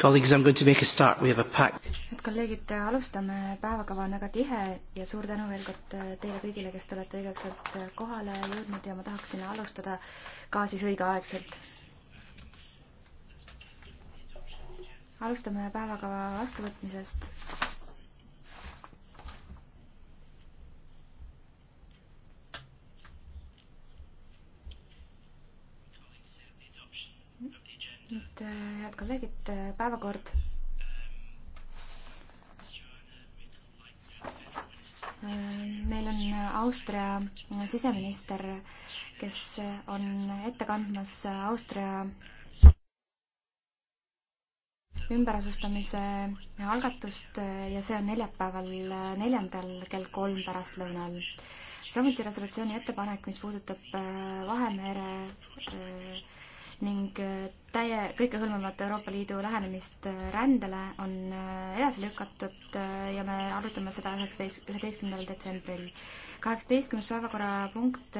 Colleagues, I'm going to make a start. We have a pack. head kolleegid, alustame, päevakava on väga tihe ja suur tänu veel kord teile kõigile, kes te olete õigeaegselt kohale jõudnud ja ma tahaksin alustada ka siis õigeaegselt. alustame päevakava vastuvõtmisest nüüd äh, head kolleegid, äh, päevakord. Äh, meil on Austria siseminister, kes on ette kandmas Austria ümberasustamise algatust ja see on neljapäeval, neljandal kell kolm pärastlõunal. samuti resolutsiooni ettepanek, mis puudutab Vahemere ning äh, täie, kõikehõlmavat Euroopa Liidu lähenemist äh, rändele on äh, edasi lükatud ja me arutame seda üheksateist, üheteistkümnendal detsembril. kaheksateistkümnes päevakorrapunkt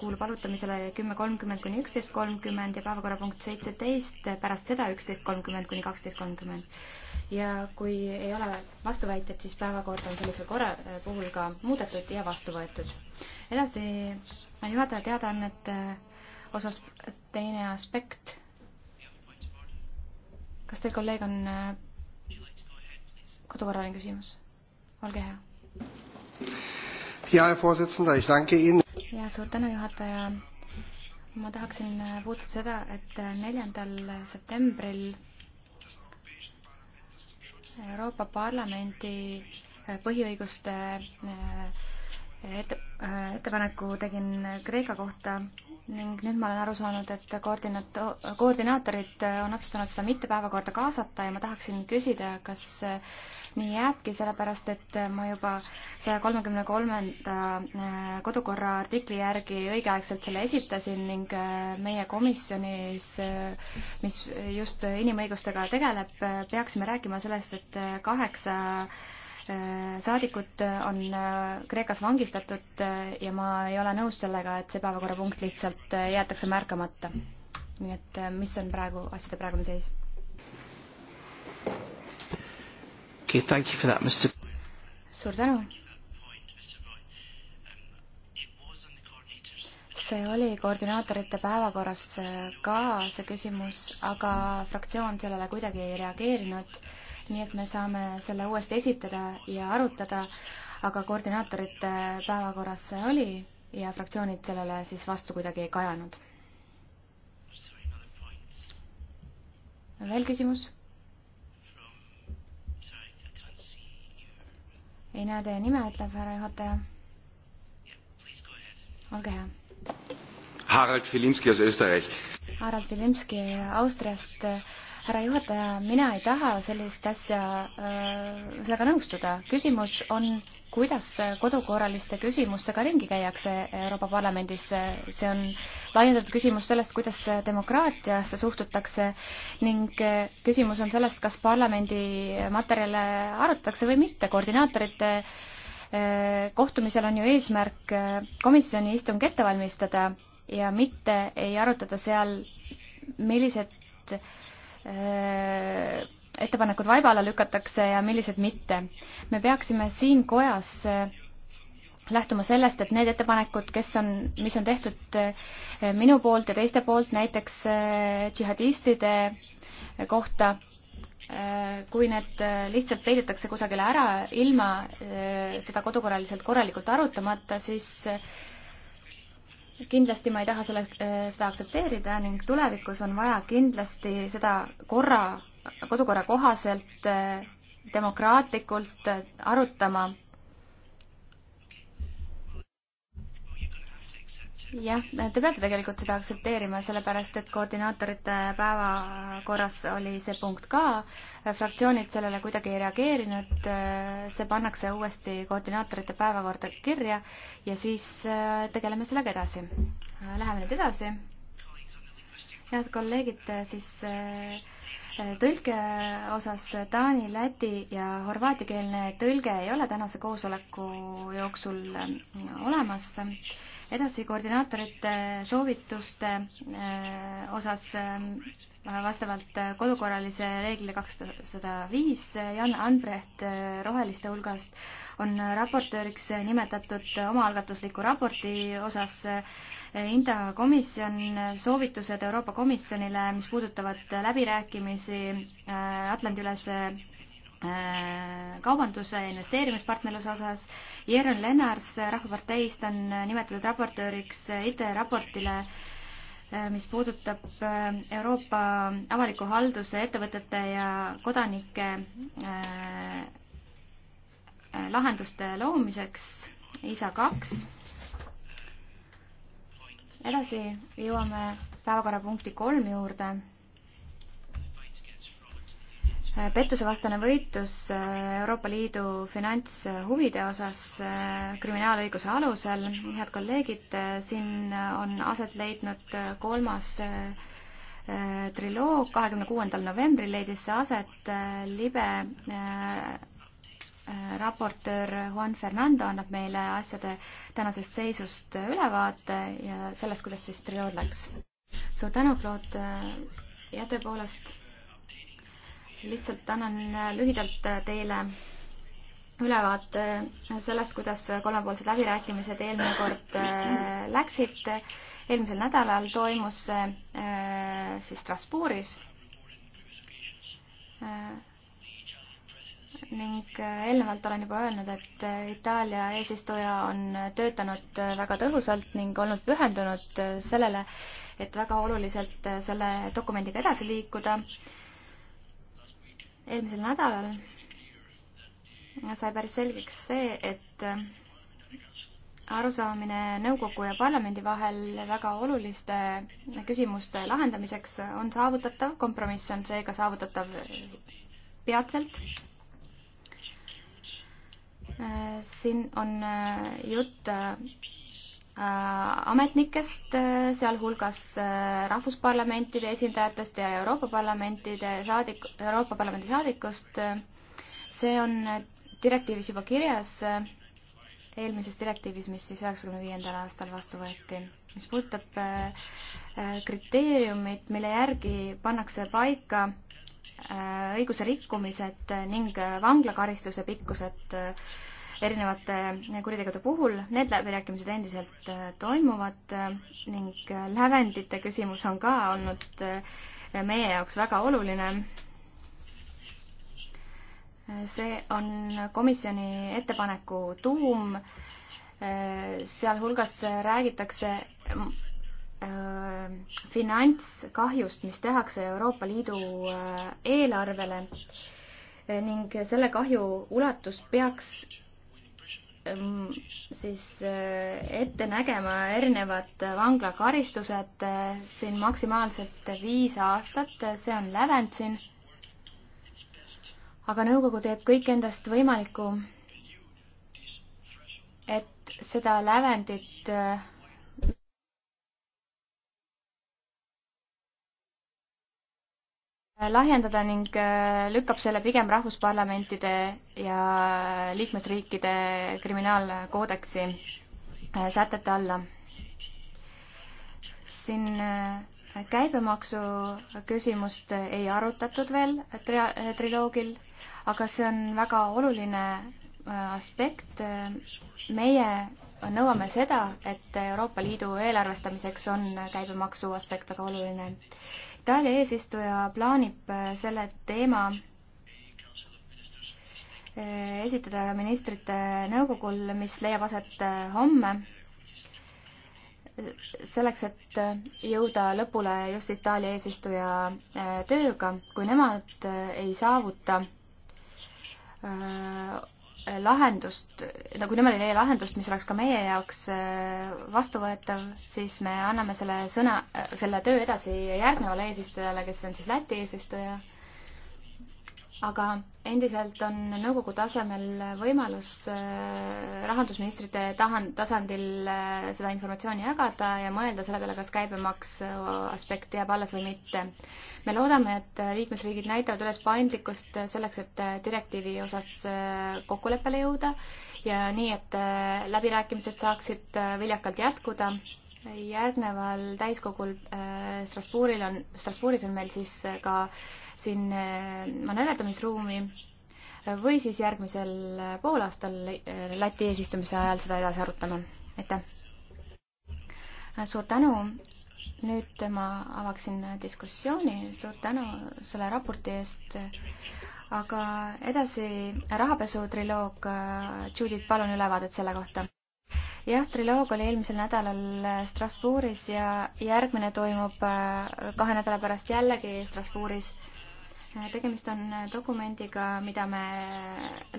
kuulub arutamisele kümme kolmkümmend kuni üksteist kolmkümmend ja päevakorrapunkt seitseteist pärast seda üksteist kolmkümmend kuni kaksteist kolmkümmend. ja kui ei ole vastuväiteid, siis päevakord on sellisel korra puhul ka muudetud ja vastu võetud. edasi juhataja teadaannet osas teine aspekt. kas teil, kolleeg, on äh, kodukorraline küsimus? olge hea. ja suur tänu, juhataja. ma tahaksin äh, puudutada seda, et äh, neljandal septembril Euroopa Parlamendi põhiõiguste ette, ettepaneku tegin Kreeka kohta ning nüüd ma olen aru saanud, et koordinaat-, koordinaatorid on otsustanud seda mitte päevakorda kaasata ja ma tahaksin küsida, kas nii jääbki, sellepärast et ma juba saja kolmekümne kolmanda äh, kodukorra artikli järgi õigeaegselt selle esitasin ning äh, meie komisjonis, äh, mis just inimõigustega tegeleb, peaksime rääkima sellest, et kaheksa Äh, saadikud äh, on äh, Kreekas vangistatud ja ma ei ole nõus sellega, et see päevakorrapunkt lihtsalt jäetakse märkamata. nii et mis on praegu asjade praegune seis? Okay, thank you for that, Mr. suur tänu. see oli koordinaatorite päevakorras ka see küsimus, aga fraktsioon sellele kuidagi ei reageerinud nii et me saame selle uuesti esitada ja arutada, aga koordinaatorite päevakorras see oli ja fraktsioonid sellele siis vastu kuidagi ei kajanud. veel küsimus? ei näe teie nime, ütleb härra juhataja. olge hea. Harald Vilimski aus Österreich. Harald Vilimski Austriast härra juhataja, mina ei taha sellist asja äh,, sellega nõustuda. küsimus on, kuidas kodukorraliste küsimustega ringi käiakse Euroopa Parlamendis. see on laiendatud küsimus sellest, kuidas demokraatiasse suhtutakse ning küsimus on sellest, kas parlamendi materjale arutatakse või mitte. koordinaatorite äh, kohtumisel on ju eesmärk äh, komisjoni istung ette valmistada ja mitte ei arutada seal, millised Äh, ettepanekud vaiba alla lükatakse ja millised mitte. me peaksime siin kojas äh, lähtuma sellest, et need ettepanekud, kes on, mis on tehtud äh, minu poolt ja teiste poolt, näiteks džihadistide kohta, kui need lihtsalt peidetakse kusagile ära ilma seda kodukorraliselt korralikult arutamata, siis kindlasti ma ei taha selle, äh, seda aktsepteerida ning tulevikus on vaja kindlasti seda korra, kodukorra kohaselt äh, demokraatlikult äh, arutama jah, te peate tegelikult seda aktsepteerima, sellepärast et koordinaatorite päevakorras oli see punkt ka. fraktsioonid sellele kuidagi ei reageerinud. see pannakse uuesti koordinaatorite päevakorda kirja ja siis äh, tegeleme sellega edasi. Äh, läheme nüüd edasi. head kolleegid, äh, siis tõlge osas taani, läti ja horvaatikeelne tõlge ei ole tänase koosoleku jooksul olemas edasi koordinaatorite soovituste äh, osas äh, vastavalt äh, kodukorralise reeglile kakssada viis Jan Anbrecht Roheliste hulgast on raportööriks nimetatud omaalgatusliku raporti osas Inta komisjon, soovitused Euroopa Komisjonile, mis puudutavad läbirääkimisi Atlandi-ülese Äh, kaubanduse investeerimispartnerluse osas. Jeren Lennars Rahvaparteist on äh, nimetatud raportööriks äh, ITRE raportile, mis puudutab Euroopa avaliku halduse ettevõtete ja kodanike lahenduste loomiseks, ISA kaks. edasi jõuame päevakorrapunkti kolm juurde pettusevastane võitlus äh, Euroopa Liidu finantshuvide osas äh, kriminaalõiguse alusel. head kolleegid, äh, siin on aset leidnud kolmas triloog, kahekümne kuuendal novembril leidis see aset, libe raportöör Juan Fernando annab meile asjade tänasest seisust ülevaate ja sellest, kuidas siis triloog läks. suur tänu, Claude, ja tõepoolest lihtsalt annan äh, lühidalt äh, teile ülevaate sellest, kuidas kolmepoolsed läbirääkimised eelmine kord äh, läksid. eelmisel nädalal toimus see siis Strasbourgis ning eelnevalt olen juba öelnud, et Itaalia eesistuja on töötanud väga tõhusalt ning olnud pühendunud sellele, et väga oluliselt selle dokumendiga edasi liikuda eelmisel nädalal sai päris selgeks see, et arusaamine nõukogu ja parlamendi vahel väga oluliste küsimuste lahendamiseks on saavutatav, kompromiss on seega saavutatav peatselt. siin on jutt Äh, ametnikest, äh, sealhulgas äh, rahvusparlamentide esindajatest ja Euroopa Parlamentide saadik, Euroopa Parlamendi saadikust. see on direktiivis juba kirjas, eelmises direktiivis, mis siis üheksakümne viiendal aastal vastu võeti. mis puudutab kriteeriumit, mille järgi pannakse paika õiguse rikkumised ning vanglakaristuse pikkused, erinevate kuritegude puhul. Need läbirääkimised endiselt äh, toimuvad äh, ning äh, lävendite küsimus on ka olnud meie jaoks väga oluline. see on komisjoni ettepaneku tuum. sealhulgas räägitakse finantskahjust, mis tehakse Euroopa Liidu eelarvele ning selle kahju ulatus peaks Ehm, siis eh, ette nägema erinevad vanglakaristused eh, siin maksimaalselt viis aastat, eh, see on lävend siin. aga nõukogu teeb kõik endast võimalikku, et seda lävendit äh, Äh, lahjendada ning äh, lükkab selle pigem rahvusparlamentide ja liikmesriikide kriminaalkoodeksi äh, sätete alla. siin käibemaksu küsimust ei arutatud veel tri-, triloogil, aga see on väga oluline aspekt. meie nõuame seda, et Euroopa Liidu eelarvestamiseks on käibemaksu aspekt väga oluline Itaalia eesistuja plaanib äh, selle teema äh, esitada ministrite nõukogul, mis leiab aset äh, homme, selleks, et jõuda lõpule just Itaalia eesistuja tööga, kui nemad ei saavuta lahendust, nagu nimeline e-lahendust, mis oleks ka meie jaoks äh, vastuvõetav, siis me anname selle sõna, äh, selle töö edasi järgnevale eesistujale, kes on siis Läti eesistuja aga endiselt on nõukogu tasemel võimalus äh, rahandusministrite tahan-, tasandil äh, seda informatsiooni jagada ja mõelda selle peale, kas käibemaks äh, aspekt jääb alles või mitte. me loodame, et liikmesriigid näitavad üles paindlikkust selleks, et direktiivi osas kokkuleppele jõuda ja nii, et läbirääkimised saaksid viljakalt jätkuda järgneval täiskogul äh, Strasbourgil on, Strasbourgis on meil siis äh, ka siin äh, manööverdamisruumi või siis järgmisel poolaastal Läti eesistumise ajal seda edasi arutame. aitäh! suur tänu! nüüd ma avaksin diskussiooni, suur tänu selle raporti eest, aga edasi rahapesutriloog, Judith, palun ülevaadet selle kohta jah, triloog oli eelmisel nädalal äh, Strasbourgis ja järgmine toimub äh, kahe nädala pärast jällegi Strasbourgis. Äh, tegemist on dokumendiga, mida me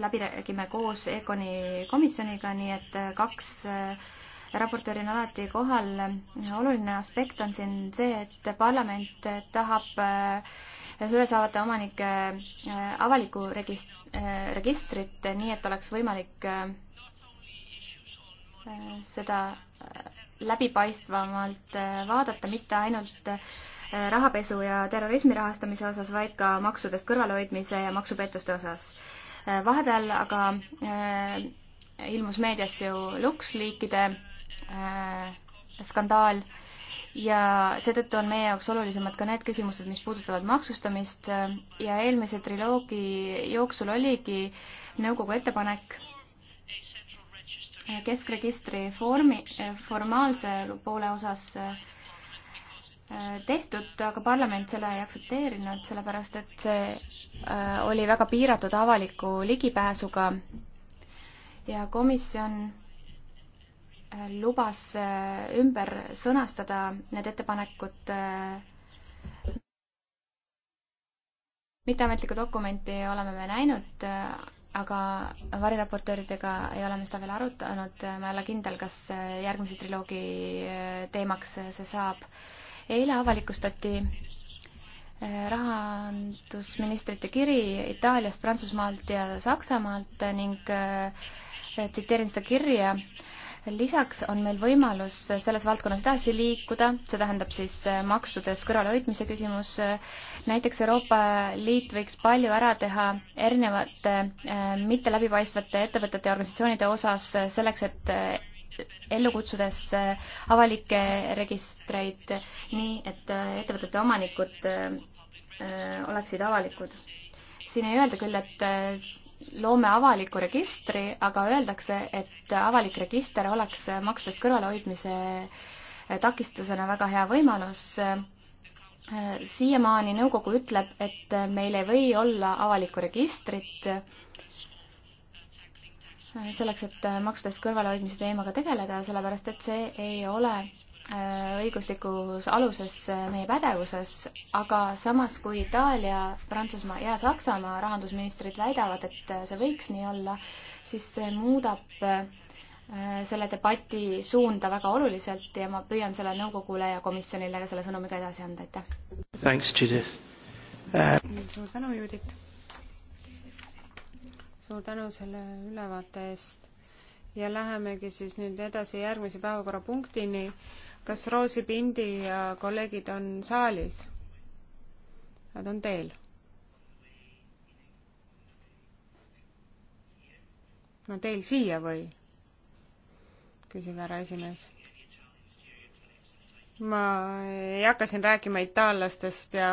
läbi räägime koos EKONi komisjoniga, nii et kaks raportööri on alati kohal. oluline aspekt on siin see, et parlament tahab ühesaavate omanike avalikku registrit, nii et oleks võimalik seda äh, läbipaistvamalt äh, vaadata, mitte ainult äh, rahapesu ja terrorismi rahastamise osas, vaid ka maksudest kõrvalehoidmise ja maksupettuste osas. vahepeal aga ilmus meedias ju luksliikide skandaal ja seetõttu on meie jaoks olulisemad ka need küsimused, mis puudutavad maksustamist ja eelmise triloogi jooksul oligi nõukogu ettepanek keskregistri formi, formaalse poole osas äh, tehtud, aga parlament selle ei aktsepteerinud, sellepärast et see äh, oli väga piiratud avaliku ligipääsuga ja komisjon äh, lubas ümber sõnastada need ettepanekud mitteametlikku dokumenti oleme me näinud, aga variraportööridega ei ole me seda veel arutanud, ma ei ole kindel, kas järgmise triloogi äh, teemaks see saab. eile avalikustati äh, rahandusministrite kiri Itaaliast, Prantsusmaalt ja Saksamaalt ning äh, tsiteerin seda kirja lisaks on meil võimalus selles valdkonnas edasi liikuda, see tähendab siis äh, maksudes kõrvalehoidmise küsimus. näiteks Euroopa Liit võiks palju ära teha erinevate äh, mitte läbipaistvate ettevõtete ja organisatsioonide osas äh, selleks, et ellu kutsudes avalikke registreid nii, et ettevõtete omanikud oleksid avalikud. siin ei öelda küll, et loome avaliku registri, aga öeldakse, et avalik register oleks maksudest kõrvalehoidmise takistusena väga hea võimalus. siiamaani nõukogu ütleb, et meil ei või olla avalikku registrit selleks, et maksudest kõrvalehoidmise teemaga tegeleda, sellepärast et see ei ole Äh, õiguslikus aluses äh, meie pädevuses, aga samas kui Itaalia, Prantsusmaa ja Saksamaa rahandusministrid väidavad, et äh, see võiks nii olla, siis see muudab selle debati suunda väga oluliselt ja ma püüan selle nõukogule ja komisjonile ka selle sõnumiga edasi anda, aitäh. Thanks, Judith uh.... suur tänu, Judith. suur tänu selle ülevaate eest ja lähemegi siis nüüd edasi järgmise päevakorrapunktini kas Roosi Pindi ja kolleegid on saalis? Nad on teel. no teel siia või? küsib härra esimees. ma ei hakka siin rääkima itaallastest ja,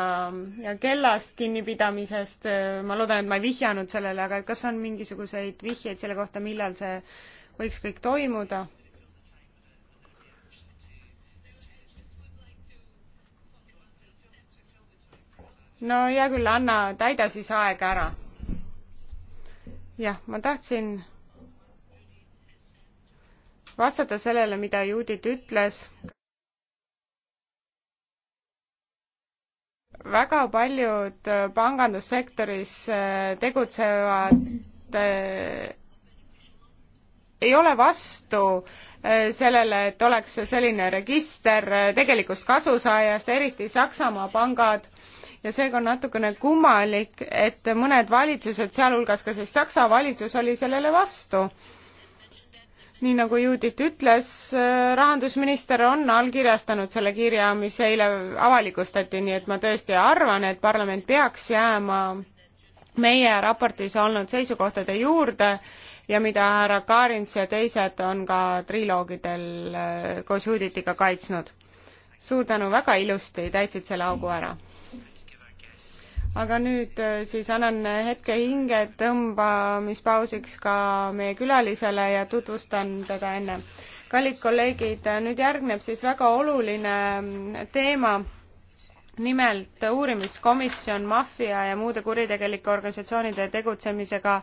ja kellast kinnipidamisest, ma loodan, et ma ei vihjanud sellele, aga kas on mingisuguseid vihjeid selle kohta, millal see võiks kõik toimuda? no hea küll, anna, täida siis aeg ära. jah, ma tahtsin vastata sellele, mida Judit ütles. väga paljud pangandussektoris äh, tegutsevad äh, ei ole vastu äh, sellele, et oleks selline register tegelikust kasusaajast, eriti Saksamaa pangad ja seega on natukene kummalik, et mõned valitsused, sealhulgas ka siis Saksa valitsus, oli sellele vastu. nii nagu Judith ütles, äh, rahandusminister on allkirjastanud selle kirja, mis eile avalikustati, nii et ma tõesti arvan, et parlament peaks jääma meie raportis olnud seisukohtade juurde ja mida härra Kaarins ja teised on ka triloogidel äh, koos Juditiga kaitsnud. suur tänu, väga ilusti täitsid selle augu ära aga nüüd äh, siis annan hetke hingetõmbamispausiks ka meie külalisele ja tutvustan teda enne. kallid kolleegid, nüüd järgneb siis väga oluline mm, teema, nimelt uurimiskomisjon maffia ja muude kuritegelike organisatsioonide tegutsemisega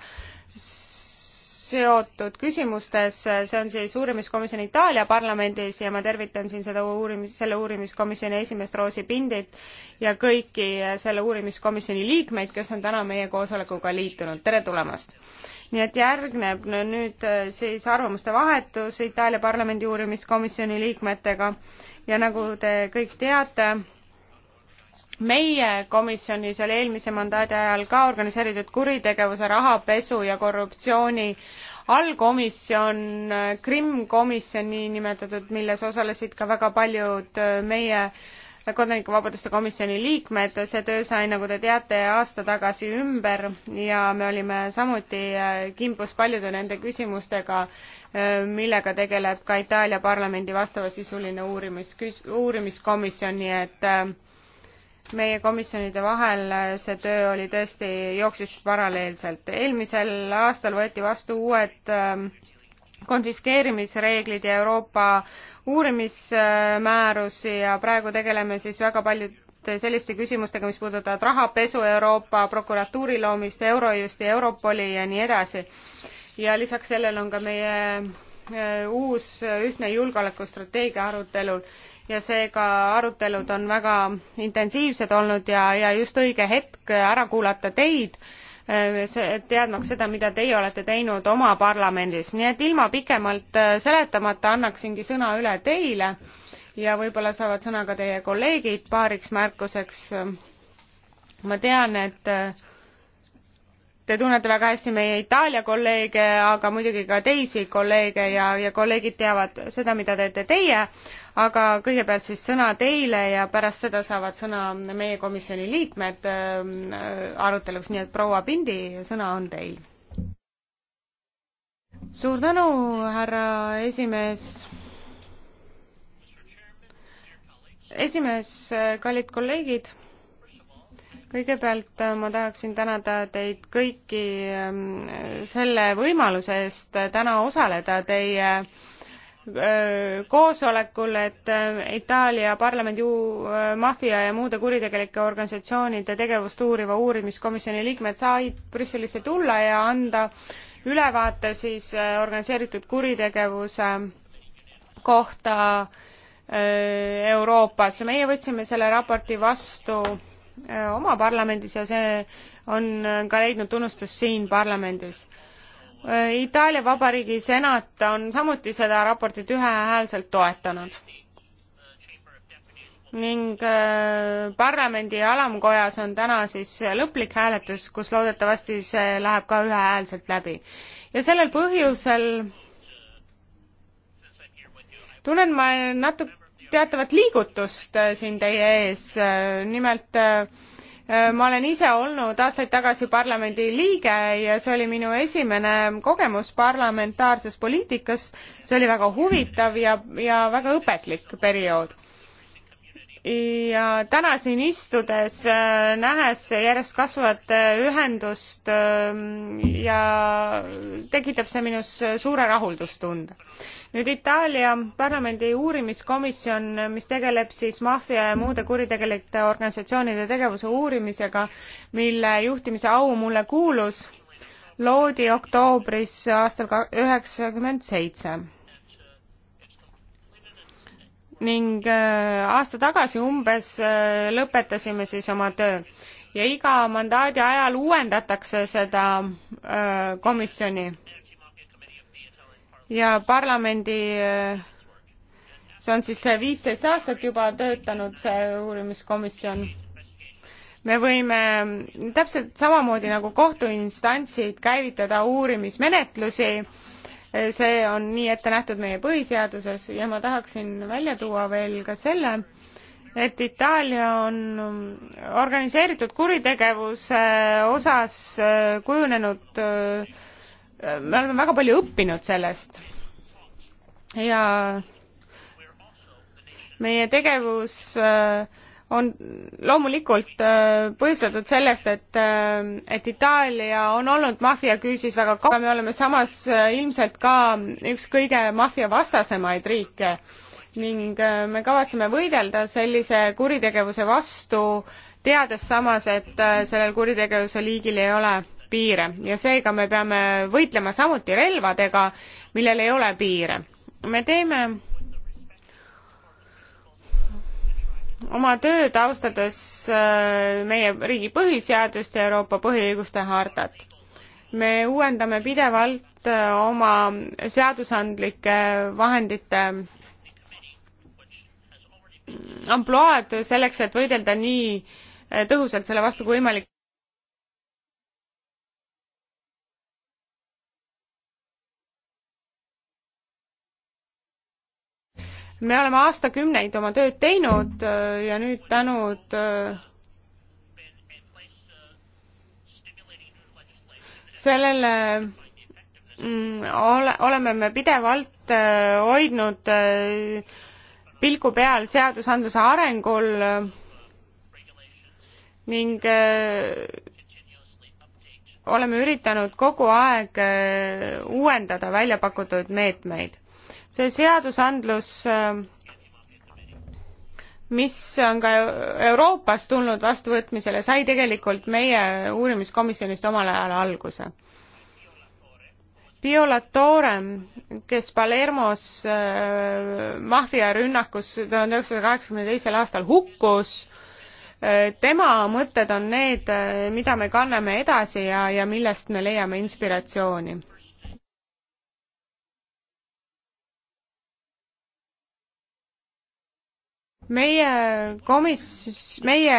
seotud küsimustes, see on siis uurimiskomisjon Itaalia parlamendis ja ma tervitan siin seda uurimis, selle uurimiskomisjoni esimeest Roosi Pindit ja kõiki selle uurimiskomisjoni liikmeid, kes on täna meie koosolekuga liitunud, tere tulemast! nii et järgneb no nüüd äh, siis arvamuste vahetus Itaalia parlamendi uurimiskomisjoni liikmetega ja nagu te kõik teate, meie komisjonis oli eelmise mandaadi ajal ka organiseeritud kuritegevuse, rahapesu ja korruptsiooni allkomisjon, Krimm komisjon nii nimetatud, milles osalesid ka väga paljud äh, meie kodanikuvabaduste komisjoni liikmed, see töö sai, nagu te teate, aasta tagasi ümber ja me olime samuti äh, kimbus paljude nende küsimustega, äh, millega tegeleb ka Itaalia parlamendi vastavasisuline uurimis, uurimiskomisjon, nii et äh, meie komisjonide vahel see töö oli tõesti, jooksis paralleelselt. eelmisel aastal võeti vastu uued ähm, konfiskeerimisreeglid ja Euroopa uurimismäärus ja praegu tegeleme siis väga paljude selliste küsimustega, mis puudutavad rahapesu Euroopa prokuratuuri loomist, Eurojust ja Europoli ja nii edasi. ja lisaks sellele on ka meie Äh, uus ühtne julgeolekustrateegia arutelul ja seega arutelud on väga intensiivsed olnud ja, ja just õige hetk ära kuulata teid, äh, teadmaks seda, mida teie olete teinud oma parlamendis, nii et ilma pikemalt äh, seletamata annaksingi sõna üle teile ja võib-olla saavad sõna ka teie kolleegid paariks märkuseks. ma tean, et Te tunnete väga hästi meie Itaalia kolleege, aga muidugi ka teisi kolleege ja, ja kolleegid teavad seda, mida teete teie, aga kõigepealt siis sõna teile ja pärast seda saavad sõna meie komisjoni liikmed ähm, aruteluks, nii et proua Pindi, sõna on teil. suur tänu, härra esimees esimees, kallid kolleegid kõigepealt äh, ma tahaksin tänada teid kõiki ähm, selle võimaluse eest äh, täna osaleda teie äh, koosolekul, et Itaalia parlamendi maffia ja muude kuritegelike organisatsioonide tegevust uuriva uurimiskomisjoni liikmed said Brüsselisse tulla ja anda ülevaate siis organiseeritud kuritegevuse kohta Euroopas. meie võtsime selle raporti vastu Äh, oma parlamendis ja see on ka leidnud tunnustust siin parlamendis. Äh, Itaalia Vabariigi senat on samuti seda raportit ühehäälselt toetanud ning äh, parlamendi alamkojas on täna siis lõplik hääletus, kus loodetavasti see läheb ka ühehäälselt läbi. ja sellel põhjusel tunnen ma natuke teatavat liigutust äh, siin teie ees, äh, nimelt äh, ma olen ise olnud aastaid tagasi parlamendi liige ja see oli minu esimene kogemus parlamentaarses poliitikas, see oli väga huvitav ja, ja väga õpetlik periood ja täna siin istudes, äh, nähes järjest kasvavat äh, ühendust ähm, ja tekitab see minus äh, suure rahuldustunde. nüüd Itaalia parlamendi uurimiskomisjon, mis tegeleb siis maffia ja muude kuritegelike organisatsioonide tegevuse uurimisega, mille juhtimise au mulle kuulus, loodi oktoobris aastal üheksakümmend seitse ning äh, aasta tagasi umbes äh, lõpetasime siis oma töö ja iga mandaadi ajal uuendatakse seda äh, komisjoni ja parlamendi see on siis viisteist aastat juba töötanud see uurimiskomisjon me võime täpselt samamoodi nagu kohtuinstantsid käivitada uurimismenetlusi see on nii ette nähtud meie põhiseaduses ja ma tahaksin välja tuua veel ka selle, et Itaalia on organiseeritud kuritegevuse osas äh, kujunenud, äh, me oleme väga palju õppinud sellest ja meie tegevus äh, on loomulikult äh, põhjustatud sellest, et, äh, et Itaalia on olnud maffiaküüsis väga kaua, me oleme samas äh, ilmselt ka üks kõige maffiavastasemaid riike ning me kavatseme võidelda sellise kuritegevuse vastu, teades samas, et sellel kuritegevuse liigil ei ole piire ja seega me peame võitlema samuti relvadega, millel ei ole piire. me teeme oma tööd austades äh, meie riigi põhiseadust ja Euroopa põhiõiguste hartat. me uuendame pidevalt äh, oma seadusandlike vahendite mm, ampluaad selleks, et võidelda nii äh, tõhusalt selle vastu kui võimalik. me oleme aastakümneid oma tööd teinud äh, ja nüüd tänud äh, sellele mm, ole, oleme me pidevalt äh, hoidnud pilgu peal seadusandluse arengul ning oleme üritanud kogu aeg uuendada välja pakutud meetmeid see seadusandlus ähm, mis on ka Euroopas tulnud vastuvõtmisele, sai tegelikult meie uurimiskomisjonist omal ajal alguse. Piola Torem, kes Palermos äh, maffiarünnakus tuhande üheksasaja kaheksakümne teisel aastal hukkus äh,, tema mõtted on need, äh, mida me kanname edasi ja, ja millest me leiame inspiratsiooni meie komis- meie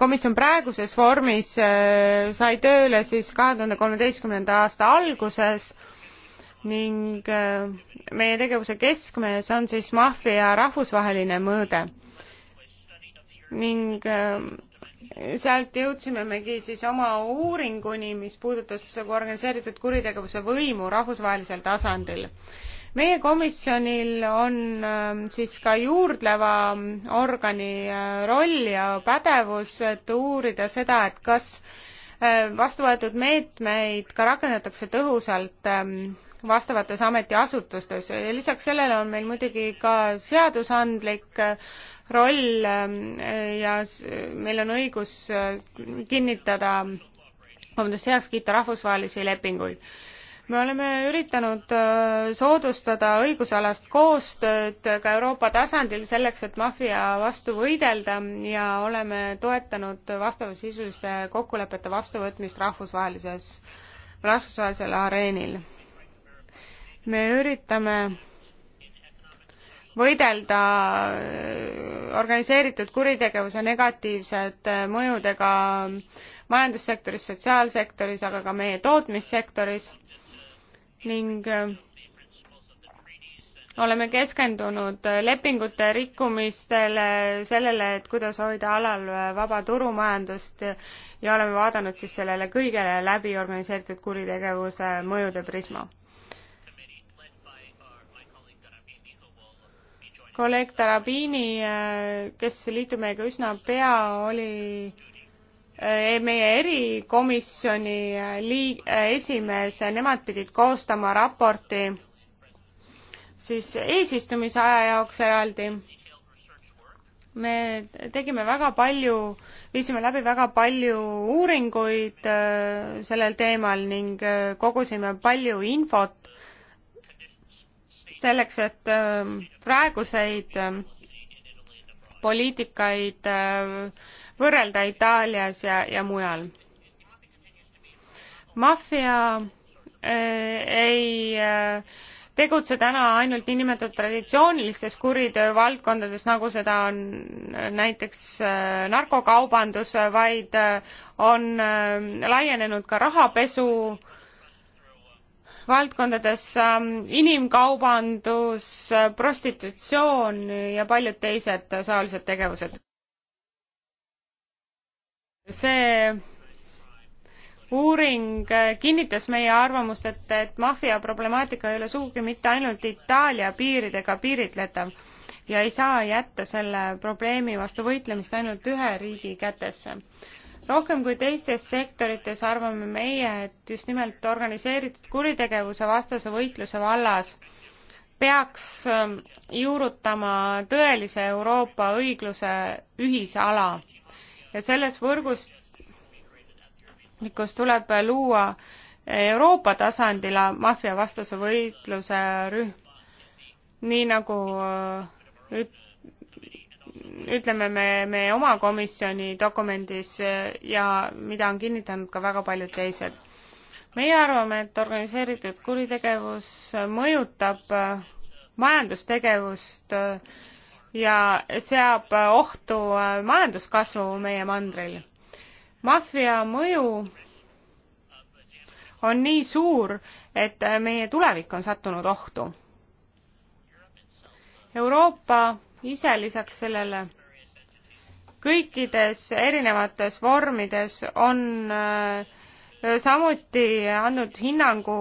komisjon praeguses vormis äh, sai tööle siis kahe tuhande kolmeteistkümnenda aasta alguses ning äh, meie tegevuse keskmes on siis maffia rahvusvaheline mõõde ning äh, sealt jõudsime megi siis oma uuringuni mis puudutas organiseeritud kuritegevuse võimu rahvusvahelisel tasandil meie komisjonil on ähm, siis ka juurdleva ähm, organi äh, roll ja pädevus, et uurida seda, et kas äh, vastu võetud meetmeid ka rakendatakse tõhusalt ähm, vastavates ametiasutustes. lisaks sellele on meil muidugi ka seadusandlik äh, roll ja meil on õigus kinnitada, vabandust, heaks kiita rahvusvahelisi lepinguid me oleme üritanud äh, soodustada õigusalast koostööd ka Euroopa tasandil selleks, et maffia vastu võidelda ja oleme toetanud vastavasisuliste kokkulepete vastuvõtmist rahvusvahelises, rahvusvahelisel areenil. me üritame võidelda äh, organiseeritud kuritegevuse negatiivsete äh, mõjudega majandussektoris, sotsiaalsektoris, aga ka meie tootmissektoris ning äh, oleme keskendunud lepingute rikkumistele, sellele, et kuidas hoida alal äh, vaba turumajandust ja oleme vaadanud siis sellele kõigele läbi organiseeritud kuritegevuse mõjude prisma. kolleeg Tarabini, äh, kes liitub meiega üsna pea, oli Eh, meie erikomisjoni eh, liig-, eh, esimees, nemad pidid koostama raporti siis eesistumise aja jaoks eraldi. me tegime väga palju, viisime läbi väga palju uuringuid sellel teemal ning kogusime palju infot selleks, et praeguseid poliitikaid äh, võrrelda Itaalias ja, ja mujal. maffia äh, ei äh, tegutse täna ainult niinimetatud traditsioonilistes kuritöövaldkondades, nagu seda on äh, näiteks äh, narkokaubandus, vaid äh, on laienenud ka rahapesu valdkondades ähm, inimkaubandus, prostitutsioon ja paljud teised taolised tegevused see uuring kinnitas meie arvamust, et, et maffia problemaatika ei ole sugugi mitte ainult Itaalia piiridega piiritletav ja ei saa jätta selle probleemi vastu võitlemist ainult ühe riigi kätesse. rohkem kui teistes sektorites arvame meie, et just nimelt organiseeritud kuritegevuse vastase võitluse vallas peaks ähm, juurutama tõelise Euroopa õigluse ühisala ja selles võrgustikus tuleb luua Euroopa tasandil maffiavastase võitluse rühm. nii nagu äh, ütleme me meie oma komisjoni dokumendis äh, ja mida on kinnitanud ka väga paljud teised. meie arvame, et organiseeritud kuritegevus mõjutab äh, majandustegevust äh, ja seab ohtu äh, majanduskasvu meie mandril. maffia mõju on nii suur, et äh, meie tulevik on sattunud ohtu. Euroopa ise lisaks sellele kõikides erinevates vormides on äh, samuti andnud hinnangu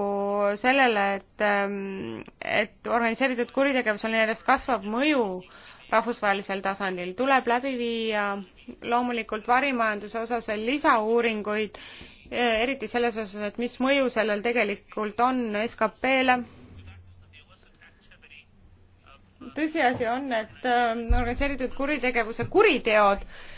sellele, et, ähm, et organiseeritud kuritegevusel järjest kasvab mõju äh, rahvusvahelisel tasandil. tuleb läbi viia loomulikult varimajanduse osas veel lisauuringuid, e, eriti selles osas, et mis mõju sellel tegelikult on SKP-le. tõsiasi on, et e, organiseeritud kuritegevuse kuriteod äh,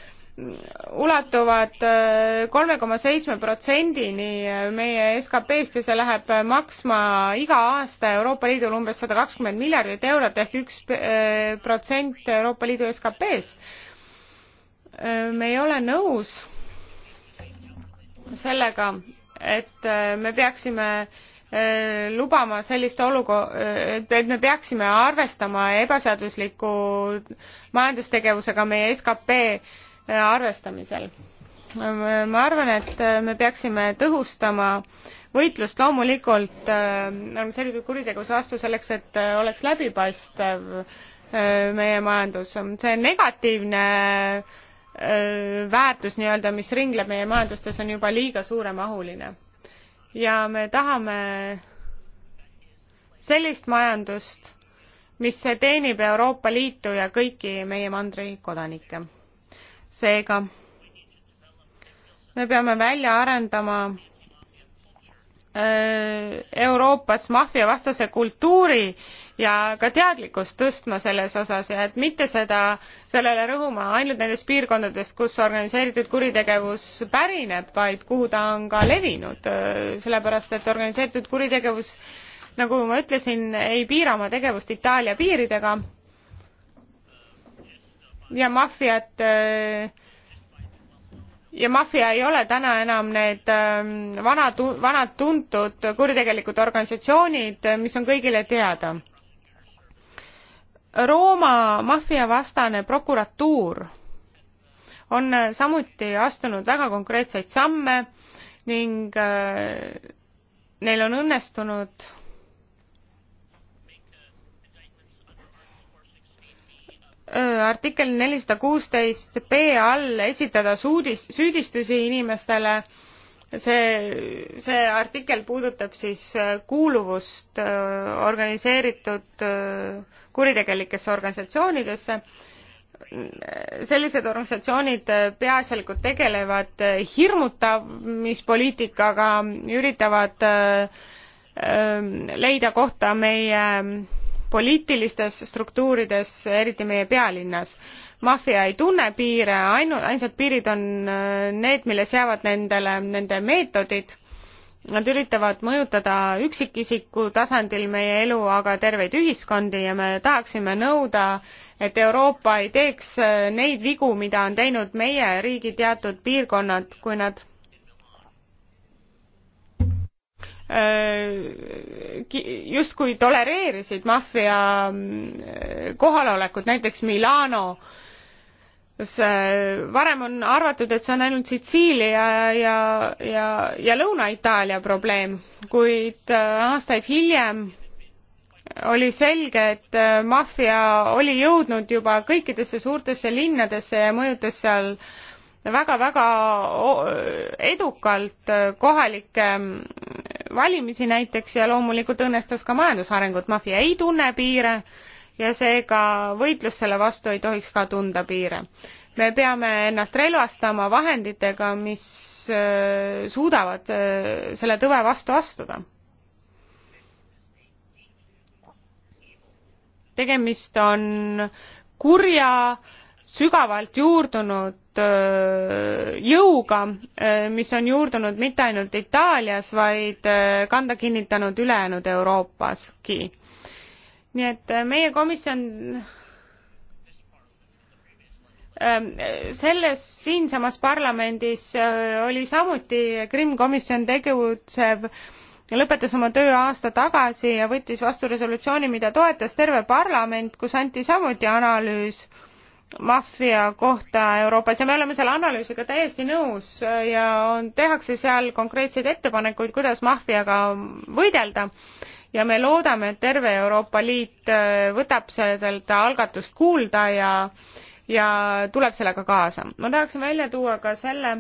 ulatuvad äh, kolme koma seitsme protsendini äh, meie SKP-st ja see läheb äh, maksma iga aasta Euroopa Liidul umbes sada kakskümmend miljardit eurot ehk üks protsent Euroopa Liidu SKP-s. me ei ole nõus sellega, et me peaksime lubama sellist olukorda, et me peaksime arvestama ebaseadusliku majandustegevusega meie SKP Äh, arvestamisel. ma arvan, et äh, me peaksime tõhustama võitlust, loomulikult äh, organiseeritud kuritegevuse vastu selleks, et oleks läbipaistev meie majandus. see negatiivne väärtus nii-öelda, mis ringleb meie majandustes, on juba liiga suuremahuline. ja me tahame sellist majandust, mis teenib Euroopa Liitu ja kõiki meie mandri kodanikke seega me peame välja arendama äh, Euroopas maffiavastase kultuuri ja ka teadlikkust tõstma selles osas ja et mitte seda, sellele rõhuma ainult nendest piirkondadest, kus organiseeritud kuritegevus pärineb, vaid kuhu ta on ka levinud, äh, sellepärast et organiseeritud kuritegevus, nagu ma ütlesin, ei piira oma tegevust Itaalia piiridega ja maffiat äh, ja maffia ei ole täna enam need ähm, vana, vanad tuntud kuritegelikud organisatsioonid, mis on kõigile teada. Rooma maffiavastane prokuratuur on samuti astunud väga konkreetseid samme ning äh, neil on õnnestunud Äh, artikkel nelisada kuusteist b all esitada suudis, süüdistusi inimestele see see artikkel puudutab siis äh, kuuluvust äh, organiseeritud kuritegelikesse organisatsioonidesse sellised organisatsioonid peaasjalikult tegelevad hirmutamispoliitikaga üritavad leida kohta meie poliitilistes struktuurides, eriti meie pealinnas. maffia ei tunne piire, ainu-, ainsad piirid on äh, need, milles jäävad nendele nende meetodid. Nad üritavad mõjutada üksikisiku tasandil meie elu, aga terveid ühiskondi ja me tahaksime nõuda, et Euroopa ei teeks äh, neid vigu, mida on teinud meie riigi teatud piirkonnad, kui nad Äh, justkui tolereerisid maffia äh, kohalolekut, näiteks Milano kus äh, varem on arvatud, et see on ainult Sitsiilia ja, ja, ja, ja Lõuna-Itaalia probleem, kuid aastaid hiljem oli selge, et maffia oli jõudnud juba kõikidesse suurtesse linnadesse ja mõjutas seal väga-väga edukalt kohalikke valimisi näiteks ja loomulikult õnnestus ka majandusarengut. maffia ei tunne piire ja seega võitlus selle vastu ei tohiks ka tunda piire. me peame ennast relvastama vahenditega, mis äh, suudavad äh, selle tõve vastu astuda. tegemist on kurja sügavalt juurdunud jõuga, mis on juurdunud mitte ainult Itaalias, vaid kanda kinnitanud ülejäänud Euroopaski. nii et meie komisjon selles siinsamas parlamendis oli samuti Krimm komisjon tegutsev lõpetas oma töö aasta tagasi ja võttis vastu resolutsiooni, mida toetas terve parlament, kus anti samuti analüüs äh, maffia kohta Euroopas ja me oleme selle analüüsiga täiesti nõus ja on, tehakse seal konkreetseid ettepanekuid, kuidas maffiaga võidelda ja me loodame, et terve Euroopa Liit äh, võtab sellelt algatust kuulda ja ja tuleb sellega kaasa. ma tahaksin välja tuua ka selle,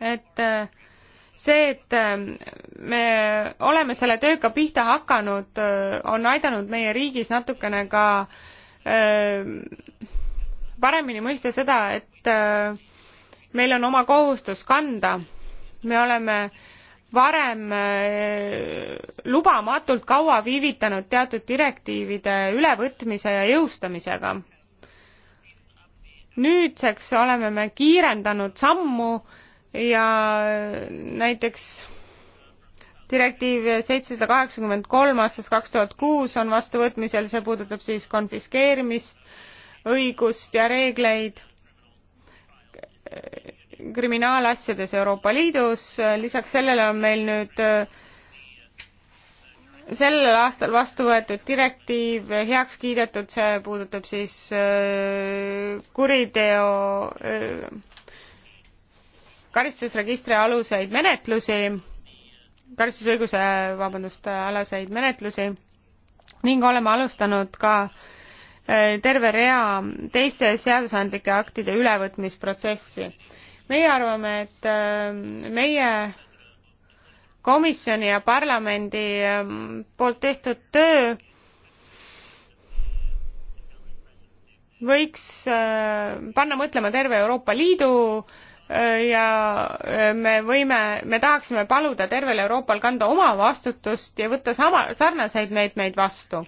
et äh, see, et äh, me oleme selle tööga pihta hakanud, on aidanud meie riigis natukene ka äh, Ehm, paremini mõista seda, et äh, meil on oma kohustus kanda. me oleme varem äh, lubamatult kaua viivitanud teatud direktiivide ülevõtmise ja jõustamisega. nüüdseks oleme me kiirendanud sammu ja äh, näiteks direktiiv seitsesada kaheksakümmend kolm aastast kaks tuhat kuus on vastuvõtmisel, see puudutab siis konfiskeerimist, õigust ja reegleid kriminaalasjades Euroopa Liidus, lisaks sellele on meil nüüd sellel aastal vastu võetud direktiiv heaks kiidetud, see puudutab siis äh, kuriteo äh, karistusregistri aluseid menetlusi karistusõiguse, vabandust, alaseid menetlusi ning oleme alustanud ka eh, terve rea teiste seadusandlike aktide ülevõtmisprotsessi. meie arvame, et eh, meie komisjoni ja parlamendi eh, poolt tehtud töö võiks panna mõtlema terve Euroopa Liidu äh, ja äh, me võime, me tahaksime paluda tervel Euroopal kanda oma vastutust ja võtta sama, sarnaseid meetmeid vastu.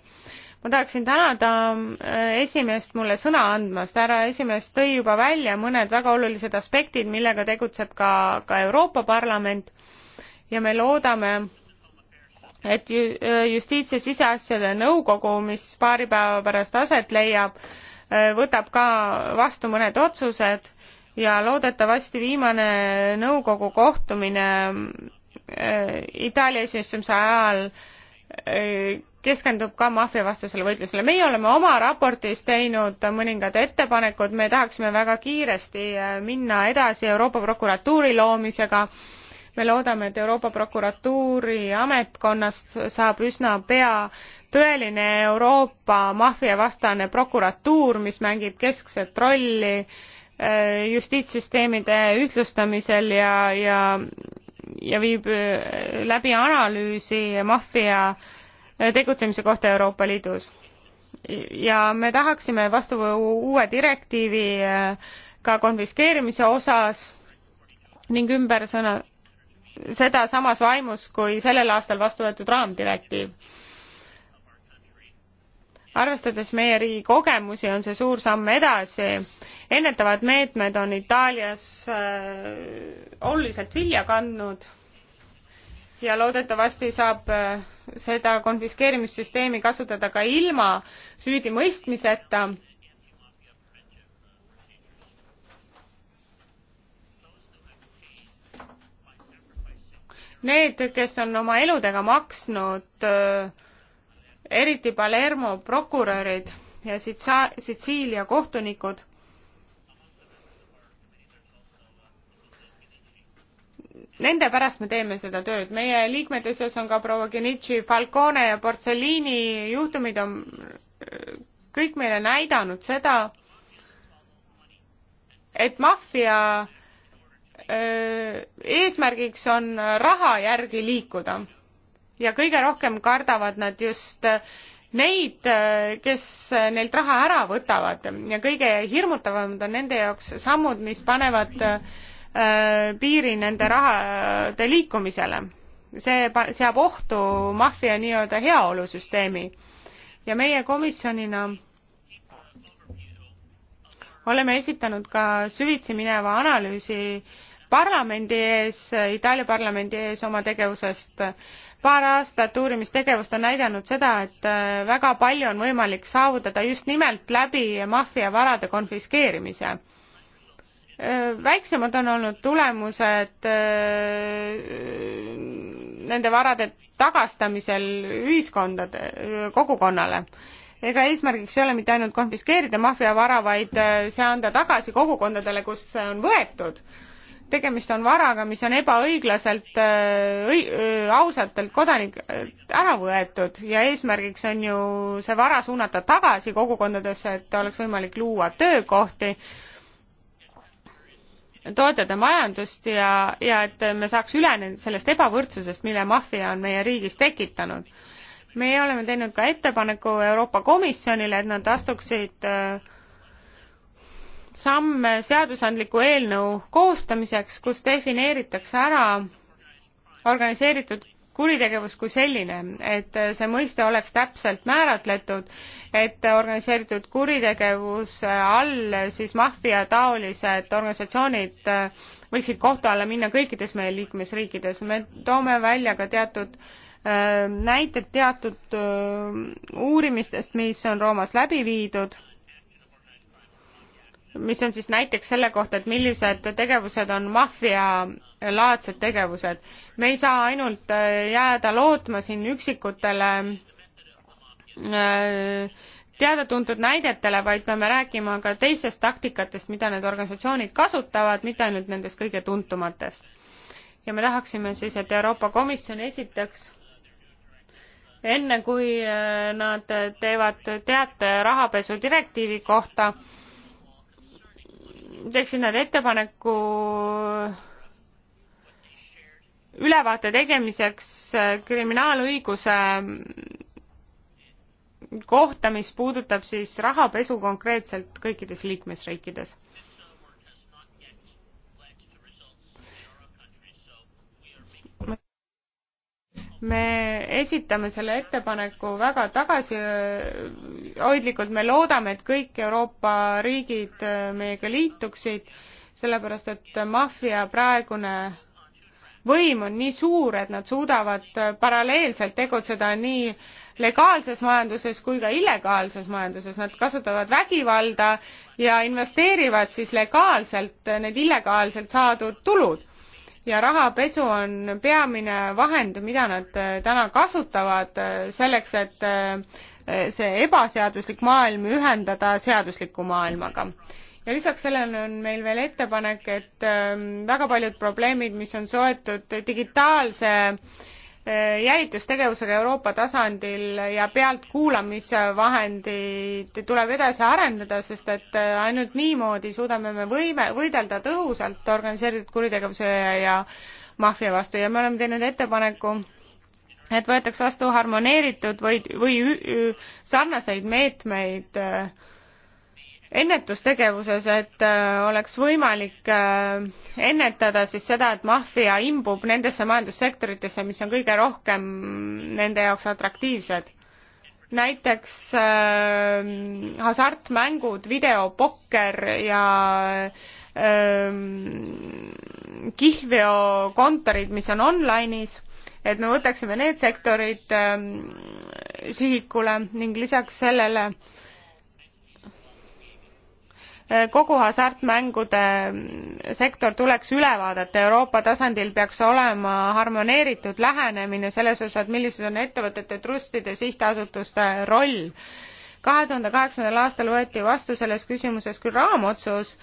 ma tahaksin tänada äh, esimeest mulle sõna andmast, härra esimees tõi juba välja mõned väga olulised aspektid, millega tegutseb ka, ka Euroopa Parlament ja me loodame, et äh, justiits- ja siseasjade nõukogu, mis paari päeva pärast aset leiab, võtab ka vastu mõned otsused ja loodetavasti viimane nõukogu kohtumine äh, Itaalia eesistumise ajal äh, keskendub ka maffiavastasele võitlusele. meie oleme oma raportis teinud mõningad ettepanekud, me tahaksime väga kiiresti äh, minna edasi Euroopa prokuratuuri loomisega. me loodame, et Euroopa prokuratuuri ametkonnast saab üsna pea tõeline Euroopa maffiavastane prokuratuur, mis mängib keskset rolli äh, Äh, justiitssüsteemide ühtlustamisel ja, ja, ja viib äh, läbi analüüsi maffia äh, tegutsemise kohta Euroopa Liidus. ja me tahaksime vastu uue direktiivi ka konfiskeerimise osas ning ümber sõna, seda samas vaimus kui sellel aastal vastu võetud raamdirektiiv. arvestades meie riigi kogemusi, on see suur samm edasi ennetavad meetmed on Itaalias äh, oluliselt vilja kandnud ja loodetavasti saab äh, seda konfiskeerimissüsteemi kasutada ka ilma süüdimõistmiseta. Need, kes on oma eludega maksnud, äh, eriti Palermo prokurörid ja Sitsiilia kohtunikud, Nende pärast me teeme seda tööd. meie liikmete seas on ka proua Genici, Falcone ja Porcellini juhtumid on äh, kõik meile näidanud seda, et maffia äh, eesmärgiks on raha järgi liikuda ja kõige rohkem kardavad nad just äh, neid, kes neilt raha ära võtavad ja kõige hirmutavamad on nende jaoks sammud, mis panevad äh, Äh, piiri nende rahade liikumisele. see seab ohtu maffia nii-öelda heaolusüsteemi ja meie komisjonina oleme esitanud ka süvitsi mineva analüüsi parlamendi ees, Itaalia parlamendi ees oma tegevusest. paar aastat uurimistegevust on näidanud seda, et äh, väga palju on võimalik saavutada just nimelt läbi maffia varade konfiskeerimise väiksemad on olnud tulemused äh, nende varade tagastamisel ühiskondade, kogukonnale. ega eesmärgiks ei ole mitte ainult konfiskeerida maffiavara, vaid äh, see anda tagasi kogukondadele, kust see on võetud. tegemist on varaga, mis on ebaõiglaselt äh, õi, ausatelt kodanikelt ära võetud ja eesmärgiks on ju see vara suunata tagasi kogukondadesse, et oleks võimalik luua töökohti toetada majandust ja, ja et me saaks üle sellest ebavõrdsusest, mille maffia on meie riigis tekitanud. meie oleme teinud ka ettepaneku Euroopa Komisjonile, et nad astuksid äh, samme seadusandliku eelnõu koostamiseks, kus defineeritakse ära organiseeritud kuritegevus kui selline, et see mõiste oleks täpselt määratletud, et organiseeritud kuritegevuse all siis maffiataolised organisatsioonid võiksid kohtu alla minna kõikides meie liikmesriikides. me toome välja ka teatud äh, näited teatud äh, uurimistest, mis on Roomas läbi viidud mis on siis näiteks selle kohta, et millised tegevused on maffialaadsed tegevused. me ei saa ainult äh, jääda lootma siin üksikutele äh, teada-tuntud näidetele, vaid peame rääkima ka teistest taktikatest, mida need organisatsioonid kasutavad, mitte ainult nendest kõige tuntumatest. ja me tahaksime siis, et Euroopa Komisjon esitaks enne, kui äh, nad teevad teate rahapesu direktiivi kohta, teeksin nad ettepaneku ülevaate tegemiseks kriminaalõiguse kohta, mis puudutab siis rahapesu konkreetselt kõikides liikmesriikides me esitame selle ettepaneku väga tagasihoidlikult, me loodame, et kõik Euroopa riigid äh, meiega liituksid, sellepärast et maffia praegune võim on nii suur, et nad suudavad äh, paralleelselt tegutseda nii legaalses majanduses kui ka illegaalses majanduses, nad kasutavad vägivalda ja investeerivad siis legaalselt äh, need illegaalselt saadud tulud ja rahapesu on peamine vahend, mida nad äh, täna kasutavad äh, selleks, et äh, see ebaseaduslik maailm ühendada seadusliku maailmaga. ja lisaks sellele on meil veel ettepanek, et ähm, väga paljud probleemid, mis on soetud digitaalse Eh, jälitustegevusega Euroopa tasandil ja pealtkuulamise vahendid tuleb edasi arendada, sest et eh, ainult niimoodi suudame me võime, võidelda tõhusalt organiseeritud kuritegevuse ja maffia vastu ja me oleme teinud ettepaneku, et võetaks vastu harmoneeritud või, või sarnaseid meetmeid äh, ennetustegevuses, et äh, oleks võimalik äh, ennetada siis seda, et maffia imbub nendesse majandussektoritesse, mis on kõige rohkem nende jaoks atraktiivsed. näiteks äh, hasartmängud, videopokker ja äh, kihlveokontorid, mis on online'is, et me võtaksime need sektorid äh, sihikule ning lisaks sellele äh, kogu hasartmängude sektor tuleks üle vaadata, Euroopa tasandil peaks olema harmoneeritud lähenemine selles osas, millised on ettevõtete, trustide, sihtasutuste roll. kahe tuhande kaheksandal aastal võeti vastu selles küsimuses küll raamotsus,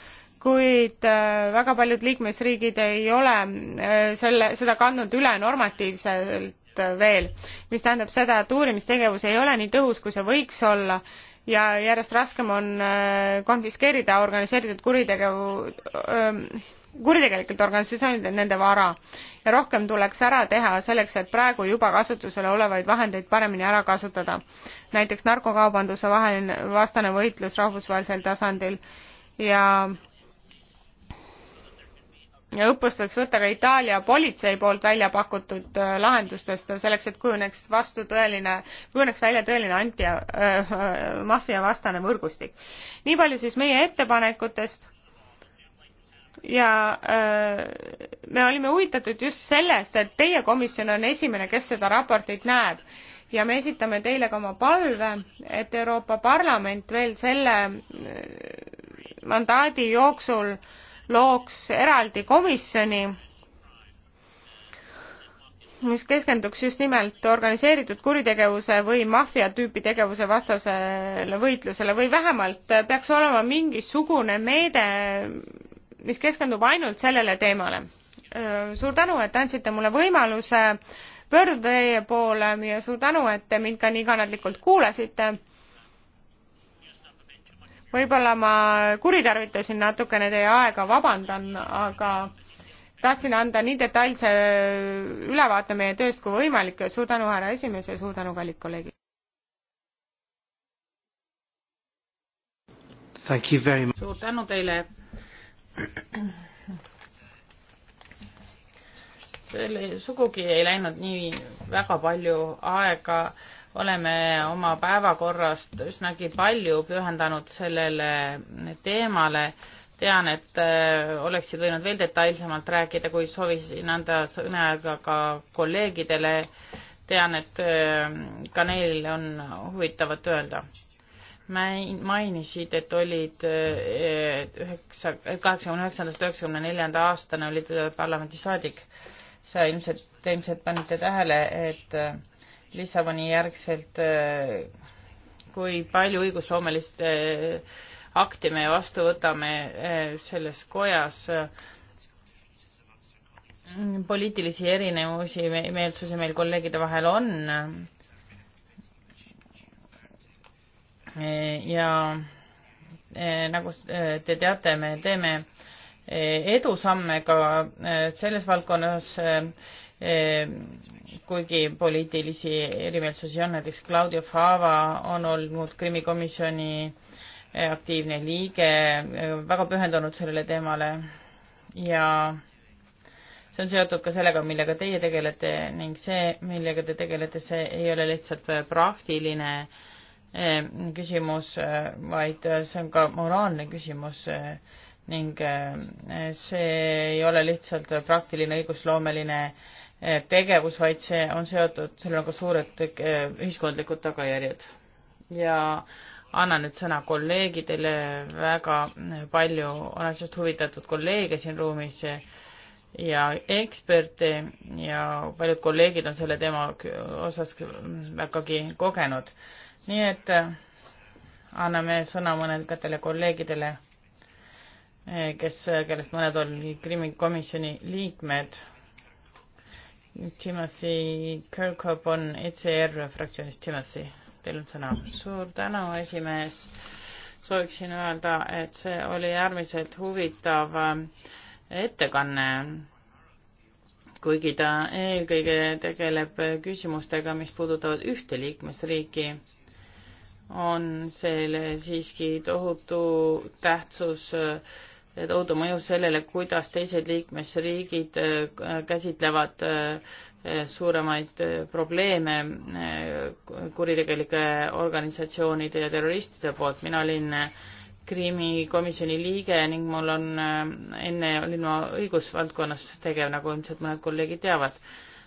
kuid äh, väga paljud liikmesriigid ei ole äh, selle, seda kandnud üle normatiivselt äh, veel, mis tähendab seda, et uurimistegevus ei ole nii tõhus, kui see võiks olla ja järjest raskem on äh, konfiskeerida organiseeritud kuritegev, ähm, kuritegelikelt organisatsioonidelt nende vara. ja rohkem tuleks ära teha selleks, et praegu juba kasutusel olevaid vahendeid paremini ära kasutada. näiteks narkokaubanduse vaheline, vastane võitlus rahvusvahelisel tasandil ja ja õppust võiks võtta ka Itaalia politsei poolt välja pakutud äh, lahendustest selleks, et kujuneks vastu tõeline, kujuneks välja tõeline anti- äh,, maffiavastane võrgustik. nii palju siis meie ettepanekutest ja äh, me olime huvitatud just sellest, et teie komisjon on esimene, kes seda raportit näeb ja me esitame teile ka oma palve, et Euroopa Parlament veel selle äh, mandaadi jooksul äh, looks eraldi komisjoni, mis keskenduks just nimelt organiseeritud kuritegevuse või maffia tüüpi tegevuse vastasele võitlusele või vähemalt peaks olema mingisugune meede, mis keskendub ainult sellele teemale. suur tänu, et andsite mulle võimaluse pöörduda teie poole ja suur tänu, et te mind ka nii kannatlikult kuulasite võib-olla ma kuritarvitasin natukene teie aega, vabandan, aga tahtsin anda nii detailse ülevaate meie tööst kui võimalik. suur tänu, härra esimees ja suur tänu, kallid kolleegid. suur tänu teile selle sugugi ei läinud nii väga palju aega oleme oma päevakorrast üsnagi palju pühendanud sellele teemale. tean, et äh, oleksid võinud veel detailsemalt rääkida, kuid soovisin anda sõna ka kolleegidele. tean, et äh, ka neil on huvitavat öelda mainisid, et olid äh, üheksa, kaheksakümne üheksandast üheksakümne neljanda aastani olid parlamendisaadik. sa ilmselt, te ilmselt panite tähele, et Lissaboni järgselt, äh, kui palju õigusloomelist äh, akti me vastu võtame äh, selles kojas, poliitilisi erinevusi, meelsusi meil kolleegide vahel on. ja nagu te teate, me teeme edusamme ka selles valdkonnas Ehm, kuigi poliitilisi erimeelsusi on, näiteks Claudio Fava on olnud Krimmi komisjoni eh, aktiivne liige, eh, väga pühendunud sellele teemale ja see on seotud ka sellega, millega teie tegelete ning see, millega te tegelete, see ei ole lihtsalt eh, praktiline küsimus, vaid see on ka moraalne küsimus ning see ei ole lihtsalt praktiline õigusloomeline äh, Eh, tegevus, vaid see on seotud, sellel on ka suured eh, ühiskondlikud tagajärjed. ja annan nüüd sõna kolleegidele, väga eh, palju on asjast huvitatud kolleege siin ruumis ja eksperte ja paljud kolleegid on selle teema osas vägagi kogenud. nii et anname sõna mõnedele kolleegidele, kes, kellest mõned on Krimmi komisjoni liikmed Timothy Kirkhope on ECR fraktsioonist. Timothy, teil on sõna. suur tänu, esimees. sooviksin öelda, et see oli äärmiselt huvitav ähm, ettekanne, kuigi ta eelkõige tegeleb küsimustega, mis puudutavad ühte liikmesriiki, on selle siiski tohutu tähtsus äh, tohutu mõju sellele, kuidas teised liikmesriigid äh, käsitlevad äh, suuremaid äh, probleeme kuritegelike organisatsioonide ja terroristide poolt. mina olin Krimmi komisjoni liige ning mul on, enne olin ma õigusvaldkonnas tegev, nagu ilmselt mõned kolleegid teavad.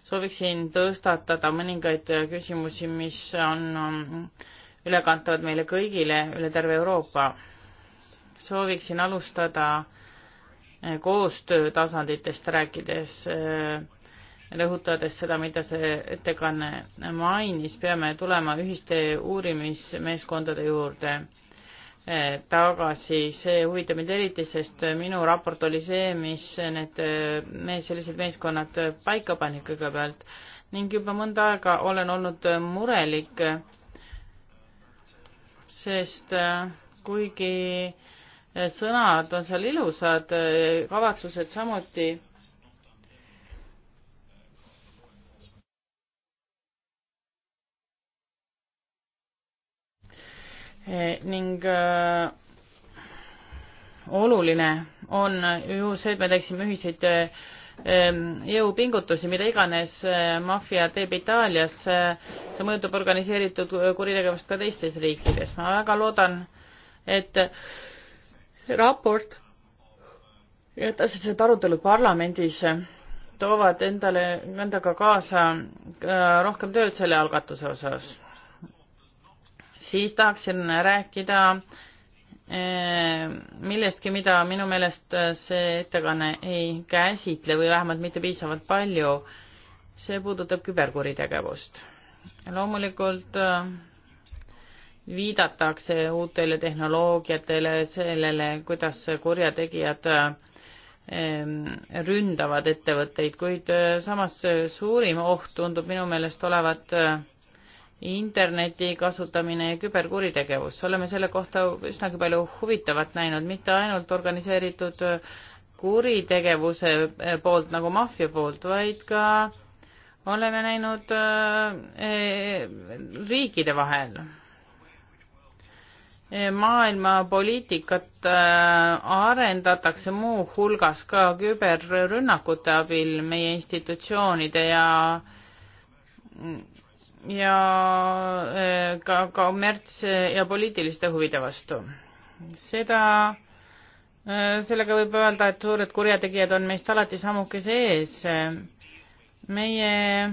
sooviksin tõstatada mõningaid küsimusi, mis on ülekantavad meile kõigile üle terve Euroopa sooviksin alustada eh, koostöötasanditest rääkides, eh, rõhutades seda, mida see ettekanne mainis, peame tulema ühiste uurimismeeskondade juurde eh, tagasi, see huvitab mind eriti, sest minu raport oli see, mis need mees, sellised meeskonnad paika pani kõigepealt ning juba mõnda aega olen olnud murelik, sest kuigi äh, sõnad on seal ilusad, kavatsused samuti. ning äh, oluline on ju see, et me teeksime ühiseid äh, jõupingutusi, mida iganes äh, maffia teeb Itaalias, äh, see mõjutab organiseeritud kuritegevust ka teistes riikides. ma väga loodan, et raport ja edasised arutelud parlamendis toovad endale, endaga kaasa äh, rohkem tööd selle algatuse osas. siis tahaksin rääkida äh, millestki, mida minu meelest äh, see ettekanne ei käsitle või vähemalt mitte piisavalt palju. see puudutab küberkuritegevust. loomulikult viidatakse uutele tehnoloogiatele, sellele, kuidas kurjategijad ehm, ründavad ettevõtteid, kuid eh, samas suurim oht tundub minu meelest olevat eh, interneti kasutamine ja küberkuritegevus. oleme selle kohta üsnagi palju huvitavat näinud, mitte ainult organiseeritud eh, kuritegevuse poolt nagu maffia poolt, vaid ka oleme näinud riikide vahel maailma poliitikat äh, arendatakse muuhulgas ka küberrünnakute abil meie institutsioonide ja ja äh, ka kommerts ja poliitiliste huvide vastu. seda, äh, sellega võib öelda, et suured kurjategijad on meist alati sammukese ees. meie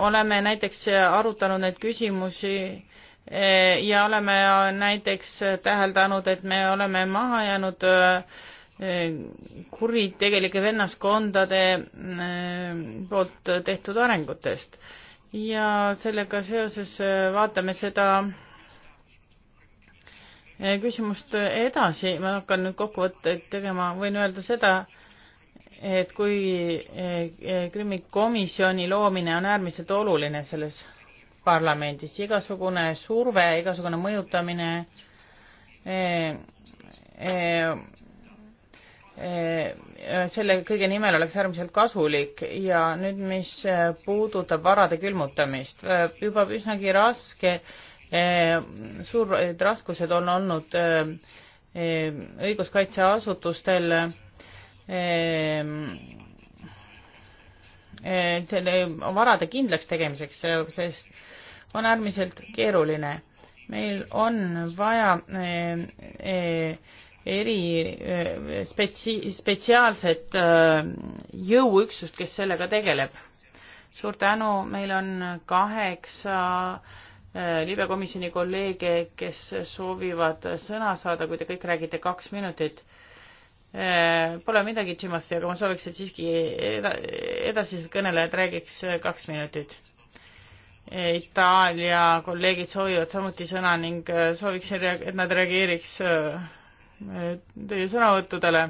oleme näiteks arutanud neid küsimusi Eh, ja oleme näiteks täheldanud, et me oleme maha jäänud eh, kuritegelike vennaskondade eh, poolt tehtud arengutest ja sellega seoses vaatame seda küsimust edasi, ma hakkan nüüd kokkuvõtteid tegema, võin öelda seda, et kui Krimmi komisjoni loomine on äärmiselt oluline selles parlamendis, igasugune surve, igasugune mõjutamine eh, eh, eh, selle kõige nimel oleks äärmiselt kasulik ja nüüd, mis puudutab varade külmutamist, juba üsnagi raske, eh, suured raskused on olnud eh, õiguskaitseasutustel eh, selle varade kindlaks tegemiseks, sest on äärmiselt keeruline. meil on vaja eh, eh, eri eh, spetsi-, spetsiaalset jõuüksust, kes sellega tegeleb. suur tänu, meil on kaheksa libekomisjoni kolleege, kes soovivad sõna saada, kui te kõik räägite kaks minutit. Pole midagi, Timothy, aga ma sooviks, et siiski edasised kõnelejad räägiks kaks minutit Itaalia kolleegid soovivad samuti sõna ning äh, sooviksin, et nad reageeriks äh, teie sõnavõttudele.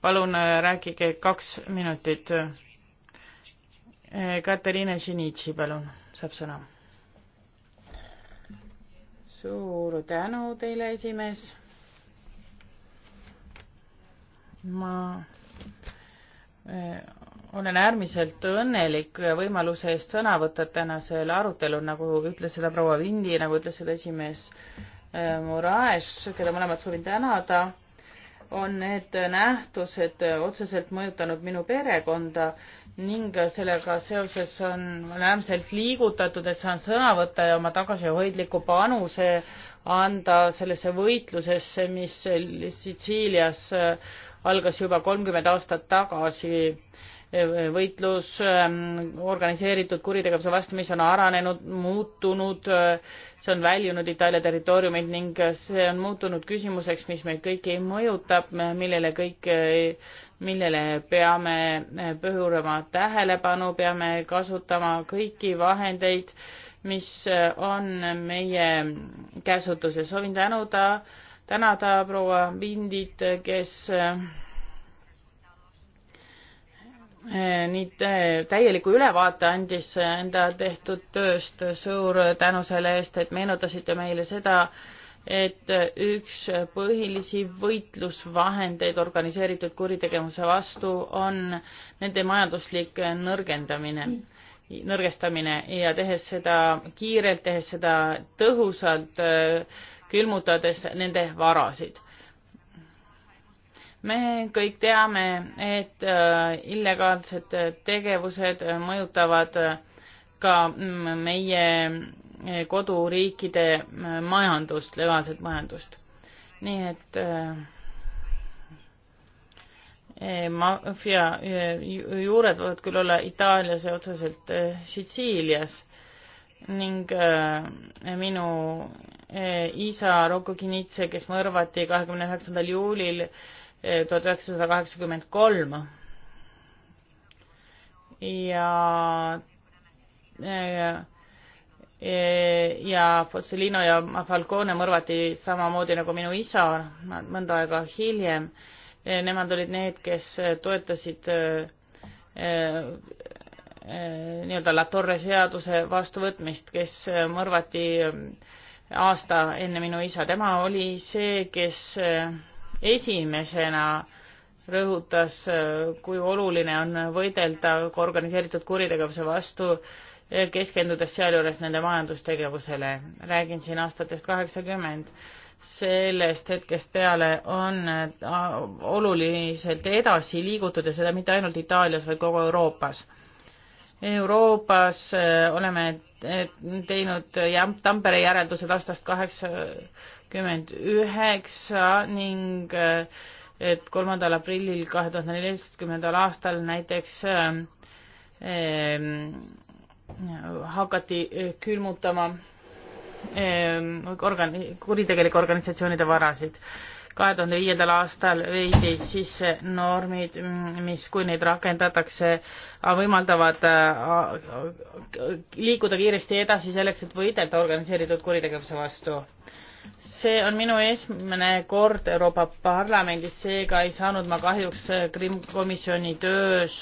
palun äh, rääkige kaks minutit. Katariina Šinitši, palun, saab sõna. suur tänu teile, esimees. ma olen äärmiselt õnnelik võimaluse eest sõna võtta tänasel arutelul, nagu ütles seda proua Vindi, nagu ütles seda esimees äh, Moraes, keda mõlemad soovin tänada, on need nähtused otseselt mõjutanud minu perekonda ning sellega seoses on, olen äärmiselt liigutatud, et saan sõna võtta ja oma tagasihoidliku panuse anda sellesse võitlusesse, mis Sitsiilias äh, algas juba kolmkümmend aastat tagasi võitlus ähm, organiseeritud kuritegevuse vastu, mis on aranenud, muutunud, äh, see on väljunud Itaalia territooriumilt ning see on muutunud küsimuseks, mis meid kõiki mõjutab, millele kõik, millele peame pöörama tähelepanu, peame kasutama kõiki vahendeid, mis on meie käsutuses. soovin tänuda, tänada proua Vindit, kes äh, Eh, nii eh, täieliku ülevaate andis eh, enda tehtud tööst. suur tänu selle eest, et meenutasite meile seda, et üks põhilisi võitlusvahendeid organiseeritud kuritegevuse vastu on nende majanduslik nõrgendamine, nõrgestamine ja tehes seda kiirelt, tehes seda tõhusalt, külmutades nende varasid me kõik teame, et äh, illegaalsed äh, tegevused äh, mõjutavad ka mm, meie koduriikide majandust, legaalset majandust. nii et maffia juured võivad küll olla Itaalias ja otseselt Sitsiilias ning minu isa Rocco Kinitse, kes mõrvati kahekümne üheksandal juulil tuhat üheksasada kaheksakümmend kolm ja ja Fossilino ja Falcone mõrvati samamoodi nagu minu isa mõnda aega hiljem. Nemad olid need, kes toetasid äh, äh, nii-öelda La Torre seaduse vastuvõtmist, kes mõrvati äh, aasta enne minu isa. tema oli see, kes esimesena rõhutas, kui oluline on võidelda organiseeritud kuritegevuse vastu, keskendudes sealjuures nende majandustegevusele. räägin siin aastatest kaheksakümmend. sellest hetkest peale on äh, oluliselt edasi liigutud ja seda mitte ainult Itaalias, vaid kogu Euroopas. Euroopas äh, oleme äh, teinud Tampere järeldused aastast kaheksa kakskümmend üheksa ning äh, et kolmandal aprillil kahe tuhande neljateistkümnendal aastal näiteks äh, äh, hakati äh, külmutama äh, organi-, kuritegelike organisatsioonide varasid. kahe tuhande viiendal aastal viidi sisse normid, mm, mis, kui neid rakendatakse, äh, võimaldavad liikuda kiiresti edasi selleks, et võidelda organiseeritud kuritegevuse vastu see on minu esimene kord Euroopa Parlamendis, seega ei saanud ma kahjuks Krimm komisjoni töös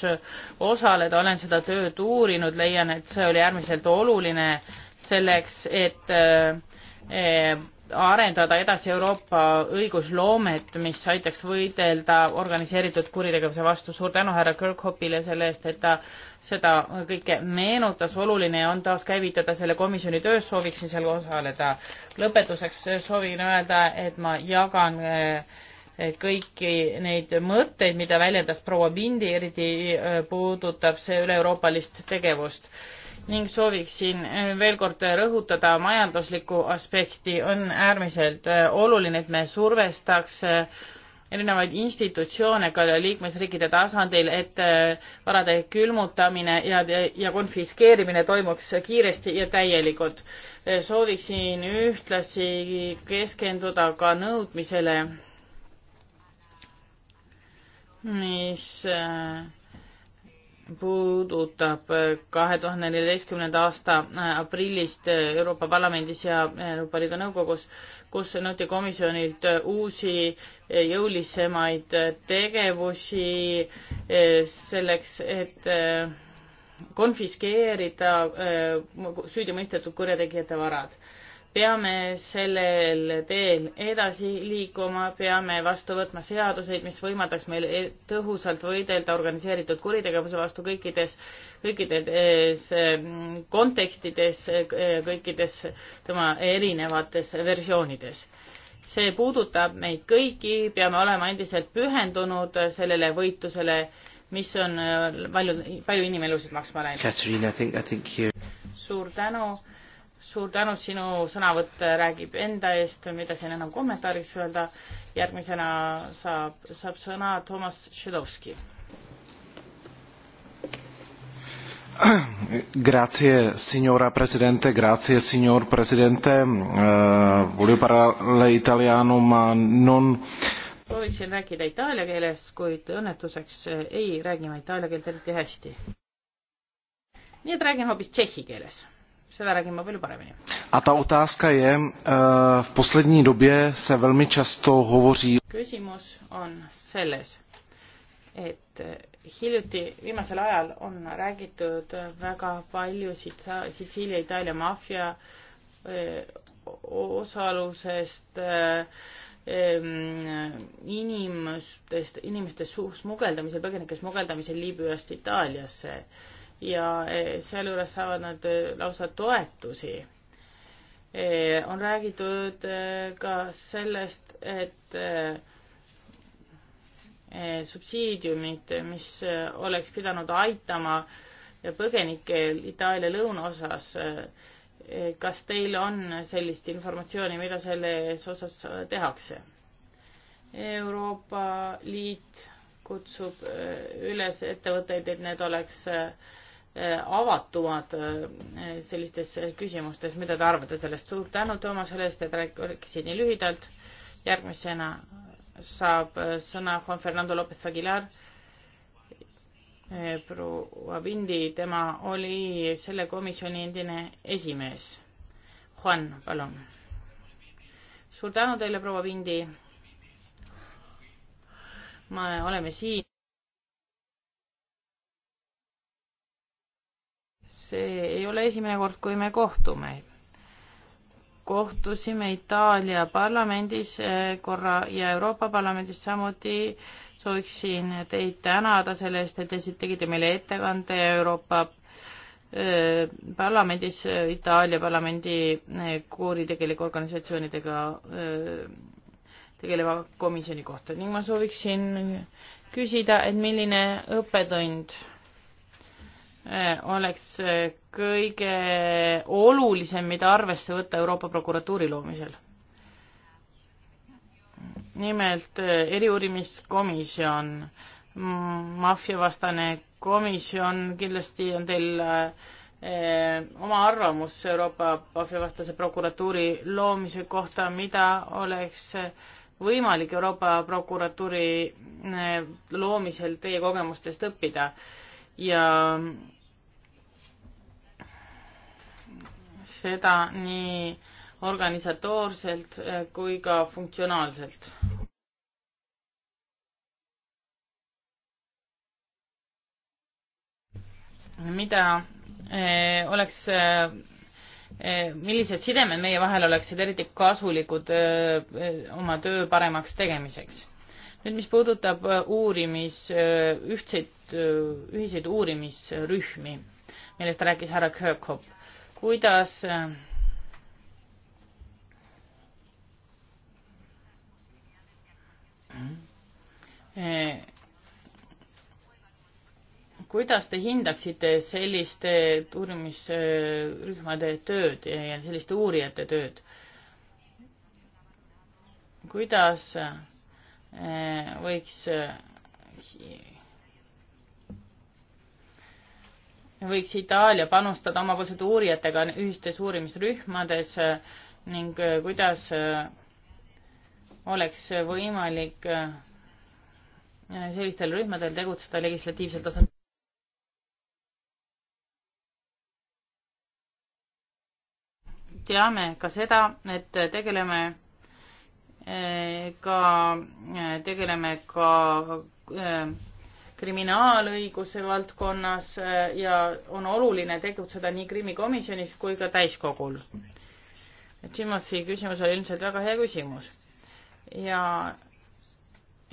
osaleda, olen seda tööd uurinud, leian, et see oli äärmiselt oluline selleks, et eh, arendada edasi Euroopa õigusloomet, mis aitaks võidelda organiseeritud kuritegevuse vastu. suur tänu härra Kirkhopile selle eest, et ta seda kõike meenutas. oluline on taaskäivitada selle komisjoni töös, sooviksin seal osaleda. lõpetuseks soovin öelda, et ma jagan eh, kõiki neid mõtteid, mida väljendas proua Bindi, eriti eh, puudutab see üle-euroopalist tegevust ning sooviksin eh, veel kord eh, rõhutada majanduslikku aspekti. on äärmiselt eh, oluline, et me survestaks erinevaid institutsioone ka liikmesriikide tasandil, et varade külmutamine ja, ja konfiskeerimine toimuks kiiresti ja täielikult. sooviksin ühtlasi keskenduda ka nõudmisele, mis äh, puudutab kahe tuhande neljateistkümnenda aasta äh, aprillist äh, Euroopa Parlamendis ja äh, Euroopa Liidu Nõukogus, kus nõuti komisjonilt uusi jõulisemaid tegevusi selleks, et konfiskeerida süüdimõistetud kurjategijate varad peame sellel teel edasi liikuma, peame vastu võtma seaduseid, mis võimaldaks meil e- tõhusalt võidelda organiseeritud kuritegevuse vastu kõikides, kõikides e, kontekstides, e, kõikides tema erinevates versioonides. see puudutab meid kõiki, peame olema endiselt pühendunud sellele võitlusele, mis on palju, palju inimelusid maksma läinud. suur tänu suur tänu, sinu sõnavõtt räägib enda eest, mida siin enam kommentaariks öelda. järgmisena saab, saab sõna Toomas Šedovski. Grazie signora presidente, grazie signor presidente uh,, eh, voglio parlare italiano ma non prooviksin rääkida itaalia keeles, kuid õnnetuseks eh, ei räägi ma itaalia keelt eriti hästi. nii et räägin hoopis tšehhi keeles seda räägime palju paremini. A ta otázka je, eh, v poslední době se velmi často hovoří. Küsimus on selles, et eh, hiljuti, viimasel ajal on räägitud väga palju Sitsiilia Itaalia maffia eh, osalusest inimestest, inimeste smugeldamisel, põgenike smugeldamisel Liibüast Itaaliasse ja e, sealjuures saavad nad e, lausa toetusi. E, on räägitud ka sellest, et subsiidiumid, mis oleks pidanud aitama põgenikel Itaalia lõunaosas, kas teil on sellist informatsiooni, mida selles osas tehakse? Euroopa Liit kutsub üles ettevõtteid, et need oleks äh, avatumad eh, sellistes küsimustes, mida te arvate sellest. suur tänu, Toomas, selle eest, et rääkisid nii lühidalt. järgmisena saab eh, sõna Juan Fernando Lopez Aguilar. Eh, proua Pindi, tema oli selle komisjoni endine esimees. Juan, palun. suur tänu teile, proua Pindi. me oleme siin. see ei ole esimene kord, kui me kohtume. kohtusime Itaalia parlamendis eh, korra ja Euroopa Parlamendis samuti. sooviksin teid tänada selle eest, et tegite meile ettekande Euroopa eh, parlamendis, eh, Itaalia parlamendi kooritegelike organisatsioonidega tegeleva komisjoni kohta ning ma sooviksin küsida, et milline õppetund Eh, oleks eh, kõige olulisem, mida arvesse võtta Euroopa prokuratuuri loomisel. nimelt eh, eriuurimiskomisjon, maffiavastane komisjon, kindlasti on teil oma arvamus Euroopa maffiavastase prokuratuuri loomise kohta, mida oleks võimalik Euroopa prokuratuuri loomisel teie kogemustest õppida ja seda nii organisatoorselt eh, kui ka funktsionaalselt. mida eh, oleks, eh, millised sidemed meie vahel oleksid eriti kasulikud oma töö paremaks tegemiseks? nüüd, mis puudutab uurimis, ühtseid, ühiseid uurimisrühmi, millest rääkis härra Kirkhope kuidas kuidas te hindaksite selliste uurimisrühmade tööd ja selliste uurijate tööd? kuidas eh, võiks eh, võiks Itaalia panustada omapoolsete uurijatega ühistes uurimisrühmades eh, ning eh, kuidas eh, oleks võimalik sellistel rühmadel tegutseda legislatiivsel tasandil. teame ka seda, et tegeleme ka, tegeleme ka kriminaalõiguse valdkonnas äh, ja on oluline tegutseda nii Krimmi komisjonis kui ka täiskogul. Timothy küsimus oli ilmselt väga hea küsimus ja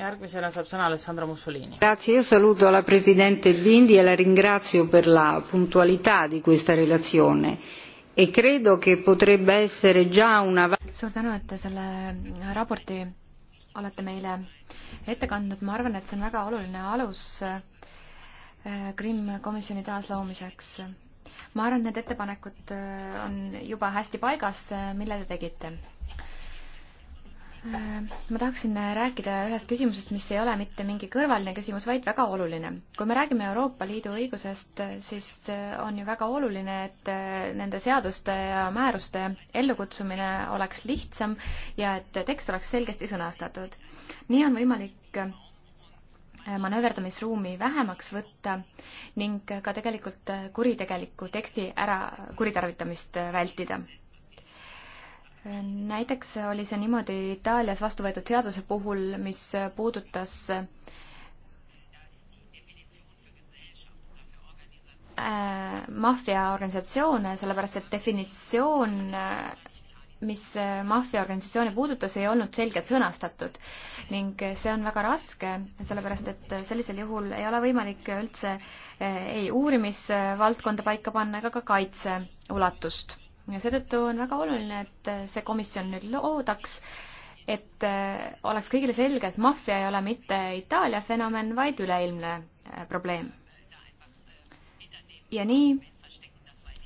järgmisena saab sõna Alessandra Mussolini. Grazie, io saluto la presidente Bindi e la ringrazio per la puntualità di questa relazione e credo che potrebbe essere già una suur tänu, et te selle raporti olete meile ette kandnud, ma arvan, et see on väga oluline alus äh, Krimm komisjoni taasloomiseks. ma arvan, need ettepanekud äh, on juba hästi paigas, äh, mille te tegite Äh, ma tahaksin äh, rääkida ühest küsimusest, mis ei ole mitte mingi kõrvaline küsimus, vaid väga oluline. kui me räägime Euroopa Liidu õigusest, siis äh, on ju väga oluline, et nende seaduste ja määruste ellukutsumine oleks lihtsam ja et tekst oleks selgesti sõnastatud. nii on võimalik manööverdamisruumi vähemaks võtta ning ka tegelikult kuritegeliku teksti ära, kuritarvitamist vältida näiteks oli see niimoodi Itaalias vastu võetud seaduse puhul, mis puudutas äh, maffiaorganisatsioone, sellepärast et definitsioon, äh, mis maffiaorganisatsioone puudutas, ei olnud selgelt sõnastatud. ning see on väga raske, sellepärast et sellisel juhul ei ole võimalik üldse äh, ei uurimisvaldkonda paika panna ega ka kaitse ulatust ja seetõttu on väga oluline, et see komisjon nüüd loodaks, et äh, oleks kõigile selge, et maffia ei ole mitte Itaalia fenomen, vaid üleilmne äh, probleem. ja nii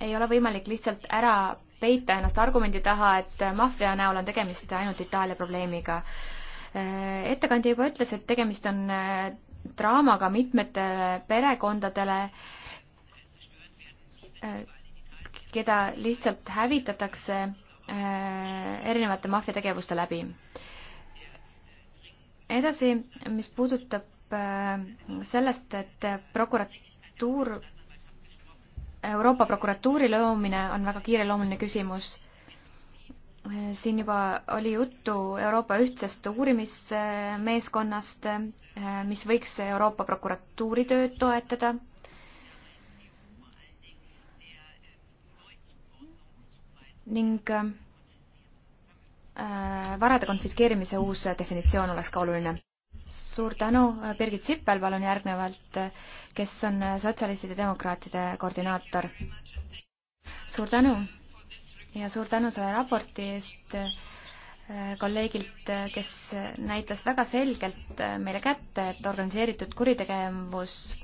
ei ole võimalik lihtsalt ära peita ennast argumendi taha, et maffia näol on tegemist ainult Itaalia probleemiga. Äh, ettekandja juba ütles, et tegemist on draamaga mitmetele perekondadele keda lihtsalt hävitatakse äh, erinevate maffia tegevuste läbi. edasi, mis puudutab äh, sellest, et prokuratuur, Euroopa prokuratuuri loomine on väga kiireloomuline küsimus siin juba oli juttu Euroopa ühtsest uurimismeeskonnast, äh, mis võiks Euroopa prokuratuuri tööd toetada. ning äh, varade konfiskeerimise uus definitsioon oleks ka oluline. suur tänu, äh, Birgit Sippel, palun järgnevalt, äh, kes on sotsialistide demokraatide koordinaator. suur tänu ja suur tänu selle raporti eest kolleegilt, kes näitas väga selgelt meile kätte, et organiseeritud kuritegevus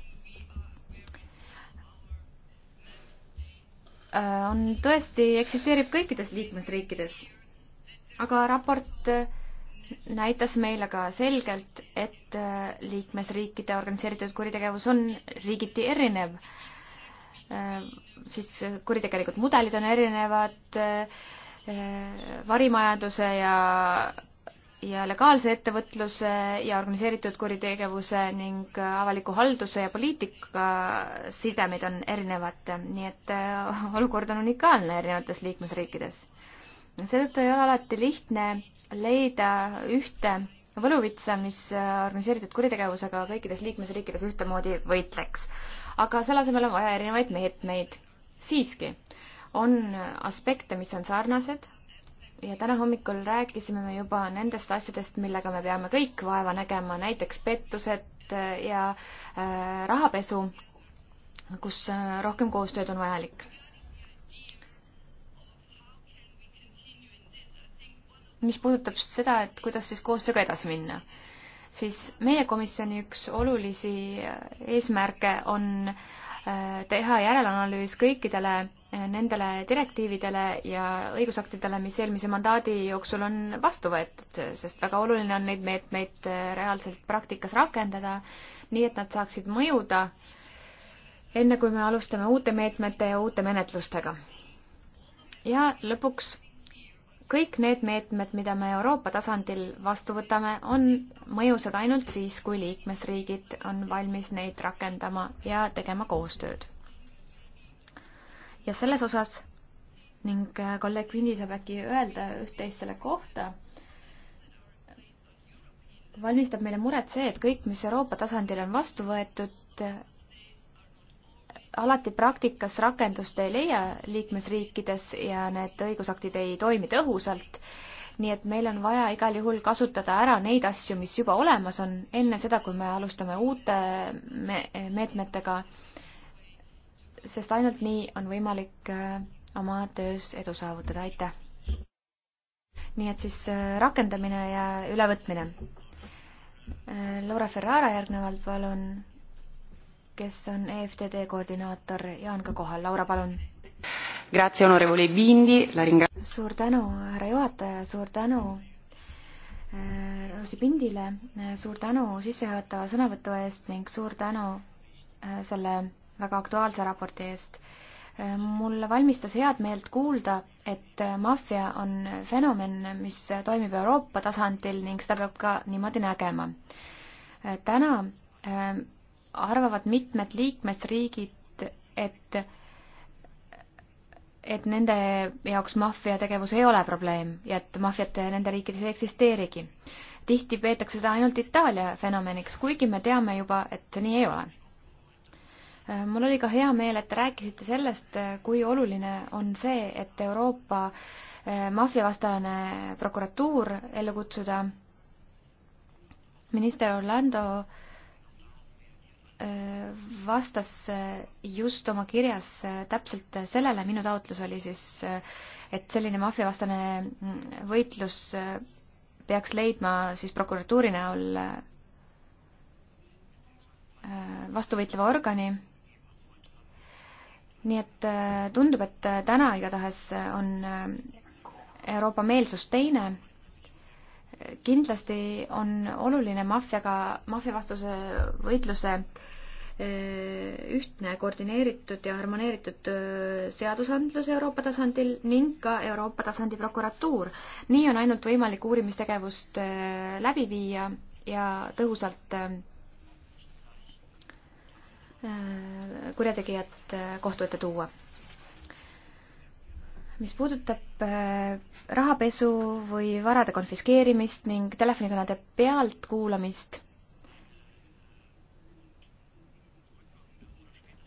Äh, on tõesti, eksisteerib kõikides liikmesriikides. aga raport äh, näitas meile ka selgelt, et äh, liikmesriikide organiseeritud kuritegevus on riigiti erinev. siis kuritegelikud mudelid on erinevad, varimajanduse ja ja legaalse ettevõtluse ja organiseeritud kuritegevuse ning avaliku halduse ja poliitika sidemed on erinevad, nii et äh, olukord on unikaalne erinevates liikmesriikides. seetõttu ei ole alati lihtne leida ühte võluvitsa, mis äh, organiseeritud kuritegevusega kõikides liikmesriikides ühtemoodi võitleks. aga selle asemel on vaja erinevaid meetmeid. siiski, on aspekte, mis on sarnased, ja täna hommikul rääkisime me juba nendest asjadest, millega me peame kõik vaeva nägema, näiteks pettused äh, ja äh, rahapesu, kus äh, rohkem koostööd on vajalik. mis puudutab seda, et kuidas siis koostööga edasi minna, siis meie komisjoni üks olulisi eesmärke on teha järelanalüüs kõikidele nendele direktiividele ja õigusaktidele, mis eelmise mandaadi jooksul on vastu võetud, sest väga oluline on neid meetmeid reaalselt praktikas rakendada, nii et nad saaksid mõjuda enne, kui me alustame uute meetmete ja uute menetlustega. ja lõpuks kõik need meetmed, mida me Euroopa tasandil vastu võtame, on mõjusad ainult siis, kui liikmesriigid on valmis neid rakendama ja tegema koostööd ja selles osas ning äh, kolleeg Vindi saab äkki öelda üht-teist selle kohta, valmistab meile muret see, et kõik, mis Euroopa tasandil on vastu võetud, alati praktikas rakendust ei leia liikmesriikides ja need õigusaktid ei toimi tõhusalt nii et meil on vaja igal juhul kasutada ära neid asju, mis juba olemas on, enne seda, kui me alustame uute me meetmetega sest ainult nii on võimalik äh, oma töös edu saavutada, aitäh! nii et siis äh, rakendamine ja ülevõtmine. Äh, Laura Ferrara järgnevalt palun, kes on EFTD koordinaator ja on ka kohal, Laura, palun! Grazie, onorevole Vindi, la ringra-. suur tänu, härra juhataja, suur tänu Rosi Pindile, suur tänu sissejuhatava sõnavõtu eest ning suur tänu selle väga aktuaalse raporti eest. mulle valmistas head meelt kuulda, et maffia on fenomen, mis toimib Euroopa tasandil ning seda peab ka niimoodi nägema. täna ähm, arvavad mitmed liikmesriigid, et et nende jaoks maffia tegevus ei ole probleem ja et maffiat nende riikides ei eksisteerigi. tihti peetakse seda ainult Itaalia fenomeniks, kuigi me teame juba, et see nii ei ole mul oli ka hea meel, et te rääkisite sellest, kui oluline on see, et Euroopa eh, maffiavastane prokuratuur ellu kutsuda. minister Orlando eh, vastas eh, just oma kirjas täpselt sellele, minu taotlus oli siis, et selline maffiavastane mm, võitlus peaks leidma siis prokuratuuri näol vastuvõitleva organi nii et äh, tundub, et äh, täna igatahes äh, on Euroopa meelsus teine. kindlasti on oluline maffiaga, maffiavastase võitluse ühtne, koordineeritud ja harmoneeritud seadusandlus Euroopa tasandil ning ka Euroopa tasandi prokuratuur. nii on ainult võimalik uurimistegevust läbi viia ja tõhusalt Äh, kurjategijat äh, kohtu ette tuua. mis puudutab äh, rahapesu või varade konfiskeerimist ning telefonikõnede pealtkuulamist,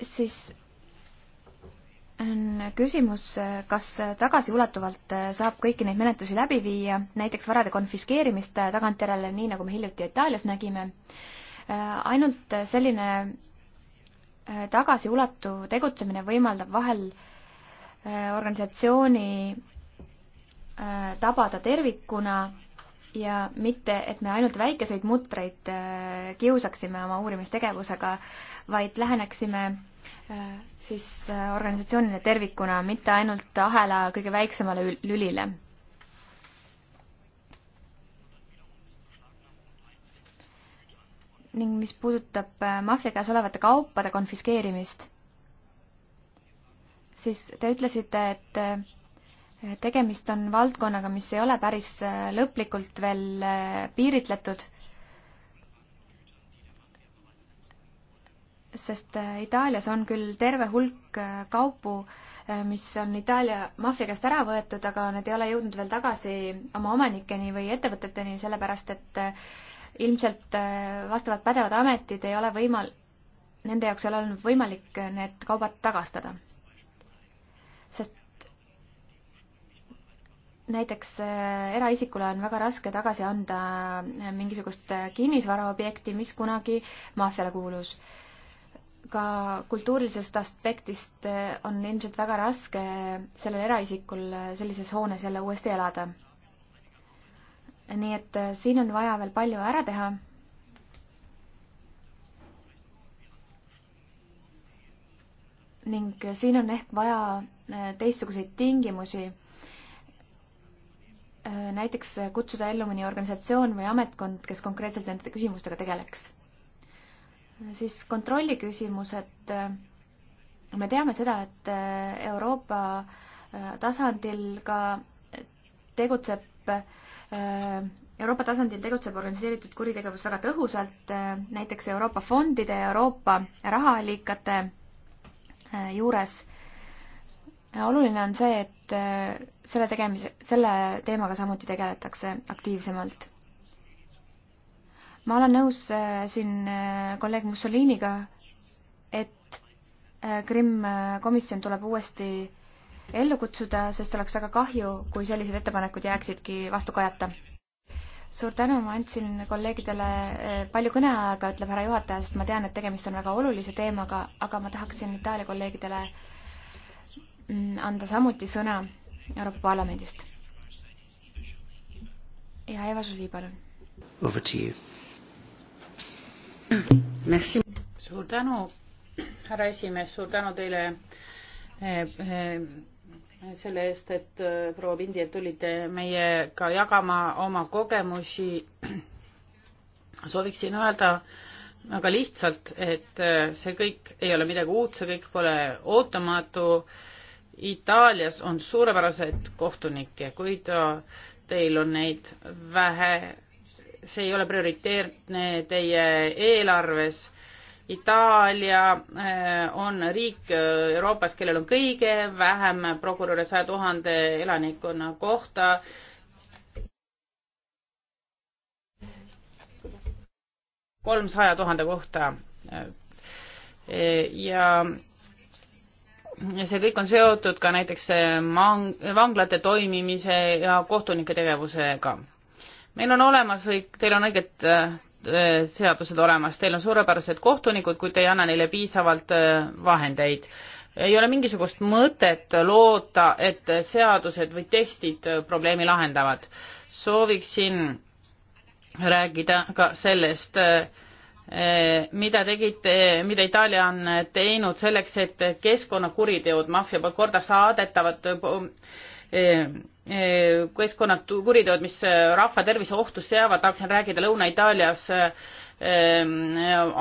siis on küsimus, kas tagasiulatuvalt saab kõiki neid menetlusi läbi viia, näiteks varade konfiskeerimist tagantjärele, nii nagu me hiljuti Itaalias nägime. ainult selline Äh, tagasiulatuv tegutsemine võimaldab vahel äh, organisatsiooni äh, tabada tervikuna ja mitte, et me ainult väikeseid mutreid kiusaksime oma uurimistegevusega, vaid läheneksime siis organisatsioonile tervikuna, mitte ainult ahela kõige väiksemale lülile ning mis puudutab äh, maffia käes olevate kaupade konfiskeerimist, siis te ütlesite, et äh, tegemist on valdkonnaga, mis ei ole päris äh, lõplikult veel piiritletud, sest Itaalias on küll terve hulk kaupu, mis on Itaalia maffia käest ära võetud, aga need ei ole jõudnud veel tagasi oma omanikeni või ettevõteteni, sellepärast et ilmselt äh, vastavad pädevad ametid ei ole võimal-, nende jaoks ei ole olnud võimalik äh, need kaubad tagastada. sest näiteks äh, eraisikule on väga raske tagasi anda mingisugust kinnisvaraobjekti, mis kunagi maffiale kuulus. ka kultuurilisest aspektist on ilmselt väga raske sellel eraisikul sellises hoones jälle uuesti elada nii et äh, siin on vaja veel palju ära teha. ning äh, siin on ehk vaja äh, teistsuguseid tingimusi. näiteks kutsuda ellu mõni organisatsioon või ametkond, kes konkreetselt nende küsimustega tegeleks. siis kontrolli küsimused. me teame seda, et Euroopa tasandil ka tegutseb Äh, Euroopa tasandil tegutseb organiseeritud kuritegevus väga tõhusalt, äh, näiteks Euroopa fondide ja Euroopa rahaallikate äh, juures. oluline on see, et selle tegemise, selle teemaga samuti tegeletakse aktiivsemalt. ma olen nõus siin kolleeg Mussoliniga, et Krimm komisjon tuleb uuesti äh, ellu kutsuda, sest oleks väga kahju, kui sellised ettepanekud jääksidki vastu kajata. suur tänu, ma andsin kolleegidele eh, palju kõneaega, ütleb härra juhataja, sest ma tean, et tegemist on väga olulise teemaga, aga ma tahaksin Itaalia kolleegidele mm, anda samuti sõna Euroopa Parlamendist. ja Eva Žuli, palun. Over to you. Merci. suur tänu, härra esimees, suur tänu teile eh, eh, selle eest, et äh, proua Pindi, et tulite meiega jagama oma kogemusi. sooviksin öelda väga lihtsalt, et äh, see kõik ei ole midagi uut, see kõik pole ootamatu. Itaalias on suurepäraseid kohtunikke, kuid äh, teil on neid vähe. see ei ole prioriteetne teie eelarves Itaalia eh, on riik eh, Euroopas, kellel on kõige vähem prokuröre saja tuhande elanikkonna kohta. kolmsaja tuhande kohta. Eh, ja see kõik on seotud ka näiteks mang-, vanglate toimimise ja kohtunike tegevusega. meil on olemas, teil on õiged Äh, seadused olemas, teil on suurepärased kohtunikud, kuid te ei anna neile piisavalt äh, vahendeid. ei ole mingisugust mõtet loota, et seadused või tekstid äh, probleemi lahendavad. sooviksin rääkida ka sellest, mida tegite, mida Itaalia on teinud selleks, et keskkonnakuriteod maffia poolt korda saadetavad keskkonnakuriteod, mis rahva tervise ohtu seavad, tahaksin rääkida Lõuna-Itaalias ehm,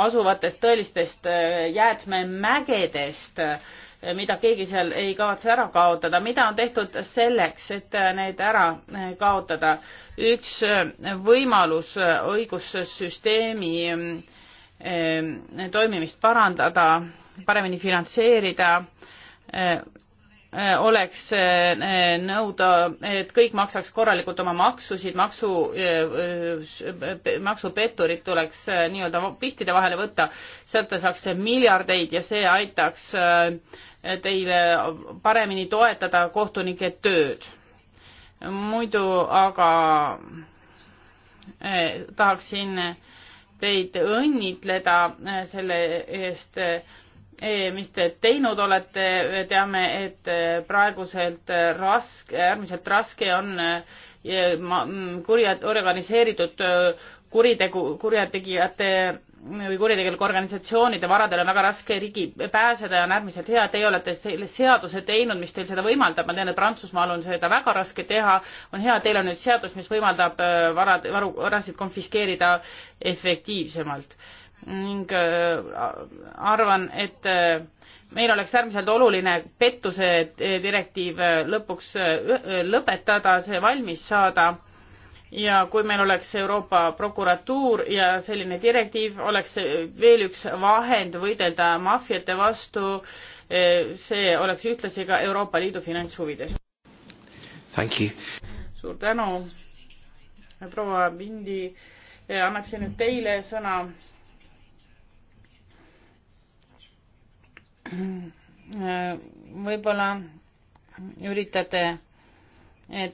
asuvatest tõelistest eh, jäätmemägedest, eh, mida keegi seal ei kavatse ära kaotada. mida on tehtud selleks, et need ära eh, kaotada? üks võimalus õigussüsteemi toimimist parandada, paremini finantseerida Äh, oleks äh, nõuda, et kõik maksaks korralikult oma maksusid, maksu, äh, maksupetturid tuleks nii-öelda pihtide vahele võtta, sealt ta saaks miljardeid ja see aitaks teile paremini toetada kohtunike tööd. muidu aga tahaksin teid õnnitleda selle eest, E, mis te teinud olete, teame, et e, praeguselt raske, äärmiselt raske on e, mm, kurja, organiseeritud kuritegu, kurjategijate või kuritegelike organisatsioonide varadele on väga raske riigi pääseda ja on äärmiselt hea, et teie olete selle seaduse teinud, mis teil seda võimaldab, ma tean, et Prantsusmaal on seda väga raske teha, on hea, et teil on nüüd seadus, mis võimaldab varad, varu, varasid konfiskeerida efektiivsemalt ning äh, arvan, et äh, meil oleks äärmiselt oluline pettuse äh, direktiiv lõpuks lõpetada, see valmis saada ja kui meil oleks Euroopa prokuratuur ja selline direktiiv, oleks veel üks vahend võidelda maffiate vastu, see oleks ühtlasi ka Euroopa Liidu finantshuvides. suur tänu, proua Pindi, annaksin nüüd teile sõna võib-olla üritate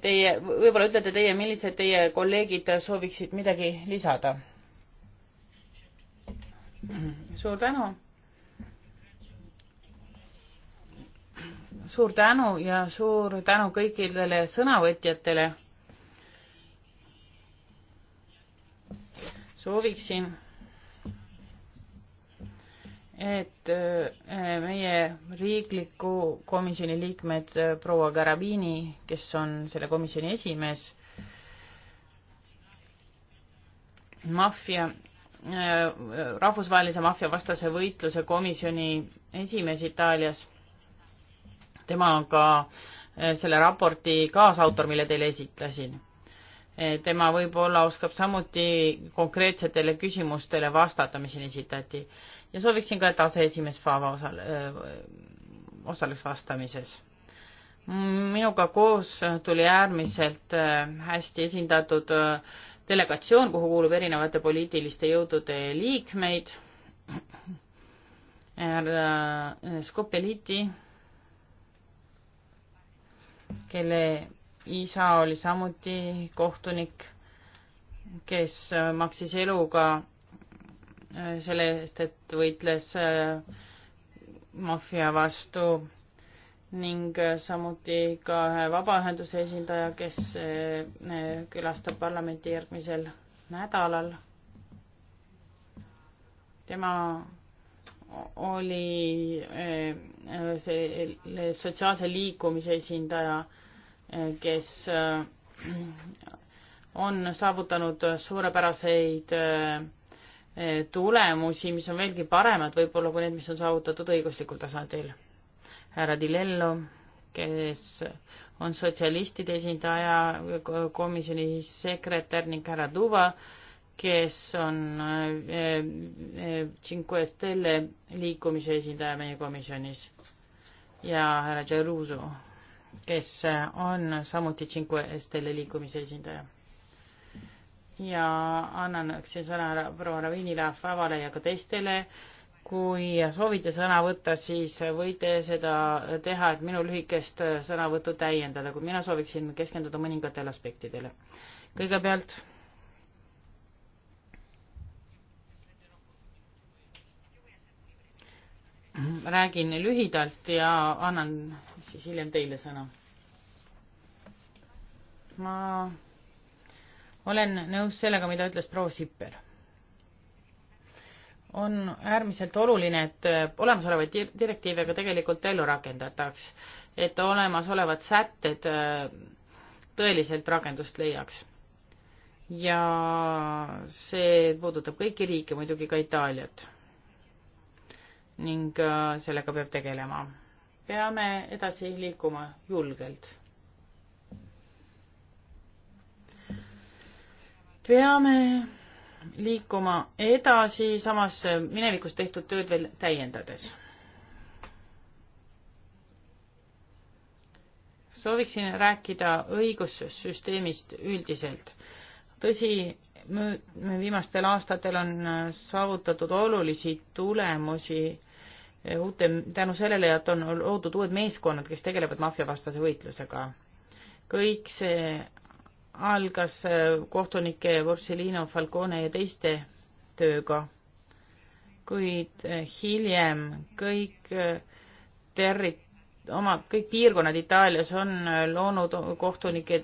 teie, võib-olla ütlete teie, millised teie kolleegid sooviksid midagi lisada? suur tänu. suur tänu ja suur tänu kõikidele sõnavõtjatele. sooviksin et äh, meie riikliku komisjoni liikmed äh, proua Garabini, kes on selle komisjoni esimees, maffia, äh, rahvusvahelise maffiavastase võitluse komisjoni esimees Itaalias, tema on ka selle raporti kaasautor, mille teile esitlesin. tema võib-olla oskab samuti konkreetsetele küsimustele vastata, mis siin esitati ja sooviksin ka, et aseesimees Faava osale, osaleks vastamises. minuga koos tuli äärmiselt hästi esindatud delegatsioon, kuhu kuulub erinevate poliitiliste jõudude liikmeid. härra Skopeliti, kelle isa oli samuti kohtunik, kes maksis eluga selle eest, et võitles äh, maffia vastu ning äh, samuti ka ühe vabaühenduse esindaja, kes äh, külastab parlamenti järgmisel nädalal. tema oli selle sotsiaalse liikumise esindaja, kes on saavutanud suurepäraseid tulemusi, mis on veelgi paremad võib-olla kui need, mis on saavutatud õiguslikul tasandil. härra Dilello, kes on sotsialistide esindaja, komisjoni sekretär ning härra Tuva, kes on eh, eh, Cinque Stelle liikumise esindaja meie komisjonis ja härra Geruso, kes on samuti Cinque Stelle liikumise esindaja ja annan siis sõna proua Ravinile, Favale ja ka teistele. kui soovite sõna võtta, siis võite seda teha, et minu lühikest sõnavõttu täiendada, kuid mina sooviksin keskenduda mõningatele aspektidele. kõigepealt räägin lühidalt ja annan siis hiljem teile sõna. ma olen nõus sellega, mida ütles proua Sipper. on äärmiselt oluline, et olemasolevaid direktiive ka tegelikult ellu rakendataks, et olemasolevad sätted äh, tõeliselt rakendust leiaks. ja see puudutab kõiki riike, muidugi ka Itaaliat. ning äh, sellega peab tegelema. peame edasi liikuma julgelt peame liikuma edasi, samas minevikus tehtud tööd veel täiendades. sooviksin rääkida õigussüsteemist üldiselt. tõsi, viimastel aastatel on saavutatud olulisi tulemusi eh, uute, tänu sellele, et on loodud uued meeskonnad, kes tegelevad maffiavastase võitlusega. kõik see algas äh, kohtunike Borsellino, Falcone ja teiste tööga, kuid äh, hiljem kõik äh, terri-, oma, kõik piirkonnad Itaalias on loonud kohtunike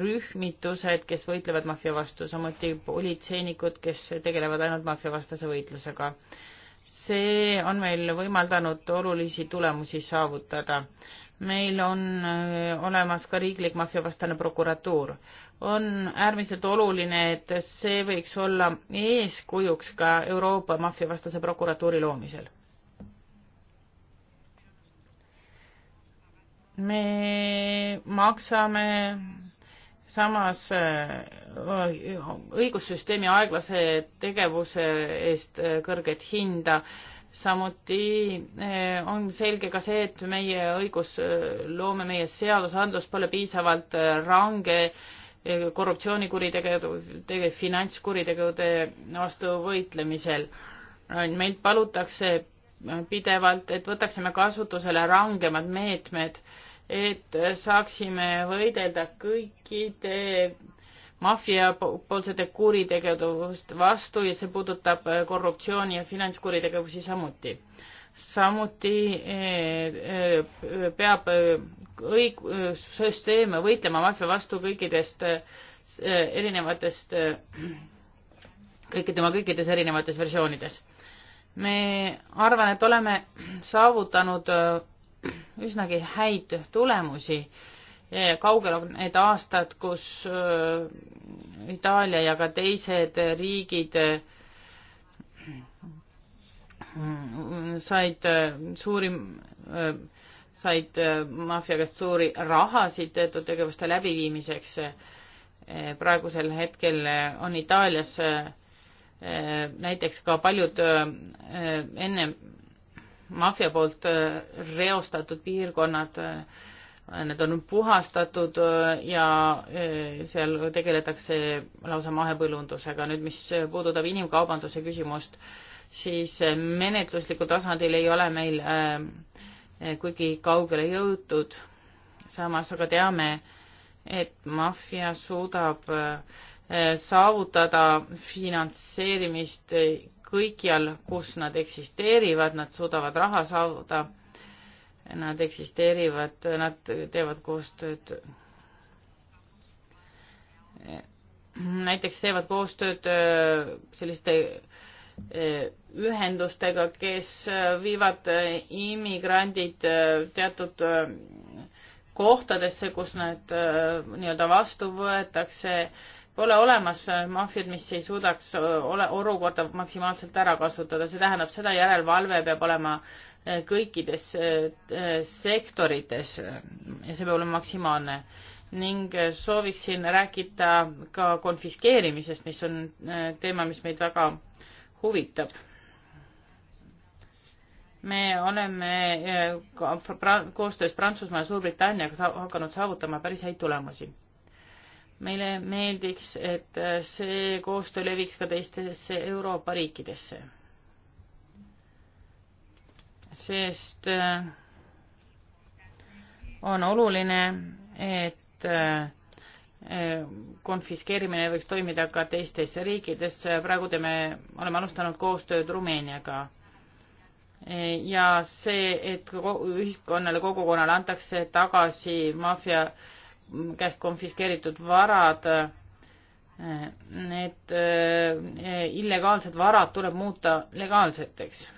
rühmitused, kes võitlevad maffia vastu, samuti politseinikud, kes tegelevad ainult maffiavastase võitlusega see on meil võimaldanud olulisi tulemusi saavutada. meil on äh, olemas ka riiklik maffiavastane prokuratuur. on äärmiselt oluline, et see võiks olla eeskujuks ka Euroopa maffiavastase prokuratuuri loomisel. me maksame samas äh, õigussüsteemi aeglase tegevuse eest äh, kõrget hinda. samuti äh, on selge ka see, et meie õigusloome, meie seadusandlus pole piisavalt range korruptsioonikuritegude, finantskuritegude vastu võitlemisel. meilt palutakse pidevalt, et võtaksime kasutusele rangemad meetmed et saaksime võidelda kõikide maffia poolsete kuritegevust vastu ja see puudutab korruptsiooni ja finantskuritegevusi samuti. samuti eh, eh, peab õig-, süsteem võitlema maffia vastu kõikidest eh, erinevatest, kõikide, tema kõikides erinevates versioonides. me arvan, et oleme saavutanud üsnagi häid tulemusi. kaugel on need aastad, kus äh, Itaalia ja ka teised riigid äh, said äh, suurim, said maffia käest suuri rahasid teatud tegevuste läbiviimiseks. praegusel hetkel on Itaalias näiteks ka paljud enne maffia poolt äh, reostatud piirkonnad, äh, need on puhastatud äh, ja seal tegeletakse lausa mahepõllundusega. nüüd, mis puudutab inimkaubanduse küsimust, siis menetluslikul tasandil ei ole meil kuigi kaugele jõutud. samas aga teame, et maffia suudab saavutada finantseerimist kõikjal, kus nad eksisteerivad, nad suudavad raha saada, nad eksisteerivad, nad teevad koostööd. näiteks teevad koostööd äh, selliste äh, ühendustega, kes äh, viivad immigrandid teatud kohtadesse, kus nad nii-öelda vastu võetakse pole olemas äh, maffiad, mis ei suudaks äh, ole, olukorda maksimaalselt ära kasutada, see tähendab seda, järelevalve peab olema äh, kõikides sektorites ja see peab olema maksimaalne. ning sooviksin rääkida ka konfiskeerimisest, mis on teema, mis meid väga huvitab. me oleme koostöös Prantsusmaa ja Suurbritanniaga hakanud saavutama päris häid tulemusi meile meeldiks, et äh, see koostöö leviks ka teistesse Euroopa riikidesse. sest äh, on oluline, et äh, konfiskeerimine võiks toimida ka teistes riikides. praegu teeme, oleme alustanud koostööd Rumeeniaga. ja see, et ühiskonnale, kogukonnale antakse tagasi maffia käest konfiskeeritud varad, need eh, illegaalsed varad tuleb muuta legaalseteks.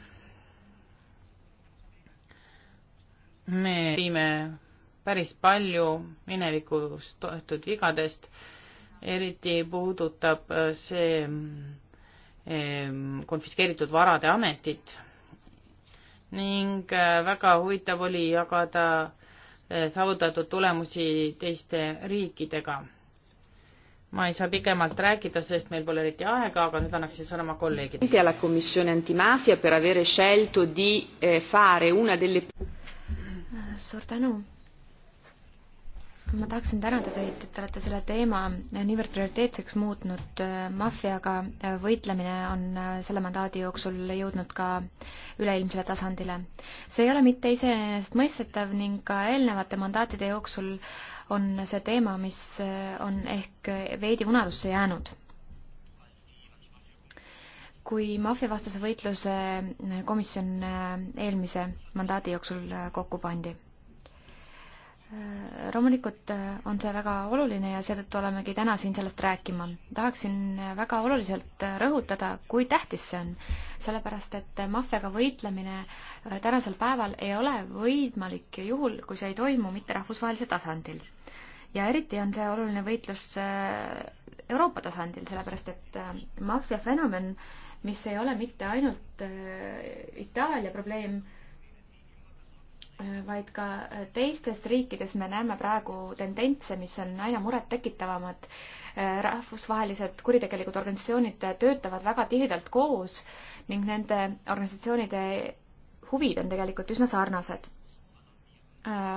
me viime päris palju minevikus toetud vigadest, eriti puudutab see eh, konfiskeeritud varade ametit ning eh, väga huvitav oli jagada Eh, saavutatud tulemusi teiste riikidega. ma ei saa pikemalt rääkida, sest meil pole eriti aega, aga nüüd annaksin sõna oma kolleegidele. Eh, suur tänu ma tahaksin tänada teid, et te olete selle teema niivõrd prioriteetseks muutnud. maffiaga võitlemine on selle mandaadi jooksul jõudnud ka üleilmsele tasandile. see ei ole mitte iseenesestmõistetav ning ka eelnevate mandaatide jooksul on see teema, mis on ehk veidi unarusse jäänud kui maffiavastase võitluse komisjon eelmise mandaadi jooksul kokku pandi Äh, loomulikult äh, on see väga oluline ja seetõttu olemegi täna siin sellest rääkima. tahaksin äh, väga oluliselt rõhutada, kui tähtis see on, sellepärast et maffiaga võitlemine tänasel päeval ei ole võimalik juhul, kui see ei toimu mitte rahvusvahelisel tasandil. ja eriti on see oluline võitlus Euroopa tasandil, sellepärast et maffia fenomen, mis ei ole mitte ainult Itaalia probleem, vaid ka teistes riikides me näeme praegu tendentse, mis on aina murettekitavamad. rahvusvahelised kuritegelikud organisatsioonid töötavad väga tihedalt koos ning nende organisatsioonide huvid on tegelikult üsna sarnased.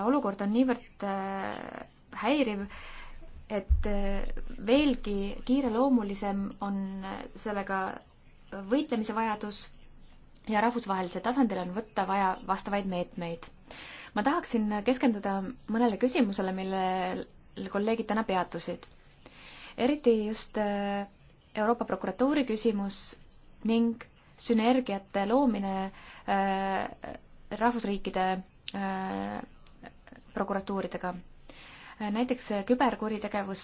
olukord on niivõrd äh, häiriv, et äh, veelgi kiireloomulisem on sellega võitlemise vajadus ja rahvusvahelisel tasandil on võtta vaja vastavaid meetmeid ma tahaksin keskenduda mõnele küsimusele, millel kolleegid täna peatusid. eriti just äh, Euroopa prokuratuuri küsimus ning sünergiate loomine äh, rahvusriikide äh, prokuratuuridega. näiteks küberkuritegevus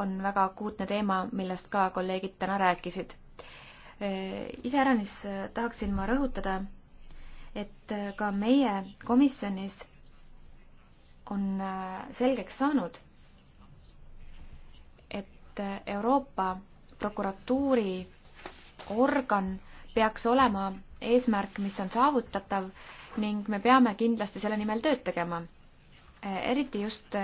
on väga akuutne teema, millest ka kolleegid täna rääkisid. iseäranis tahaksin ma rõhutada et äh, ka meie komisjonis on äh, selgeks saanud, et äh, Euroopa prokuratuuri organ peaks olema eesmärk, mis on saavutatav ning me peame kindlasti selle nimel tööd tegema. eriti just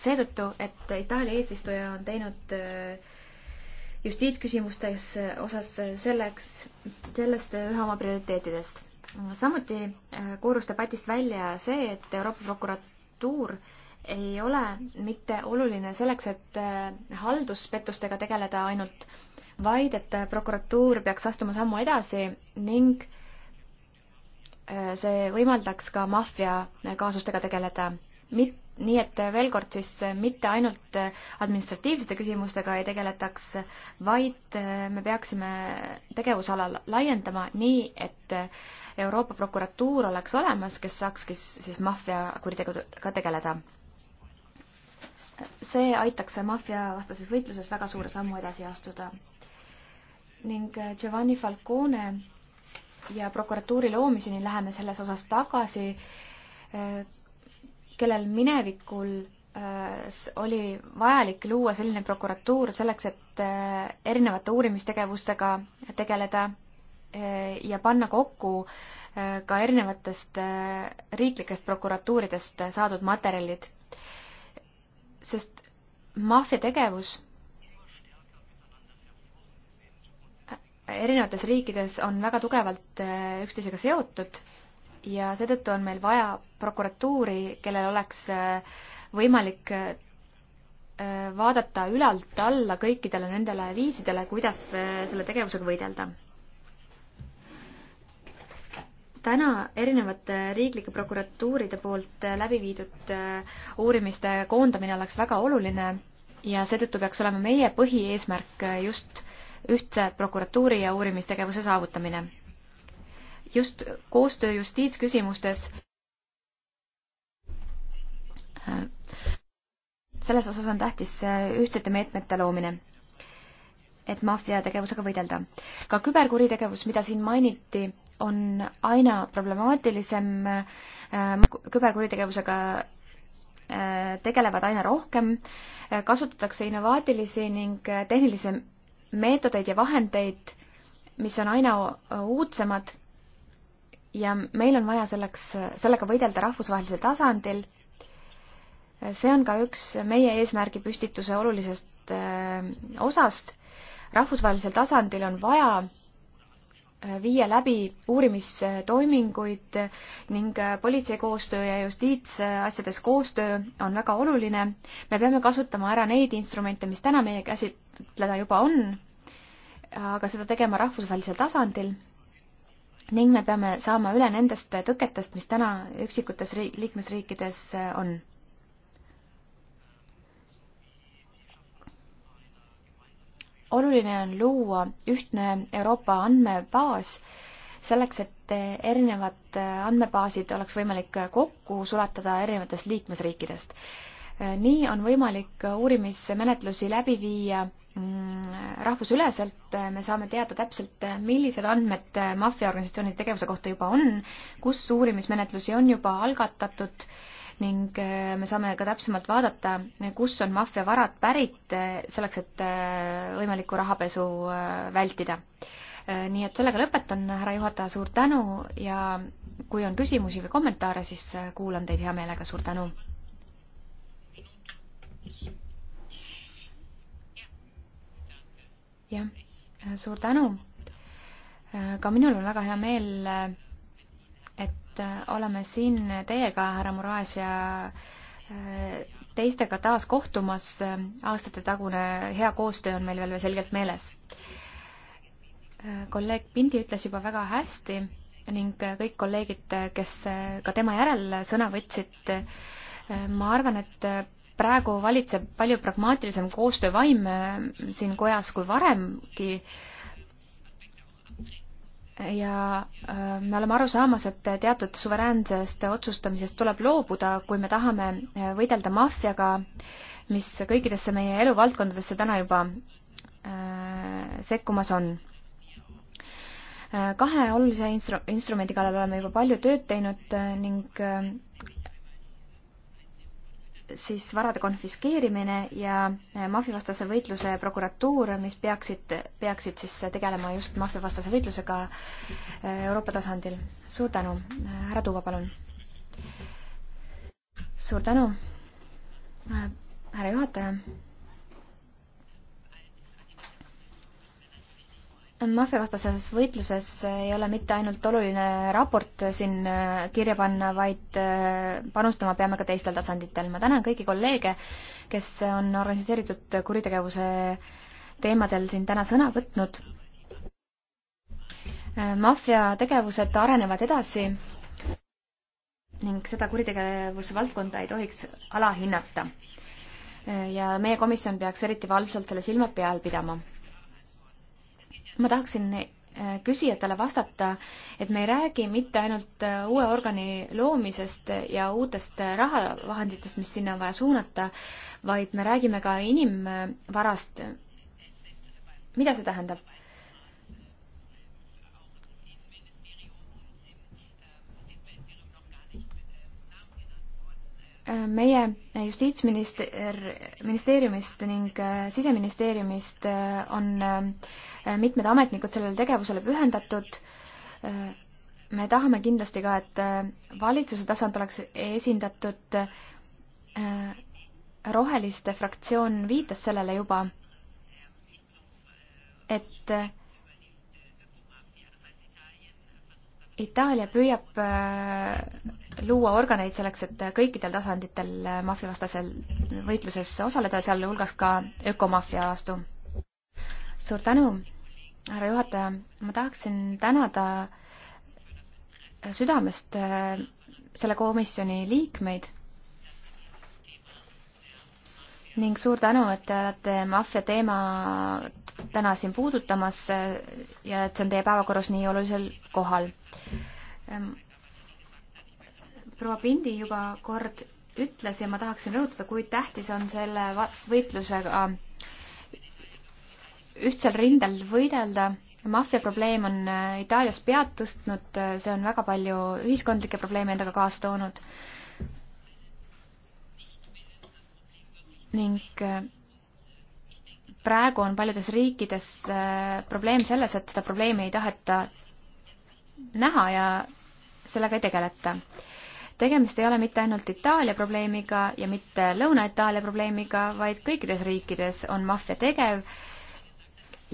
seetõttu, et Itaalia eesistuja on teinud äh, justiitsküsimustes eh, osas selleks, sellest ühe oma prioriteetidest. samuti eh, koorus debatist välja see, et Euroopa prokuratuur ei ole mitte oluline selleks, et eh, halduspettustega tegeleda ainult, vaid et prokuratuur peaks astuma sammu edasi ning see võimaldaks ka maffia kaasustega tegeleda mit-, nii et veel kord siis äh, mitte ainult äh, administratiivsete küsimustega ei tegeletaks, vaid äh, me peaksime tegevusala laiendama nii, et Euroopa prokuratuur oleks olemas, kes saakski siis maffiakuritegudega tegeleda. see aitaks maffiavastases võitluses väga suure sammu edasi astuda. ning Giovanni Falcone ja prokuratuuri loomiseni läheme selles osas tagasi kellel minevikul äh, oli vajalik luua selline prokuratuur selleks, et äh, erinevate uurimistegevustega tegeleda äh, ja panna kokku ka erinevatest riiklikest prokuratuuridest saadud materjalid. sest maffia tegevus erinevates riikides on väga tugevalt üksteisega seotud ja seetõttu on meil vaja prokuratuuri, kellel oleks äh, võimalik äh, vaadata ülalt alla kõikidele nendele viisidele, kuidas äh, selle tegevusega võidelda. täna erinevate riiklike prokuratuuride poolt läbi viidud uurimiste koondamine oleks väga oluline ja seetõttu peaks olema meie põhieesmärk just ühtse prokuratuuri ja uurimistegevuse saavutamine just koostöö justiitsküsimustes selles osas on tähtis ühtsete meetmete loomine, et maffiategevusega võidelda. ka küberkuritegevus, mida siin mainiti, on aina problemaatilisem, küberkuritegevusega äh, tegelevad aina rohkem, kasutatakse innovaatilisi ning tehnilisi meetodeid ja vahendeid, mis on aina uudsemad ja meil on vaja selleks, sellega võidelda rahvusvahelisel tasandil. see on ka üks meie eesmärgi püstituse olulisest äh, osast. rahvusvahelisel tasandil on vaja äh, viia läbi uurimistoiminguid ning äh, politsei koostöö ja justiitsasjades koostöö on väga oluline. me peame kasutama ära neid instrumente, mis täna meie käsitleda juba on, aga seda tegema rahvusvahelisel tasandil ning me peame saama üle nendest tõketest, mis täna üksikutes liikmesriikides äh, on. oluline on luua ühtne Euroopa andmebaas selleks, et erinevad äh, andmebaasid oleks võimalik kokku sulatada erinevatest liikmesriikidest Äh, nii on võimalik uurimismenetlusi läbi viia mm, rahvusüleselt, äh, me saame teada täpselt, äh, millised andmed maffiaorganisatsioonide tegevuse kohta juba on, kus uurimismenetlusi on juba algatatud ning me saame ka täpsemalt vaadata, kus on maffia varad pärit, selleks et võimalikku rahapesu vältida. nii et sellega lõpetan, härra juhataja, suur tänu ja kui on küsimusi või kommentaare, siis kuulan teid hea meelega, suur tänu! jah, äh, suur tänu. Äh, ka minul on väga hea meel, äh, et oleme siin teiega, härra Muraas ja teistega taas kohtumas. aastatetagune hea koostöö on meil veel selgelt meeles. kolleeg Pindi ütles juba väga hästi ning kõik kolleegid, kes ka tema järel sõna võtsid, ma arvan, et praegu valitseb palju pragmaatilisem koostöövaim äh, siin kojas kui varemgi. ja äh, me oleme aru saamas, et teatud suveräänsest otsustamisest tuleb loobuda, kui me tahame äh, võidelda maffiaga, mis kõikidesse meie eluvaldkondadesse täna juba sekkumas on. kahe olulise instru-, instrumendi kallal oleme juba palju tööd teinud ning siis varade konfiskeerimine ja eh, maffiavastase võitluse prokuratuur, mis peaksid, peaksid siis tegelema just maffiavastase võitlusega eh, Euroopa tasandil. suur tänu, härra Tuuba, palun. suur tänu, härra juhataja maffiavastases võitluses ei ole mitte ainult oluline raport siin äh, kirja panna, vaid äh, panustama peame ka teistel tasanditel. ma tänan kõiki kolleege, kes on organiseeritud kuritegevuse teemadel siin täna sõna võtnud. Äh, maffia tegevused arenevad edasi ning seda kuritegevuse valdkonda ei tohiks alahinnata. ja meie komisjon peaks eriti valvsalt selle silma peal pidama ma tahaksin äh, küsijatele vastata, et me ei räägi mitte ainult äh, uue organi loomisest ja uutest äh, rahavahenditest, mis sinna on vaja suunata, vaid me räägime ka inimvarast. mida see tähendab? meie justiitsminister, ministeeriumist ning äh, siseministeeriumist äh, on äh, mitmed ametnikud sellele tegevusele pühendatud. me tahame kindlasti ka, et valitsuse tasand oleks esindatud. roheliste fraktsioon viitas sellele juba, et Itaalia püüab äh, luua organeid selleks, et kõikidel tasanditel äh, maffiavastasel võitluses osaleda, sealhulgas ka ökomaffia vastu. suur tänu, härra juhataja, ma tahaksin tänada südamest äh, selle komisjoni liikmeid ning suur tänu, et te olete maffia teemat täna siin puudutamas ja et see on teie päevakorras nii olulisel kohal Ehm, proua Pindi juba kord ütles ja ma tahaksin rõhutada, kui tähtis on selle võitlusega ühtsel rindel võidelda. maffia probleem on äh, Itaalias pead tõstnud, äh, see on väga palju ühiskondlikke probleeme endaga kaasa toonud. ning äh, praegu on paljudes riikides probleem selles, et seda probleemi ei taheta näha ja sellega ei tegeleta. tegemist ei ole mitte ainult Itaalia probleemiga ja mitte Lõuna-Itaalia probleemiga, vaid kõikides riikides on maffia tegev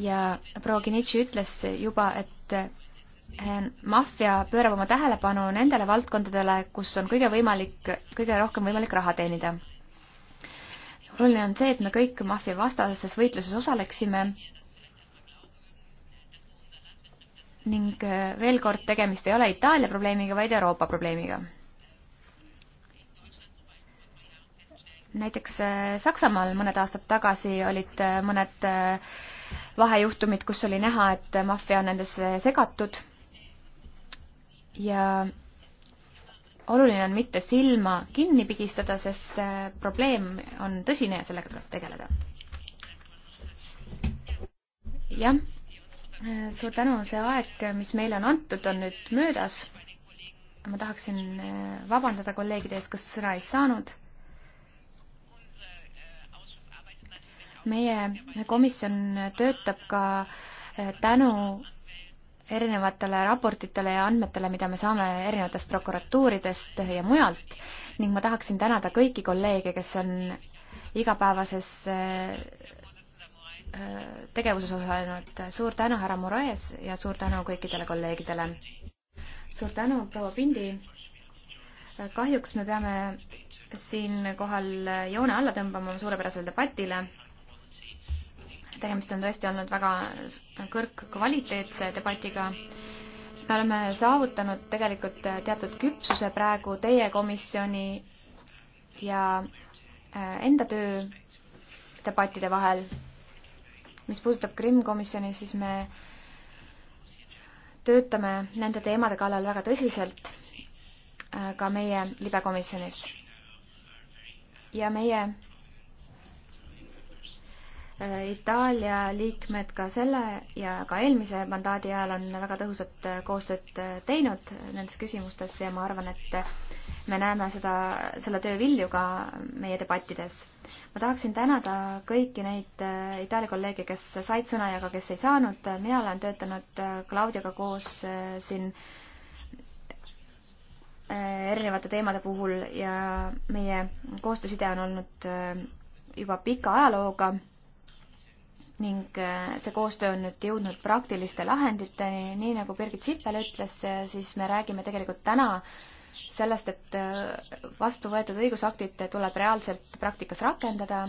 ja proua Kinitši ütles juba, et eh, maffia pöörab oma tähelepanu nendele valdkondadele, kus on kõige võimalik, kõige rohkem võimalik raha teenida. oluline on see, et me kõik maffia vastases võitluses osaleksime ning äh, veel kord, tegemist ei ole Itaalia probleemiga, vaid Euroopa probleemiga. näiteks äh, Saksamaal mõned aastad tagasi olid äh, mõned vahejuhtumid, kus oli näha, et maffia on nendesse segatud ja oluline on mitte silma kinni pigistada, sest probleem on tõsine ja sellega tuleb tegeleda. jah, suur tänu, see aeg, mis meile on antud, on nüüd möödas. ma tahaksin eh, vabandada kolleegide ees, kes sõna ei saanud. meie komisjon töötab ka eh, tänu erinevatele raportitele ja andmetele, mida me saame erinevatest prokuratuuridest ja mujalt ning ma tahaksin tänada kõiki kolleege, kes on igapäevases eh, tegevuses osalenud. suur tänu, härra Moraes ja suur tänu kõikidele kolleegidele. suur tänu, proua Pindi. kahjuks me peame siinkohal joone alla tõmbama suurepärasele debatile. tegemist on tõesti olnud väga kõrgkvaliteetse debatiga me oleme saavutanud tegelikult teatud küpsuse praegu teie komisjoni ja enda töö debattide vahel mis puudutab Krimm komisjoni, siis me töötame nende teemade kallal väga tõsiselt äh, ka meie libekomisjonis. ja meie äh, Itaalia liikmed ka selle ja ka eelmise mandaadi ajal on väga tõhusat äh, koostööd teinud nendes küsimustes ja ma arvan, et me näeme seda, selle töö vilju ka meie debattides. ma tahaksin tänada kõiki neid äh, Itaalia kolleege, kes said sõna ja ka kes ei saanud. mina olen töötanud äh, Claudiaga koos äh, siin erinevate teemade puhul ja meie koostööside on olnud juba pika ajalooga ning see koostöö on nüüd jõudnud praktiliste lahenditeni, nii nagu Birgit Sippel ütles, siis me räägime tegelikult täna äh, sellest, et äh, vastu võetud õigusaktid tuleb reaalselt praktikas rakendada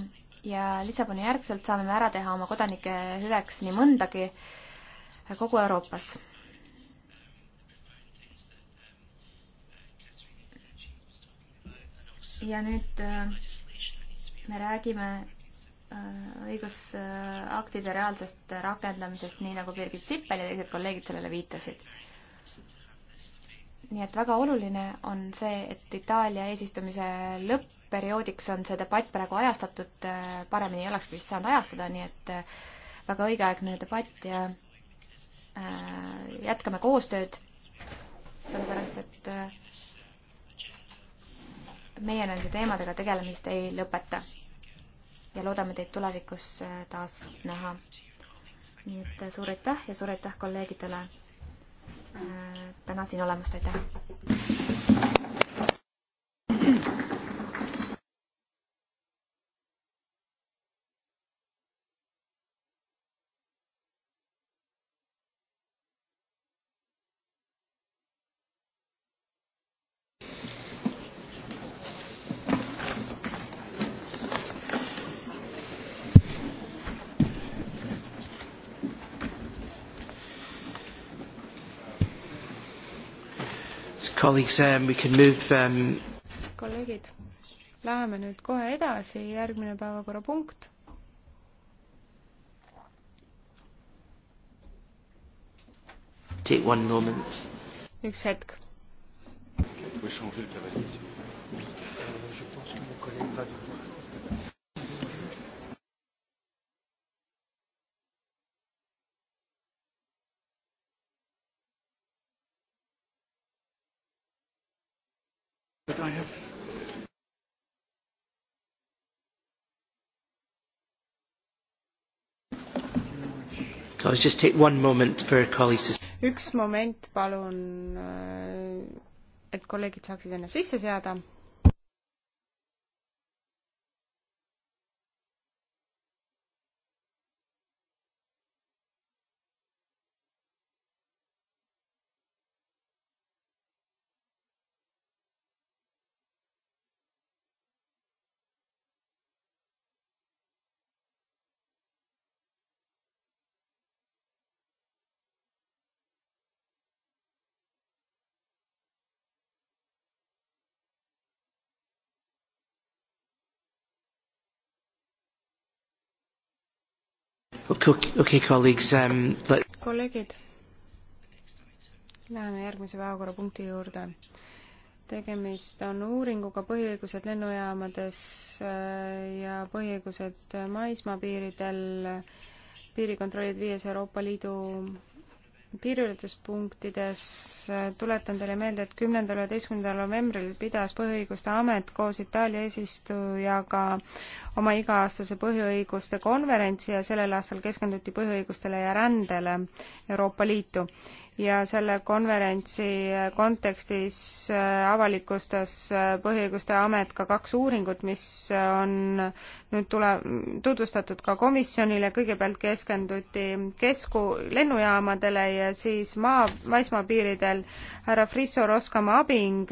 ja Lissaboni järgselt saame me ära teha oma kodanike hüveks nii mõndagi kogu Euroopas. ja nüüd äh, me räägime äh, õigusaktide reaalsest rakendamisest, nii nagu Birgit Sippel ja teised kolleegid sellele viitasid nii et väga oluline on see, et Itaalia eesistumise lõppperioodiks on see debatt praegu ajastatud, äh, paremini ei olekski vist saanud ajastada, nii et äh, väga õigeaegne debatt ja äh, jätkame koostööd, sellepärast et meie nende teemadega tegelemist ei lõpeta. ja loodame teid tulevikus taas näha. nii et suur aitäh ja suur aitäh kolleegidele Äh, täna siin olemast, aitäh! colleagues, um, we can move um... kolleegid, läheme nüüd kohe edasi, järgmine päevakorrapunkt. Take one moment. üks hetk. Vous pouvez changer de la valise. Euh, je pense que mon collègue va devoir. But I have üks moment palun äh, et kolleegid saaksid ennast sisse seada. okay, okay, colleagues, um, let... kolleegid, läheme järgmise päevakorrapunkti juurde. tegemist on uuringuga põhiõigused lennujaamades äh, ja põhiõigused maismaapiiridel, piirikontrollid viies Euroopa Liidu piiriületuspunktides äh, tuletan teile meelde, et kümnendal, üheteistkümnendal novembril pidas Põhiõiguste Amet koos Itaalia eesistujaga oma iga-aastase põhiõiguste konverentsi ja sellel aastal keskenduti põhiõigustele ja rändele Euroopa Liitu ja selle konverentsi kontekstis äh, avalikustas äh, Põhiõiguste Amet ka kaks uuringut, mis äh, on nüüd tule-, tutvustatud ka komisjonile, kõigepealt keskenduti kesku-, lennujaamadele ja siis maa, maismaapiiridel härra Frisso Roskamaa abing,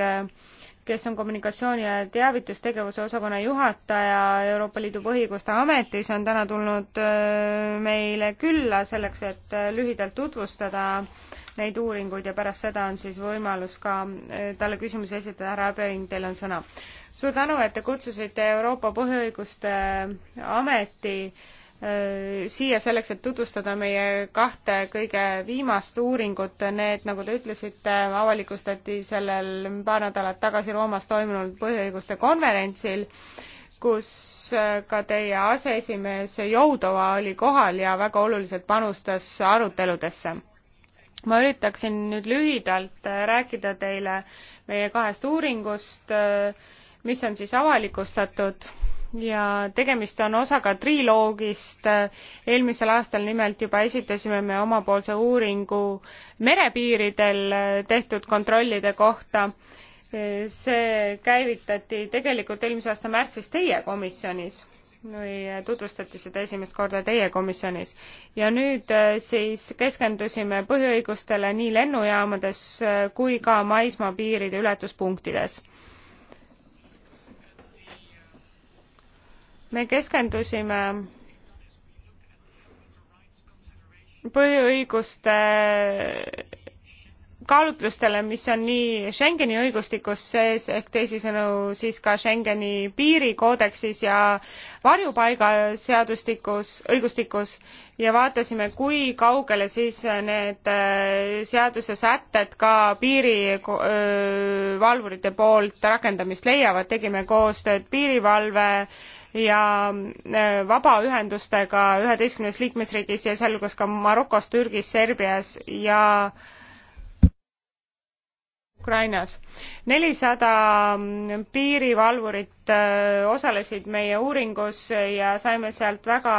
kes on kommunikatsiooni ja teavitustegevuse osakonna juhataja Euroopa Liidu Põhiõiguste Ametis, on täna tulnud meile külla selleks, et lühidalt tutvustada äh, neid uuringuid ja pärast seda on siis võimalus ka eh, talle küsimusi esitada. härra Abering, teil on sõna. suur tänu, et te kutsusite Euroopa Põhiõiguste eh, Ameti eh, siia selleks, et tutvustada meie kahte kõige viimast uuringut. Need, nagu te ütlesite, avalikustati sellel paar nädalat tagasi Roomas toimunud põhiõiguste konverentsil kus ka teie aseesimees Joudova oli kohal ja väga oluliselt panustas aruteludesse ma üritaksin nüüd lühidalt äh, rääkida teile meie kahest uuringust, äh, mis on siis avalikustatud ja tegemist on osaga triloogist. Äh, eelmisel aastal nimelt juba esitasime me omapoolse uuringu merepiiridel tehtud kontrollide kohta. see käivitati tegelikult eelmise aasta märtsis teie komisjonis kui tutvustati seda esimest korda teie komisjonis. ja nüüd äh, siis keskendusime põhiõigustele nii lennujaamades äh, kui ka maismaapiiride ületuspunktides. me keskendusime põhiõiguste kaalutlustele, mis on nii Schengeni õigustikus sees ehk teisisõnu siis ka Schengeni piirikoodeksis ja varjupaigaseadustikus, õigustikus ja vaatasime, kui kaugele siis need äh, seadusesätted ka piirivalvurite äh, poolt rakendamist leiavad, tegime koostööd piirivalve ja äh, vabaühendustega üheteistkümnes liikmesriigis ja sealhulgas ka Marokos, Türgis, Serbias ja äh, Ukrainas. nelisada piirivalvurit äh, osalesid meie uuringus ja saime sealt väga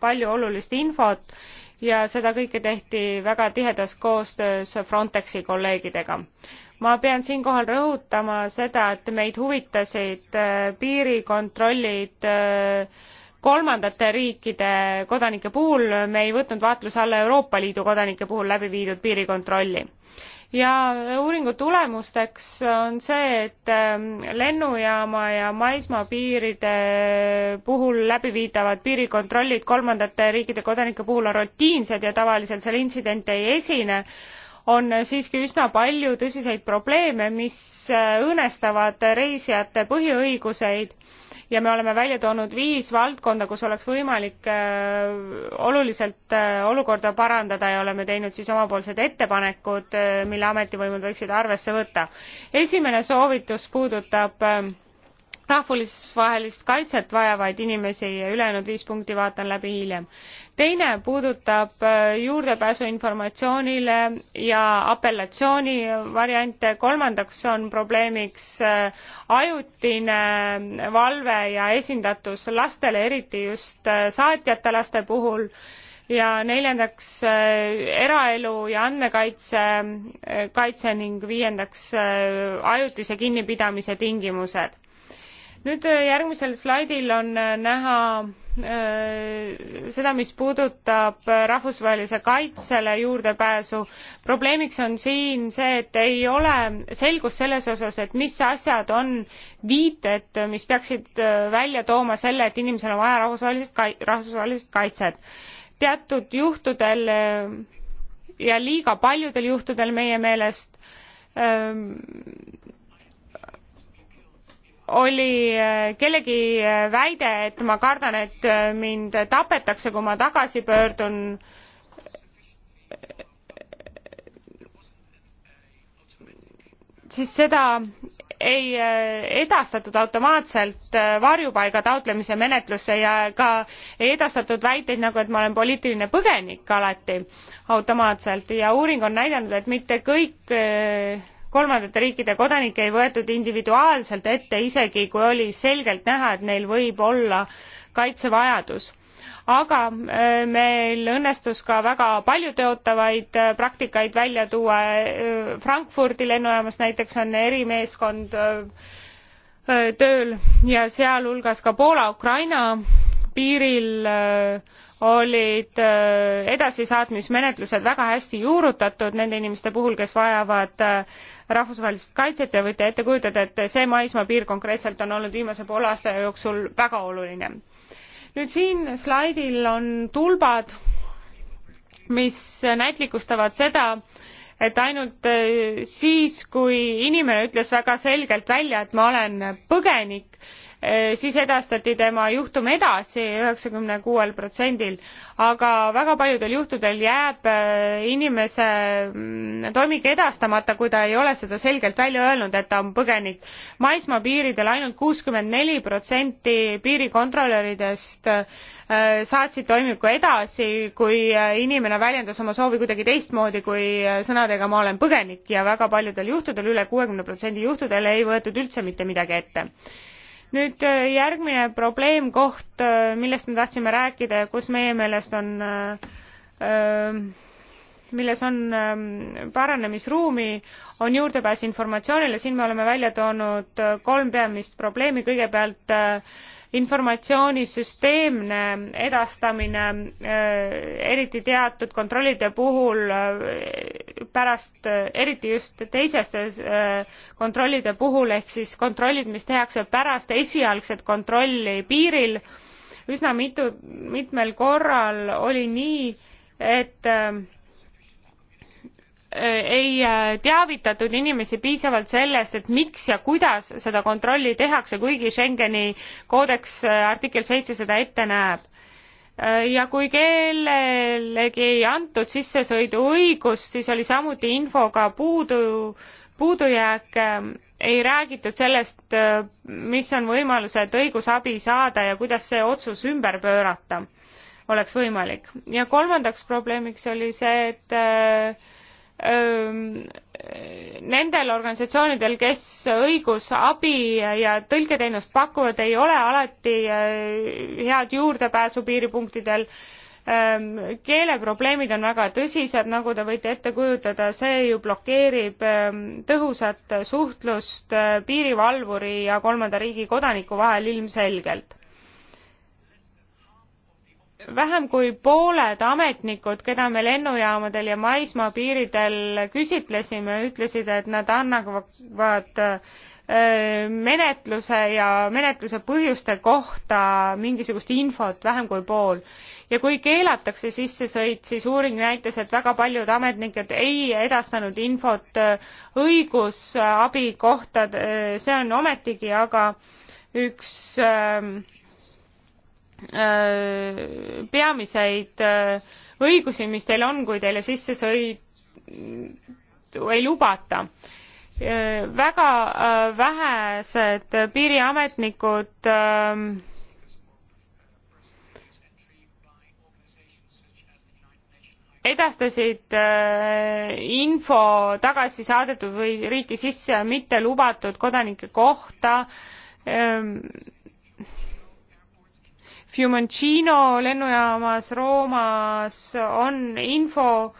palju olulist infot ja seda kõike tehti väga tihedas koostöös Frontexi kolleegidega. ma pean siinkohal rõhutama seda, et meid huvitasid äh, piirikontrollid äh, kolmandate riikide kodanike puhul, me ei võtnud vaatluse alla Euroopa Liidu kodanike puhul läbi viidud piirikontrolli ja uuringu tulemusteks on see, et ähm, lennujaama ja maismaapiiride puhul läbiviidavad piirikontrollid kolmandate riikide kodanike puhul on rutiinsed ja tavaliselt seal intsidente ei esine on siiski üsna palju tõsiseid probleeme mis õõnestavad reisijate põhiõiguseid ja me oleme välja toonud viis valdkonda kus oleks võimalik äh, oluliselt äh, olukorda parandada ja oleme teinud siis omapoolsed ettepanekud äh, mille ametivõimud võiksid arvesse võtta. esimene soovitus puudutab rahvusvahelist kaitset vajavaid inimesi ja ülejäänud viis punkti vaatan läbi hiljem teine puudutab äh, juurdepääsu informatsioonile ja apellatsiooni variante, kolmandaks on probleemiks äh, ajutine valve ja esindatus lastele, eriti just äh, saatjate laste puhul ja neljandaks eraelu ja andmekaitse kaitse ning viiendaks ajutise kinnipidamise tingimused. nüüd järgmisel slaidil on näha Äh, seda, mis puudutab rahvusvahelise kaitsele juurdepääsu. probleemiks on siin see, et ei ole selgust selles osas, et mis asjad on viited, mis peaksid äh, välja tooma selle, et inimesel on vaja rahvusvahelist, rahvusvahelist kaitset. teatud juhtudel äh, ja liiga paljudel juhtudel meie meelest ähm, oli äh, kellegi äh, väide, et ma kardan, et äh, mind tapetakse, kui ma tagasi pöördun. siis seda ei edastatud automaatselt varjupaiga taotlemise menetlusse ja ka ei edastatud väiteid nagu et ma olen poliitiline põgenik alati automaatselt ja uuring on näidanud et mitte kõik kolmandate riikide kodanikke ei võetud individuaalselt ette isegi kui oli selgelt näha et neil võib olla kaitsevajadus aga äh, meil õnnestus ka väga paljutõotavaid äh, praktikaid välja tuua äh, frankfurdi lennujaamas näiteks on erimeeskond tööl ja sealhulgas ka poola ukraina piiril olid äh, edasisaatmismenetlused väga hästi juurutatud nende inimeste puhul kes vajavad äh, rahvusvahelist kaitset ja võite ette kujutada et see maismaapiir konkreetselt on olnud viimase poole aasta jooksul väga oluline nüüd siin slaidil on tulbad mis näitlikustavad seda et ainult äh, siis kui inimene ütles väga selgelt välja et ma olen põgenik Eh, siis edastati tema juhtum edasi üheksakümne kuuel protsendil, aga väga paljudel juhtudel jääb eh, inimese mm, toimik edastamata, kui ta ei ole seda selgelt välja öelnud, et ta on põgenik. maismaapiiridel ainult kuuskümmend neli protsenti piirikontrolöridest eh, saatsid toimiku edasi, kui inimene väljendas oma soovi kuidagi teistmoodi kui sõnadega ma olen põgenik ja väga paljudel juhtudel üle, üle kuuekümne protsendi juhtudel ei võetud üldse mitte midagi ette nüüd äh, järgmine probleemkoht, äh, millest me tahtsime rääkida ja kus meie meelest on, äh, ähm, milles on ähm, paranemisruumi, on juurdepääs informatsioonile, siin me oleme välja toonud kolm peamist probleemi, kõigepealt informatsiooni süsteemne edastamine, äh, eriti teatud kontrollide puhul äh, pärast, äh, eriti just teisestes kontrollide puhul, ehk siis kontrollid, mis tehakse pärast esialgset kontrolli piiril, üsna mitu, mitmel korral oli nii, et äh, Äh, ei äh, teavitatud inimesi piisavalt sellest et miks ja kuidas seda kontrolli tehakse kuigi schengeni koodeks äh, artikkel seitse seda ette näeb ja kui kellelegi ei antud sissesõiduõigust siis oli samuti infoga puudu puudujääk ähm, ei räägitud sellest mis on võimalused õigusabi saada ja kuidas see otsus ümber pöörata oleks võimalik ja kolmandaks probleemiks oli see et nendel organisatsioonidel, kes õigusabi ja tõlketeenust pakuvad, ei ole alati head juurdepääsu piiripunktidel. keeleprobleemid on väga tõsised, nagu te võite ette kujutada, see ju blokeerib tõhusat suhtlust piirivalvuri ja kolmanda riigi kodaniku vahel ilmselgelt vähem kui pooled ametnikud, keda me lennujaamadel ja maismaapiiridel küsitlesime, ütlesid, et nad annavad äh, menetluse ja menetluse põhjuste kohta mingisugust infot vähem kui pool. ja kui keelatakse sissesõit, siis uuring näitas, et väga paljud ametnikud ei edastanud infot äh, õigusabi kohta, äh, see on ometigi aga üks äh, Äh, peamiseid äh, õigusi, mis teil on, kui teile sissesõitu ei lubata. Äh, väga vähesed piiriametnikud edastasid info tagasi saadetud või riiki sisse mitte lubatud kodanike kohta Fiumicino lennujaamas Roomas on infopunkt,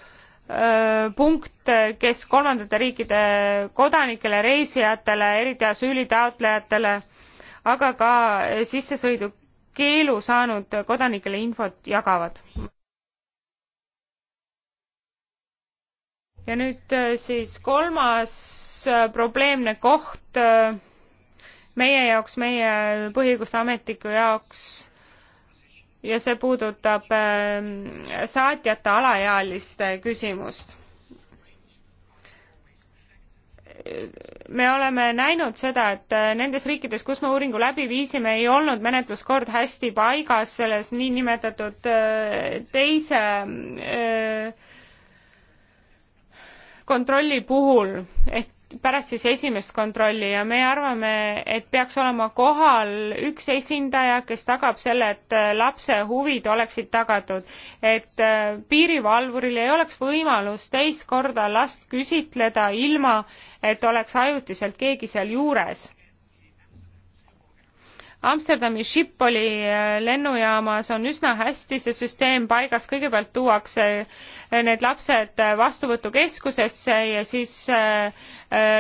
kes kolmandate riikide kodanikele, reisijatele, eriti asüülitaotlejatele, aga ka sissesõidu keelu saanud kodanikele infot jagavad. ja nüüd siis kolmas probleemne koht meie jaoks, meie põhiõiguste ametniku jaoks ja see puudutab ähm, saatjate alaealiste küsimust. me oleme näinud seda, et äh, nendes riikides, kus me uuringu läbi viisime, ei olnud menetluskord hästi paigas selles niinimetatud äh, teise äh, kontrolli puhul ehk pärast siis esimest kontrolli ja me arvame, et peaks olema kohal üks esindaja, kes tagab selle, et äh, lapse huvid oleksid tagatud, et äh, piirivalvuril ei oleks võimalus teist korda last küsitleda ilma, et oleks ajutiselt keegi seal juures. Amsterdami Schipholi äh, lennujaamas on üsna hästi see süsteem paigas, kõigepealt tuuakse äh, need lapsed äh, vastuvõtukeskusesse ja siis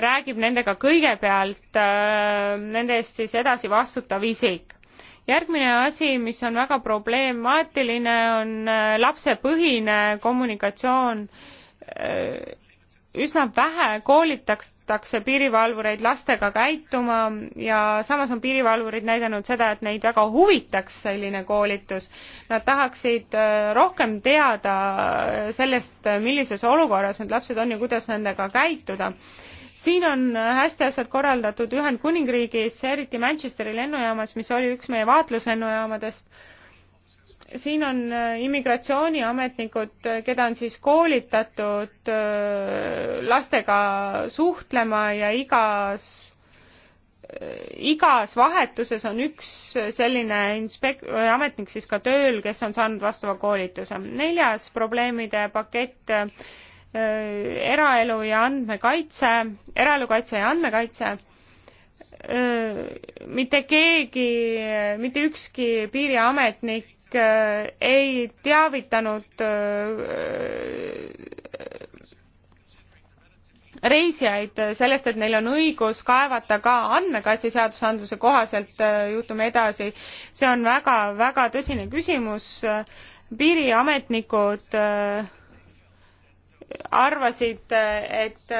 räägib nendega kõigepealt nende eest siis edasi vastutav isik. järgmine asi, mis on väga problemaatiline, on lapsepõhine kommunikatsioon üsna vähe koolitakse piirivalvureid lastega käituma ja samas on piirivalvurid näidanud seda, et neid väga huvitaks selline koolitus. Nad tahaksid äh, rohkem teada äh, sellest, äh, millises olukorras need lapsed on ja kuidas nendega käituda. siin on hästi asjad korraldatud Ühendkuningriigis, eriti Manchesteri lennujaamas, mis oli üks meie vaatluslennujaamadest siin on äh, immigratsiooniametnikud, äh, keda on siis koolitatud äh, lastega suhtlema ja igas, igas vahetuses on üks selline inspek-, ametnik siis ka tööl, kes on saanud vastava koolituse. neljas probleemide pakett, eraelu ja andmekaitse, eraelu kaitse ja andmekaitse mitte keegi, mitte ükski piiriametnik ning äh, ei teavitanud äh, reisijaid sellest, et neil on õigus kaevata ka andmekaitse seadusandluse kohaselt äh, juhtumi edasi. see on väga-väga tõsine küsimus. piiriametnikud arvasid, et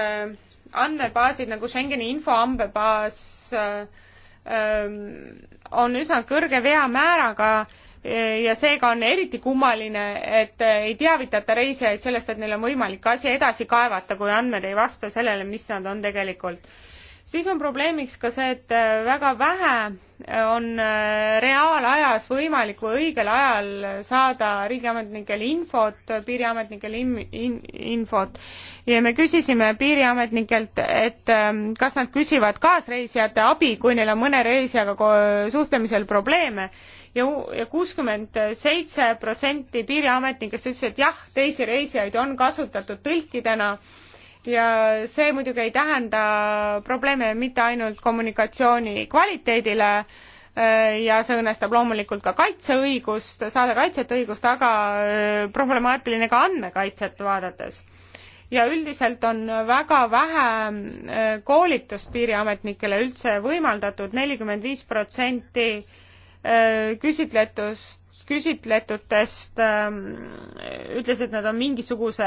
andmebaasid nagu Schengeni infoandmebaas ähm, on üsna kõrge veamääraga ja seega on eriti kummaline, et ei teavitata reisijaid sellest, et neil on võimalik asi edasi kaevata, kui andmed ei vasta sellele, mis nad on tegelikult. siis on probleemiks ka see, et väga vähe on äh, reaalajas võimalik või õigel ajal saada riigiametnikele infot, piiriametnikele in-, in-, infot. ja me küsisime piiriametnikelt, et ähm, kas nad küsivad kaasreisijate abi, kui neil on mõne reisijaga suhtlemisel probleeme ja kuuskümmend seitse protsenti piiriametnikest ütles, et jah, teisi reisijaid on kasutatud tõlkidena ja see muidugi ei tähenda probleeme mitte ainult kommunikatsiooni kvaliteedile äh, ja see õõnestab loomulikult ka kaitseõigust, saada kaitset õigust, aga äh, problemaatiline ka andmekaitset vaadates. ja üldiselt on väga vähe äh, koolitust piiriametnikele üldse võimaldatud, nelikümmend viis protsenti Äh, küsitletust, küsitletutest ähm, ütles, et nad on mingisuguse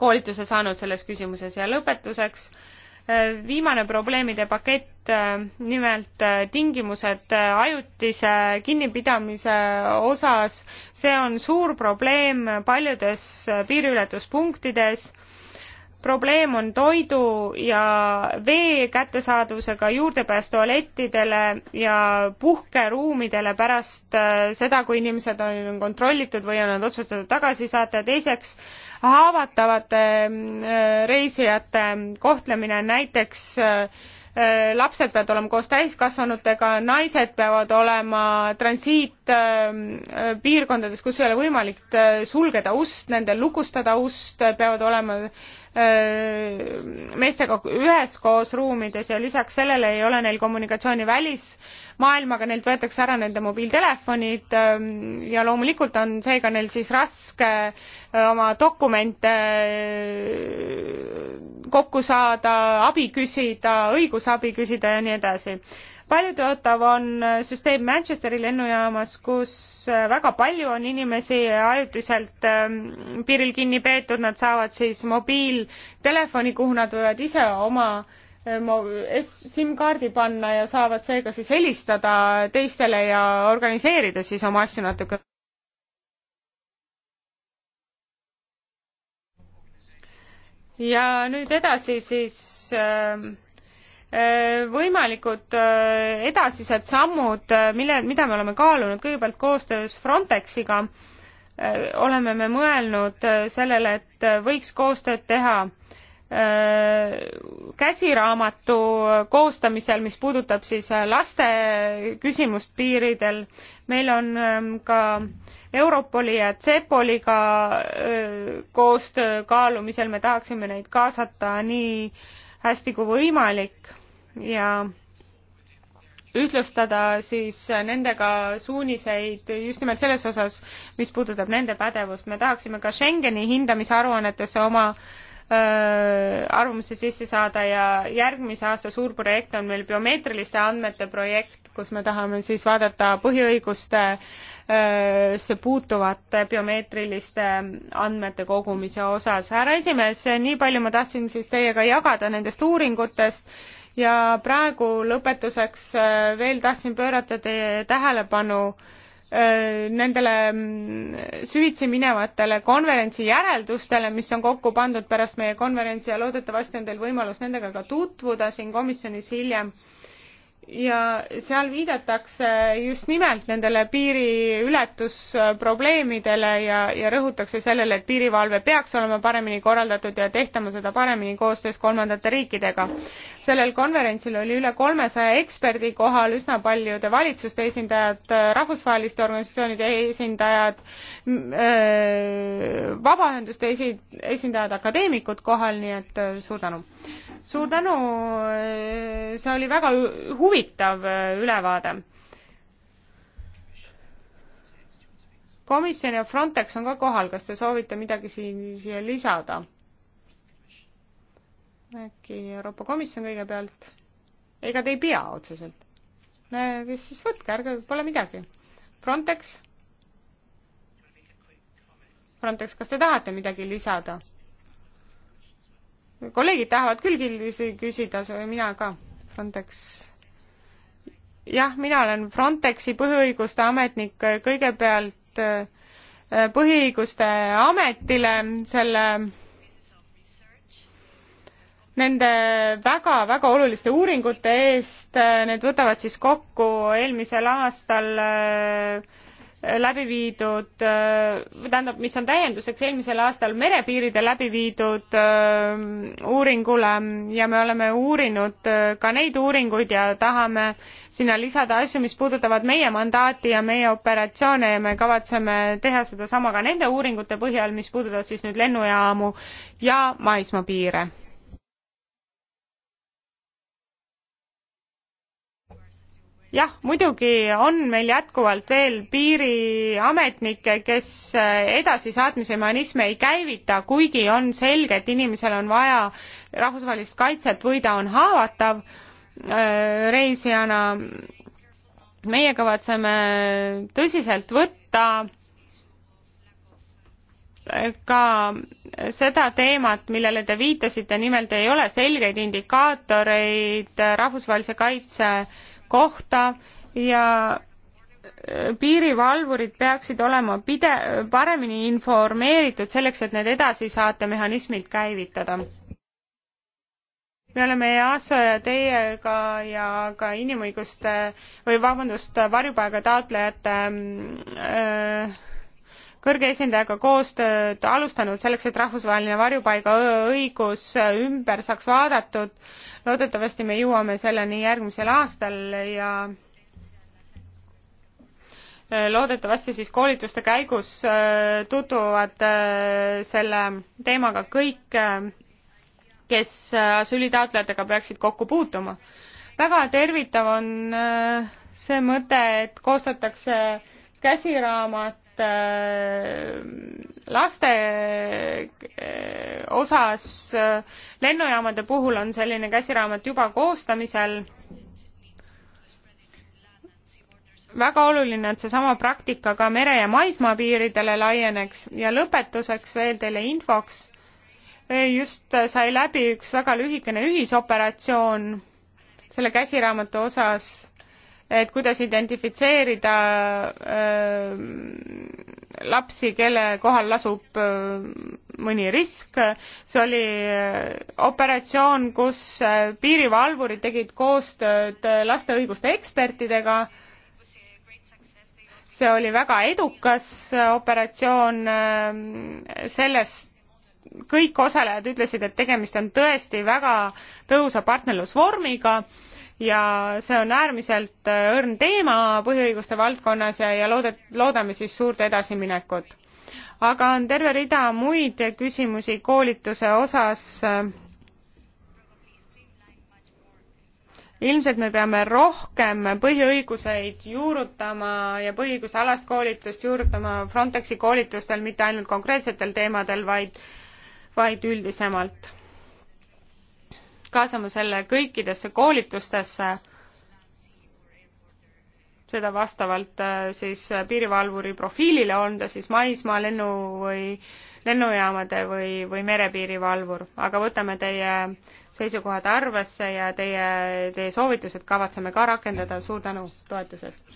koolituse saanud selles küsimuses ja lõpetuseks äh, viimane probleemide pakett, äh, nimelt tingimused ajutise kinnipidamise osas, see on suur probleem paljudes piiriületuspunktides probleem on toidu ja vee kättesaadavusega, juurdepääs tualettidele ja puhkeruumidele pärast äh, seda, kui inimesed on kontrollitud või on nad otsustatud tagasi saata ja teiseks haavatavate mm, äh, reisijate kohtlemine, näiteks äh, lapsed peavad olema koos täiskasvanutega, naised peavad olema transiitpiirkondades, ähm, kus ei ole võimalik sulgeda ust, nendel lukustada ust, peavad olema meestega üheskoos ruumides ja lisaks sellele ei ole neil kommunikatsiooni välismaailmaga, neilt võetakse ära nende mobiiltelefonid ja loomulikult on seega neil siis raske oma dokumente kokku saada, abi küsida, õigusabi küsida ja nii edasi paljutõotav on süsteem Manchesteri lennujaamas, kus väga palju on inimesi ajutiselt ähm, piiril kinni peetud, nad saavad siis mobiiltelefoni, kuhu nad võivad ise oma äh, SIM-kaardi panna ja saavad seega siis helistada teistele ja organiseerida siis oma asju natuke. ja nüüd edasi siis äh, Äh, võimalikud äh, edasised sammud, äh, mille, mida me oleme kaalunud, kõigepealt koostöös Frontexiga oleme me mõelnud sellele, et võiks koostööd teha käsiraamatu koostamisel, mis puudutab siis laste küsimust piiridel. meil on ähm, ka Europoli ja CEPOLiga koostöö kaalumisel, me tahaksime neid kaasata nii hästi kui võimalik ja ühtlustada siis nendega suuniseid just nimelt selles osas, mis puudutab nende pädevust. me tahaksime ka Schengeni hindamisaruannetesse oma öö, arvamuse sisse saada ja järgmise aasta suur projekt on meil biomeetriliste andmete projekt, kus me tahame siis vaadata põhiõigustesse puutuvate biomeetriliste andmete kogumise osas. härra esimees, nii palju ma tahtsin siis teiega jagada nendest uuringutest ja praegu lõpetuseks äh, veel tahtsin pöörata teie tähelepanu äh, nendele mm, süvitsi minevatele konverentsi järeldustele, mis on kokku pandud pärast meie konverentsi ja loodetavasti on teil võimalus nendega ka tutvuda siin komisjonis hiljem ja seal viidatakse just nimelt nendele piiriületusprobleemidele ja, ja rõhutakse sellele, et piirivalve peaks olema paremini korraldatud ja tehtama seda paremini koostöös kolmandate riikidega. sellel konverentsil oli üle kolmesaja eksperdi kohal, üsna paljude valitsuste esindajad, rahvusvaheliste organisatsioonide esindajad, vabaühenduste esi-, esindajad, akadeemikud kohal, nii et suur tänu suur tänu, see oli väga huvitav ülevaade. komisjon ja Frontex on ka kohal, kas te soovite midagi siin siia lisada? äkki Euroopa Komisjon kõigepealt? ega te ei pea otseselt. kes siis võtke, ärge, pole midagi. Frontex? Frontex, kas te tahate midagi lisada? kolleegid tahavad küll kildi küsida, mina ka. Frontex. jah, mina olen Frontexi põhiõiguste ametnik, kõigepealt äh, põhiõiguste ametile selle nende väga-väga oluliste uuringute eest, äh, need võtavad siis kokku eelmisel aastal äh, läbi viidud, äh, tähendab, mis on täienduseks eelmisel aastal merepiiride läbi viidud äh, uuringule ja me oleme uurinud äh, ka neid uuringuid ja tahame sinna lisada asju, mis puudutavad meie mandaati ja meie operatsioone ja me kavatseme teha sedasama ka nende uuringute põhjal, mis puudutavad siis nüüd lennujaamu ja maismaapiire jah, muidugi on meil jätkuvalt veel piiriametnikke, kes eh, edasisaatmise mehhanisme ei käivita, kuigi on selge, et inimesel on vaja rahvusvahelist kaitset või ta on haavatav eh, reisijana. meie kavatseme tõsiselt võtta eh, ka seda teemat, millele te viitasite, nimelt ei ole selgeid indikaatoreid rahvusvahelise kaitse kohta ja äh, piirivalvurid peaksid olema pide-, paremini informeeritud selleks, et need edasisaatemehhanismid käivitada. me oleme EASO ja teiega ja ka inimõiguste või vabandust, varjupaiga taotlejate öö, mm, äh, kõrge esindajaga koostööd alustanud selleks, et rahvusvaheline varjupaiga õigus ümber saaks vaadatud. loodetavasti me jõuame selleni järgmisel aastal ja e, loodetavasti siis koolituste käigus e, tutvuvad e, selle teemaga kõik, kes asüülitaotlejatega peaksid kokku puutuma. väga tervitav on see mõte, et koostatakse käsiraamat et äh, laste äh, osas äh, lennujaamade puhul on selline käsiraamat juba koostamisel. väga oluline, et seesama praktika ka mere- ja maismaapiiridele laieneks ja lõpetuseks veel teile infoks, just sai läbi üks väga lühikene ühisoperatsioon selle käsiraamatu osas et kuidas identifitseerida äh, lapsi, kelle kohal lasub äh, mõni risk. see oli äh, operatsioon, kus äh, piirivalvurid tegid koostööd äh, laste õiguste ekspertidega. see oli väga edukas äh, operatsioon äh,, sellest kõik osalejad ütlesid, et tegemist on tõesti väga tõhusa partnerlusvormiga äh, ja see on äärmiselt äh, õrn teema põhiõiguste valdkonnas ja, ja loodet-, loodame siis suurt edasiminekut. aga on terve rida muid küsimusi koolituse osas. Äh. ilmselt me peame rohkem põhiõiguseid juurutama ja põhiõiguste alast koolitust juurutama Frontexi koolitustel, mitte ainult konkreetsetel teemadel, vaid, vaid üldisemalt kaasama selle kõikidesse koolitustesse, seda vastavalt äh, siis äh, piirivalvuri profiilile, on ta siis maismaa, lennu või lennujaamade või, või merepiirivalvur, aga võtame teie seisukohad arvesse ja teie, teie soovitused kavatseme ka rakendada, suur tänu toetusest.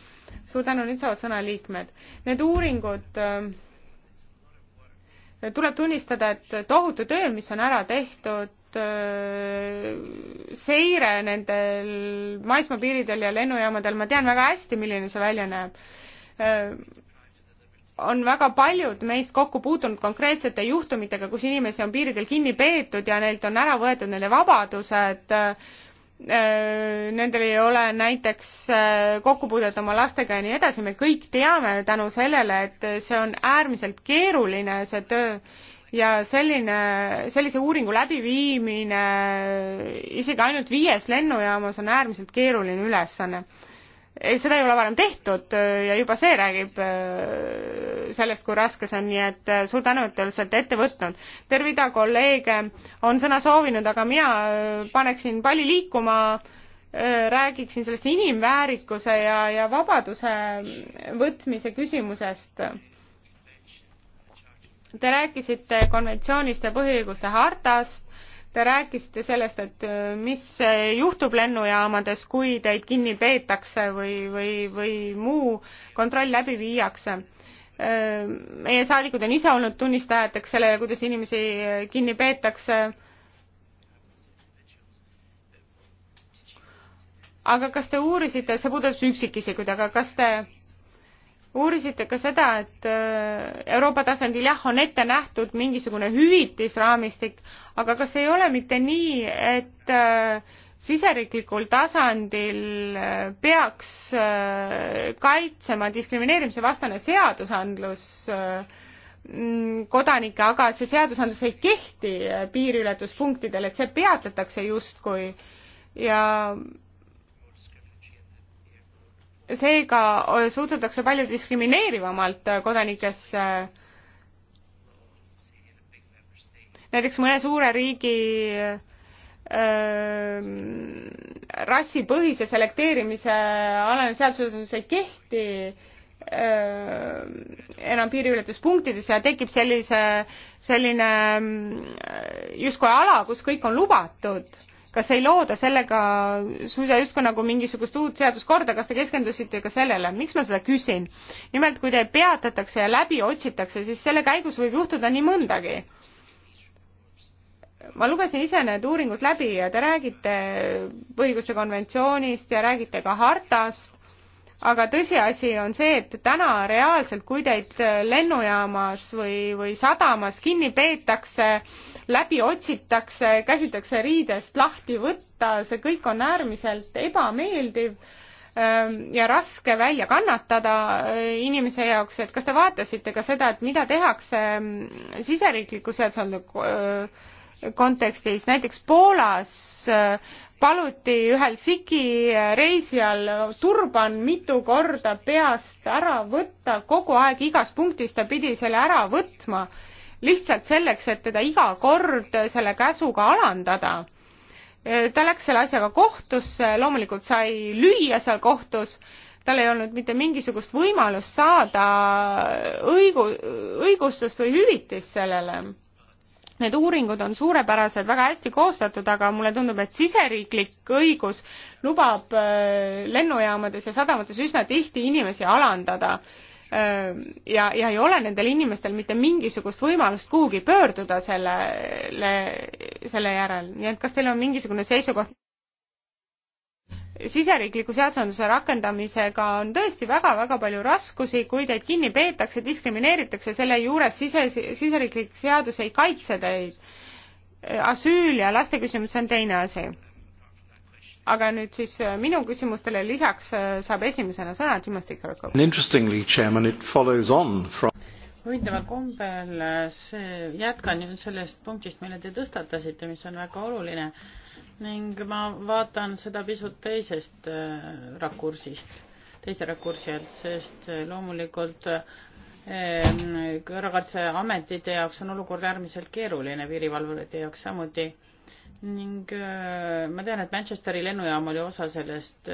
suur tänu, nüüd saavad sõna liikmed. Need uuringud, äh, tuleb tunnistada, et tohutu töö, mis on ära tehtud, Äh, seire nendel maismaapiiridel ja lennujaamadel, ma tean väga hästi, milline see välja näeb. Äh, on väga paljud meist kokku puutunud konkreetsete juhtumitega, kus inimesi on piiridel kinni peetud ja neilt on ära võetud nende vabadused äh, nendel ei ole näiteks kokkupuudet oma lastega ja nii edasi, me kõik teame tänu sellele, et see on äärmiselt keeruline, see töö ja selline, sellise uuringu läbiviimine isegi ainult viies lennujaamas on äärmiselt keeruline ülesanne. seda ei ole varem tehtud ja juba see räägib äh, sellest, kui raske see on, nii et äh, suur tänu, et te olete ette võtnud. terve ida kolleege on sõna soovinud, aga mina äh, paneksin palli liikuma räägiksin sellest inimväärikuse ja, ja vabaduse võtmise küsimusest Te rääkisite konventsioonist ja põhiõiguste hartast, te rääkisite sellest, et äh, mis juhtub lennujaamades, kui teid kinni peetakse või, või, või muu kontroll läbi viiakse. Äh, meie saadikud on ise olnud tunnistajateks sellele, kuidas inimesi äh, kinni peetakse. aga kas te uurisite, see puudutab üksikisikuid, aga kas te uurisite ka seda, et äh, Euroopa tasandil jah, on ette nähtud mingisugune hüvitisraamistik, aga kas ei ole mitte nii, et äh, siseriiklikul tasandil äh, peaks kaitsema diskrimineerimise vastane seadusandlus mm, kodanikke, aga see seadusandlus ei kehti piiriületuspunktidel, et see peatatakse justkui ja seega suhtutakse palju diskrimineerivamalt kodanikesse. näiteks mõne suure riigi äh, rassipõhise selekteerimise alane seadusandlus ei kehti ähm, enam piiriületuspunktides ja tekib sellise, selline ähm, justkui ala, kus kõik on lubatud kas ei looda sellega suisa justkui nagu mingisugust uut seaduskorda, kas te keskendusite ka sellele, miks ma seda küsin? nimelt, kui teid peatatakse ja läbi otsitakse, siis selle käigus võib juhtuda nii mõndagi. ma lugesin ise need uuringud läbi ja te räägite õiguste konventsioonist ja räägite ka hartast aga tõsiasi on see, et täna reaalselt, kui teid äh, lennujaamas või, või sadamas kinni peetakse, läbi otsitakse, käsitakse riidest lahti võtta, see kõik on äärmiselt ebameeldiv ähm, ja raske välja kannatada äh, inimese jaoks, et kas te vaatasite ka seda, et mida tehakse ähm, siseriikliku äh, seadusandliku kontekstis, näiteks Poolas äh, paluti ühel Siki reisijal turban mitu korda peast ära võtta, kogu aeg igas punktis ta pidi selle ära võtma, lihtsalt selleks, et teda iga kord selle käsuga alandada. ta läks selle asjaga kohtusse, loomulikult sai lüüa seal kohtus, tal ei olnud mitte mingisugust võimalust saada õigu-, õigustust või hüvitist sellele Need uuringud on suurepärased, väga hästi koostatud, aga mulle tundub, et siseriiklik õigus lubab äh, lennujaamades ja sadamates üsna tihti inimesi alandada äh, ja, ja ei ole nendel inimestel mitte mingisugust võimalust kuhugi pöörduda sellele, selle järel, nii et kas teil on mingisugune seisukoht? siseriikliku seadusandluse rakendamisega on tõesti väga-väga palju raskusi, kui teid kinni peetakse, diskrimineeritakse selle juures sise, siseriiklik seadus ei kaitse teid. asüül ja laste küsimus on teine asi. aga nüüd siis äh, minu küsimustele lisaks äh, saab esimesena sõna Timothy Kirkhope. huvitaval kombel äh, see, jätkan nüüd sellest punktist, mille te tõstatasite, mis on väga oluline ning ma vaatan seda pisut teisest äh, rakursist, teise rakursi alt, sest äh, loomulikult korrakaitseametite äh, jaoks on olukord äärmiselt keeruline, piirivalvurite jaoks samuti ning ma tean, et Manchesteri lennujaam oli osa sellest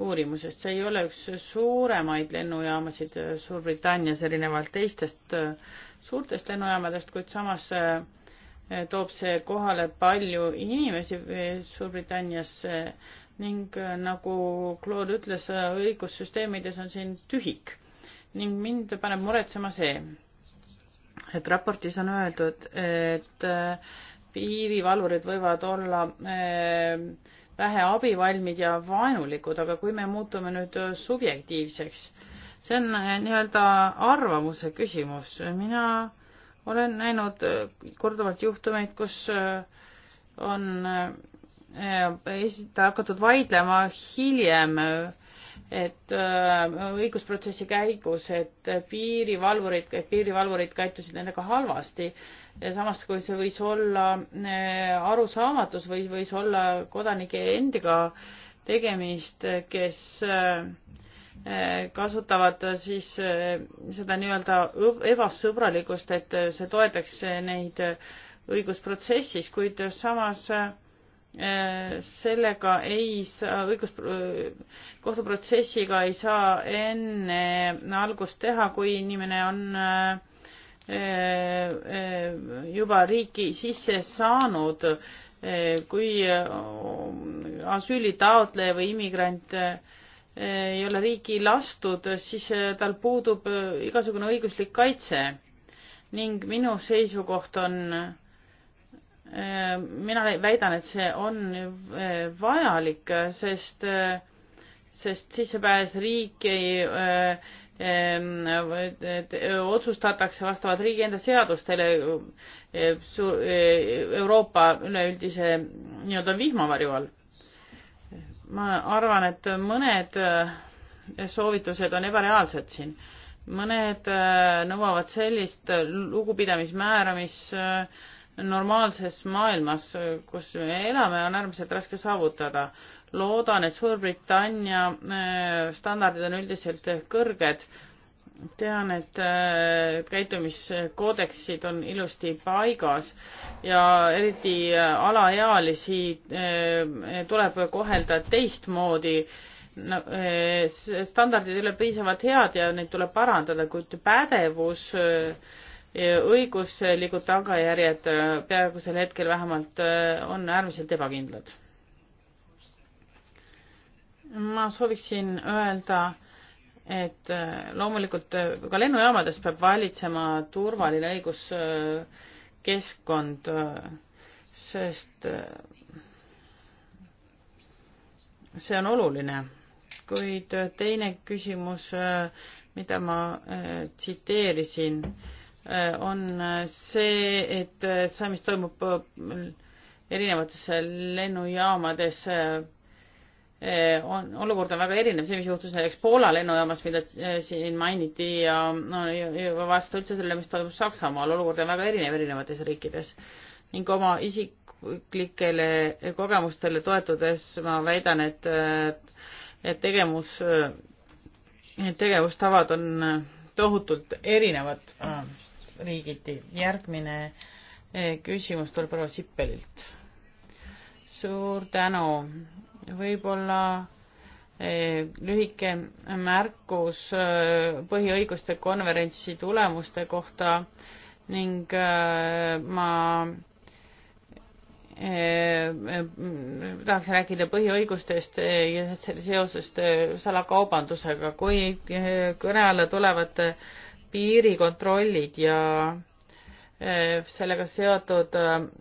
uurimusest, see ei ole üks suuremaid lennujaamasid Suurbritannias erinevalt teistest suurtest lennujaamadest, kuid samas Eh, toob see kohale palju inimesi eh, Suurbritanniasse ning eh, nagu Claude ütles, õigussüsteemides on siin tühik ning mind paneb muretsema see, et raportis on öeldud, et piirivalvurid võivad olla vähe abivalmid ja vaenulikud, aga kui me muutume nüüd subjektiivseks, see on nii-öelda arvamuse küsimus. mina olen näinud äh, korduvalt juhtumeid, kus äh, on äh, esita-, hakatud vaidlema hiljem, et õigusprotsessi käigus, et piirivalvurid, et piirivalvurid käitusid nendega halvasti. samas, kui see võis olla arusaamatus või võis olla kodanike endiga tegemist, kes Eh, kasutavad siis eh, seda nii-öelda ebasõbralikust, et eh, see toetaks neid õigusprotsessis, kuid samas sellega ei saa, õigus, kohtuprotsessiga ei saa enne algust teha, kui inimene on juba riiki sisse saanud, kui asüülitaotleja või immigrant ei ole riiki lastud, siis äh, tal puudub äh, igasugune õiguslik kaitse. ning minu seisukoht on, äh, mina väidan, et see on vajalik, sest, sest sissepääs riiki otsustatakse vastavalt riigi enda seadustele Euroopa üleüldise nii-öelda vihmavarju all ma arvan, et mõned äh, soovitused on ebareaalsed siin. mõned äh, nõuavad sellist lugupidamismäära, mis äh, normaalses maailmas, kus me elame, on äärmiselt raske saavutada. loodan, et Suurbritannia standardid on üldiselt kõrged tean, et äh, käitumiskoodeksid on ilusti paigas ja eriti äh, alaealisi äh, tuleb kohelda teistmoodi. standardid ei ole piisavalt head ja neid tuleb parandada, kuid pädevus, õiguslikud tagajärjed praegusel hetkel vähemalt on äärmiselt ebakindlad. ma sooviksin öelda, et äh, loomulikult äh, ka lennujaamades peab valitsema turvaline õiguskeskkond, äh, sest see on oluline. kuid teine küsimus, mida ma tsiteerisin, on see, et see, mis toimub erinevates lennujaamades Eh, on, olukord on väga erinev, see, mis juhtus näiteks Poola lennujaamas, mida eh, siin mainiti ja no juba vastu üldse sellele, mis toimub Saksamaal, olukord on väga erinev erinevates riikides ning oma isiklikele kogemustele toetudes ma väidan, et, eh, et tegevus, tegevustavad on tohutult erinevad riigiti. järgmine küsimus tuleb proua Sippelilt. suur tänu võib-olla eh, lühike märkus eh, põhiõiguste konverentsi tulemuste kohta ning eh, ma tahaks rääkida põhiõigustest ja seosest salakaubandusega, kui kõne alla tulevad piirikontrollid ja Eh, sellega seotud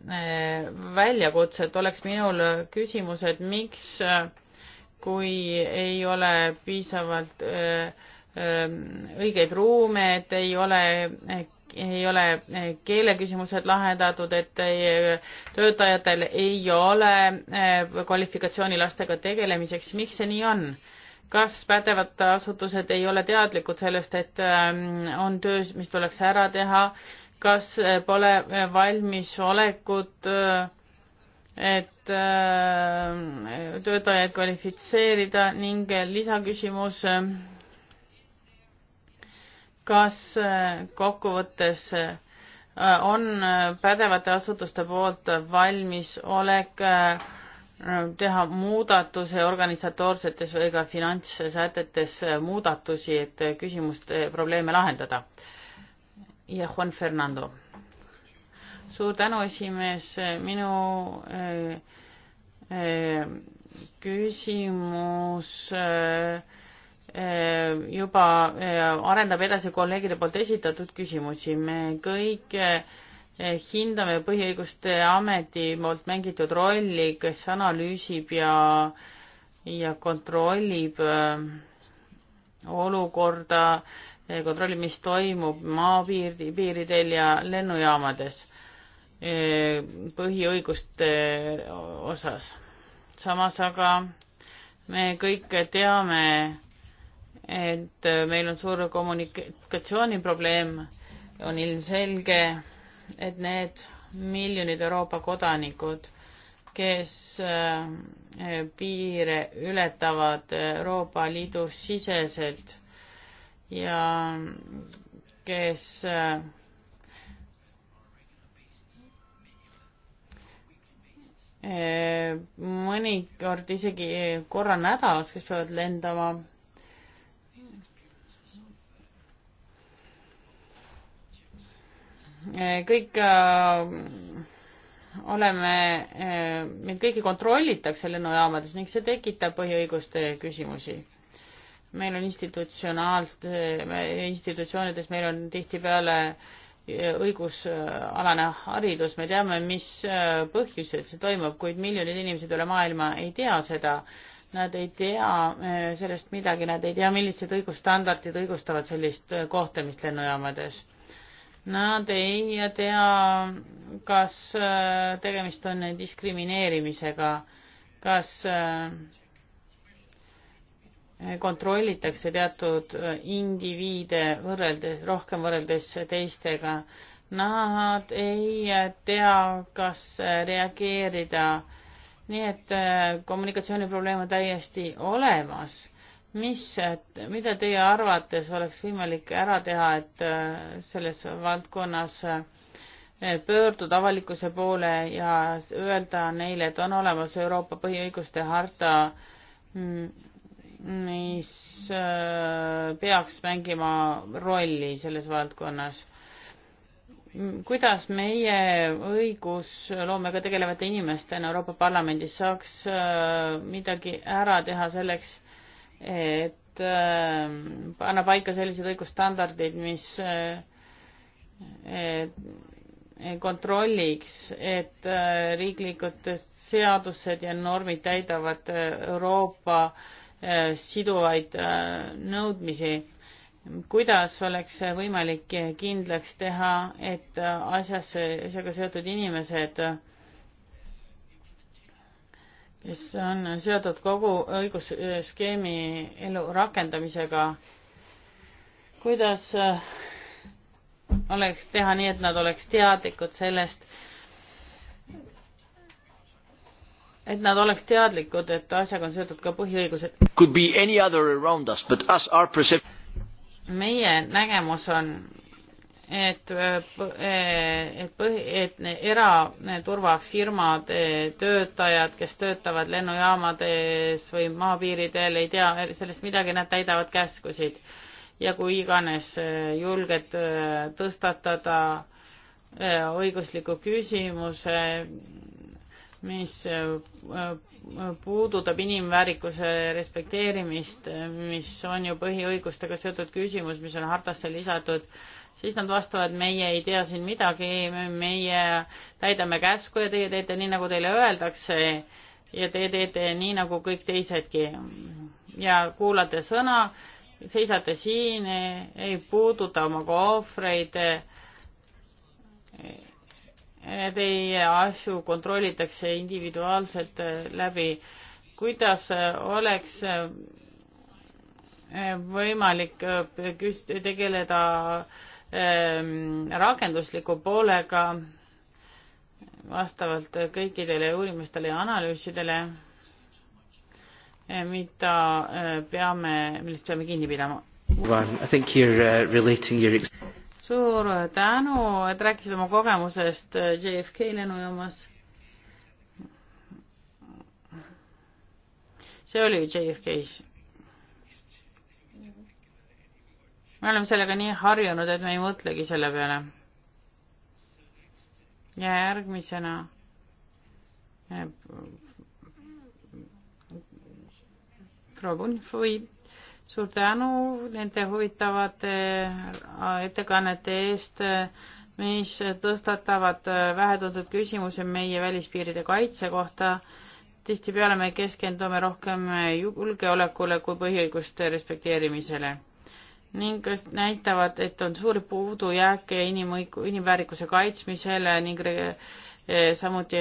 eh, väljakutsed, oleks minul küsimus, et miks, eh, kui ei ole piisavalt õigeid ruume, et ei ole, ei ole keeleküsimused lahendatud, et ei, töötajatel ei ole kvalifikatsiooni lastega tegelemiseks, miks see nii on? kas pädevad asutused ei ole teadlikud sellest, et on töös, mis tuleks ära teha kas äh, pole äh, valmisolekut, äh, et töötajaid kvalifitseerida ning lisaküsimus, kas kokkuvõttes on pädevate asutuste poolt valmisolek teha muudatuse organisatoorsetes või ka finantssätetes muudatusi, et küsimust, probleeme lahendada ja Juan Fernando. suur tänu, esimees, minu äh, äh, küsimus äh, äh juba äh, arendab edasi kolleegide poolt esitatud küsimusi. me kõik äh, hindame Põhiõiguste Ameti poolt mängitud rolli, kes analüüsib ja, ja kontrollib olukorda kontrollib, mis toimub maapiirdi, piiridel ja lennujaamades e, põhiõiguste osas. samas aga me kõik teame, et meil on suur kommunikatsiooniprobleem, on ilmselge, et need miljonid Euroopa kodanikud, kes e, piire ületavad Euroopa Liidu siseselt ja kes eh, mõnikord isegi korra nädalas, kes peavad lendama. Eh, kõik eh, oleme, meid kõiki kontrollitakse lennujaamades ning see tekitab põhiõiguste küsimusi meil on institutsionaalsed, institutsioonides meil on tihtipeale eh, õigusalane haridus, me teame, mis eh, põhjusel see toimub, kuid miljonid inimesed üle maailma ei tea seda. Nad ei tea eh, sellest midagi, nad ei tea, millised õigusstandardid õigustavad sellist kohtlemist lennujaamades. Nad ei tea, kas tegemist on diskrimineerimisega, kas kontrollitakse teatud äh, indiviide võrreldes, rohkem võrreldes teistega. Nad ei tea, kas äh, reageerida. nii et äh, kommunikatsiooniprobleem on täiesti olemas. mis, mida teie arvates oleks võimalik ära teha, et selles valdkonnas pöörduda avalikkuse poole ja öelda neile, et on olemas Euroopa põhiõiguste harta mm, mis äh, peaks mängima rolli selles valdkonnas. kuidas meie õigusloomega tegelevate inimestena Euroopa Parlamendis saaks äh, midagi ära teha selleks, et äh, panna paika sellised õigusstandardid, mis kontrolliks, et riiklikud seadused ja normid täidavad Euroopa äh, Äh, siduvaid äh, nõudmisi. kuidas oleks võimalik kindlaks teha, et äh, asjasse, asjaga seotud inimesed, kes on seotud kogu õigusskeemi elu rakendamisega, kuidas oleks teha nii, et nad oleks teadlikud sellest, et nad oleks teadlikud, et asjaga on seotud ka põhiõigused. Could be any other around us, but us are percep-. meie nägemus on, et, äh, et põhi, et eraturvafirmad, töötajad, kes töötavad lennujaamades või maapiiridel, ei tea sellest midagi, nad täidavad käskusid. ja kui iganes äh, julged äh, tõstatada õigusliku küsimuse mis äh, äh, puudutab inimväärikuse respekteerimist, mis on ju põhiõigustega seotud küsimus, mis on hartasse lisatud, siis nad vastavad, meie ei tea siin midagi, meie täidame käsku ja teie teete nii, nagu teile öeldakse ja te teete nii, nagu kõik teisedki. ja kuulate sõna, seisate siin, ei puuduta oma kohvreid teie asju kontrollitakse individuaalselt äh, läbi. kuidas äh, oleks äh, võimalik küst-, tegeleda ähm, rakendusliku poolega vastavalt kõikidele uurimustele ja analüüsidele, mida peame, millest peame kinni pidama? One. I think you're uh, relating your suur tänu, et rääkisid oma kogemusest äh, JFK lennujaamas. see oli ju JFK-s. me oleme sellega nii harjunud, et me ei mõtlegi selle peale. ja järgmisena äh, proua Punfoi suur tänu nende huvitavate äh, ettekannete eest, äh, mis tõstatavad äh, vähetuntud küsimusi meie välispiiride kaitse kohta. tihtipeale me keskendume rohkem julgeolekule kui põhiõiguste respekteerimisele ning kas näitavad, et on suuri puudujääke inimõigu-, inimväärikuse kaitsmisele ning samuti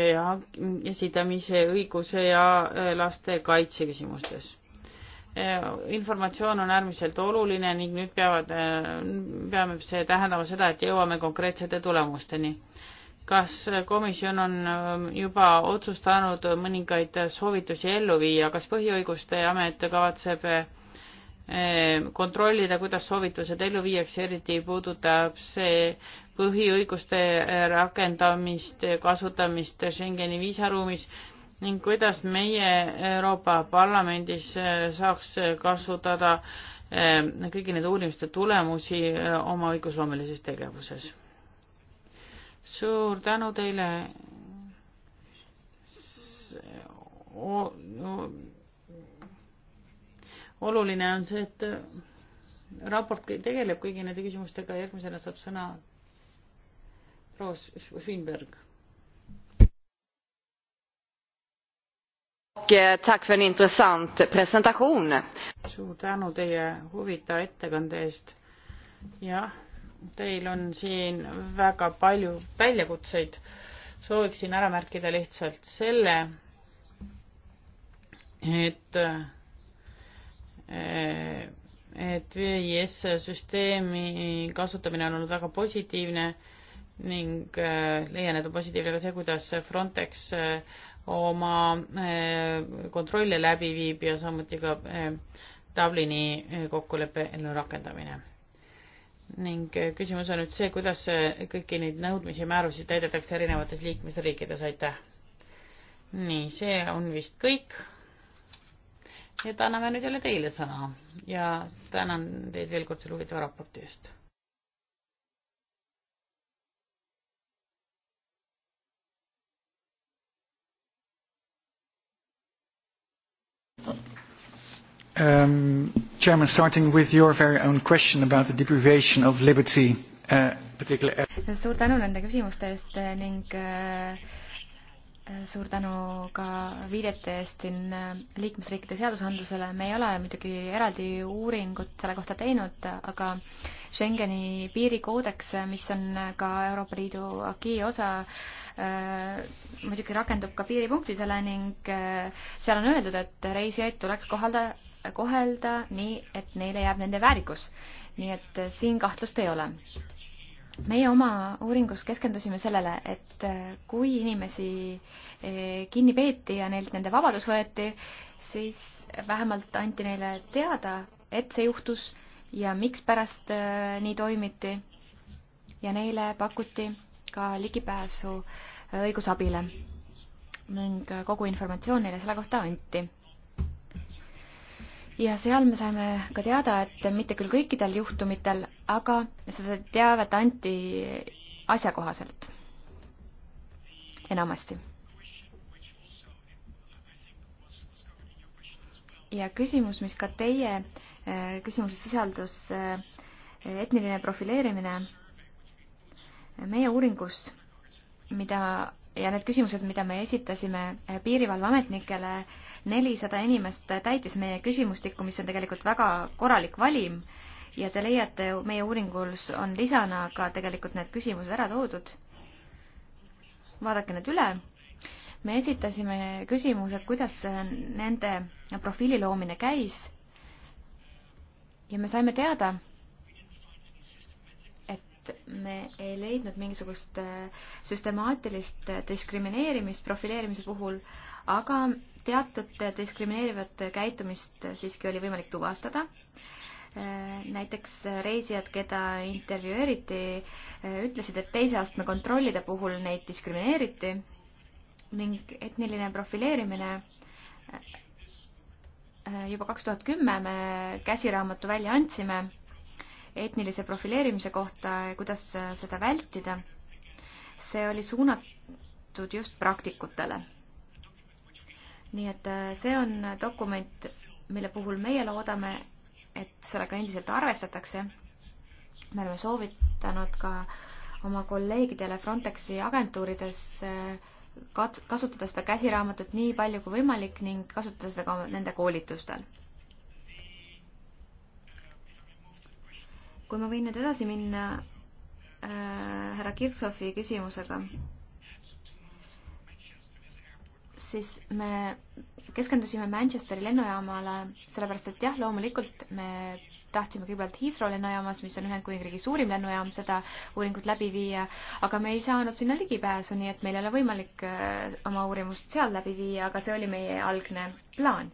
esitamise õiguse ja laste kaitse küsimustes Äh, informatsioon on äärmiselt oluline ning nüüd peavad, äh, peame see tähendama seda, et jõuame konkreetsete tulemusteni. kas komisjon on ähm, juba otsustanud mõningaid soovitusi ellu viia, kas Põhiõiguste Amet kavatseb äh, kontrollida, kuidas soovitused ellu viiakse, eriti puudutab see põhiõiguste rakendamist, kasutamist Schengeni viisaruumis ning kuidas meie Euroopa Parlamendis äh, saaks äh, kasutada äh, kõigi nende uurimiste tulemusi oma õigusloomelises tegevuses. suur tänu teile. oluline on see, et raport tegeleb kõigi nende küsimustega, järgmisena saab sõna proua Svinberg Eh, tack för en intressant presentation. suur tänu teie huvitava ettekande eest. jah, teil on siin väga palju väljakutseid. sooviksin ära märkida lihtsalt selle, et eh, et VIS süsteemi kasutamine on olnud väga positiivne ning eh, leian, et on positiivne ka see, kuidas Frontex oma eh, kontrolle läbi viib ja samuti ka eh, Dublini eh, kokkuleppe rakendamine. ning küsimus on nüüd see, kuidas kõiki neid nõudmisi ja määrusi täidetakse erinevates liikmesriikides, aitäh. nii, see on vist kõik. et anname nüüd jälle teile sõna ja tänan teid veel kord selle huvitava raporti eest Um, Chairman, starting with your very own question about the deprivation of liberty, uh, particularly. suur tänu nende küsimuste eest eh, ning uh, suur tänu ka viidete eest siin liikmesriikide seadusandlusele. me ei ole muidugi eraldi uuringut selle kohta teinud, aga Schengeni piirikoodeks, mis on ka Euroopa Liidu acquis osa, äh, muidugi rakendub ka piiripunktidele ning äh, seal on öeldud, et reisijaid tuleks kohalda, kohelda nii, et neile jääb nende väärikus. nii et äh, siin kahtlust ei ole meie oma uuringus keskendusime sellele, et äh, kui inimesi äh, kinni peeti ja neilt nende vabadus võeti, siis vähemalt anti neile teada, et see juhtus ja mikspärast äh, nii toimiti. ja neile pakuti ka ligipääsu õigusabile ning kogu informatsioon neile selle kohta anti ja seal me saime ka teada, et mitte küll kõikidel juhtumitel, aga seda teavet anti asjakohaselt enamasti. ja küsimus, mis ka teie eh, küsimuses sisaldus, eh, etniline profileerimine meie uuringus, mida ja need küsimused, mida me esitasime eh, piirivalveametnikele äh, nelisada inimest täitis meie küsimustikku, mis on tegelikult väga korralik valim ja te leiate meie uuringus on lisana ka tegelikult need küsimused ära toodud. vaadake need üle. me esitasime küsimused, kuidas nende profiili loomine käis. ja me saime teada, et me ei leidnud mingisugust äh, süstemaatilist äh, diskrimineerimist profileerimise puhul, aga teatud diskrimineerivat käitumist siiski oli võimalik tuvastada. näiteks reisijad, keda intervjueeriti, ütlesid, et teise astme kontrollide puhul neid diskrimineeriti ning etniline profileerimine juba kaks tuhat kümme me käsiraamatu välja andsime etnilise profileerimise kohta ja kuidas seda vältida. see oli suunatud just praktikutele nii et äh, see on dokument, mille puhul meie loodame, et sellega endiselt arvestatakse. me oleme soovitanud ka oma kolleegidele Frontexi agentuurides äh, kat-, kasutada seda käsiraamatut nii palju kui võimalik ning kasutada seda ka nende koolitustel. kui ma võin nüüd edasi minna äh, härra Kirchhoffi küsimusega siis me keskendusime Manchesteri lennujaamale, sellepärast et jah, loomulikult me tahtsime kõigepealt Heathrow lennujaamas, mis on Ühendkuningriigi suurim lennujaam, seda uuringut läbi viia, aga me ei saanud sinna ligipääsu, nii et meil ei ole võimalik äh, oma uurimust seal läbi viia, aga see oli meie algne plaan.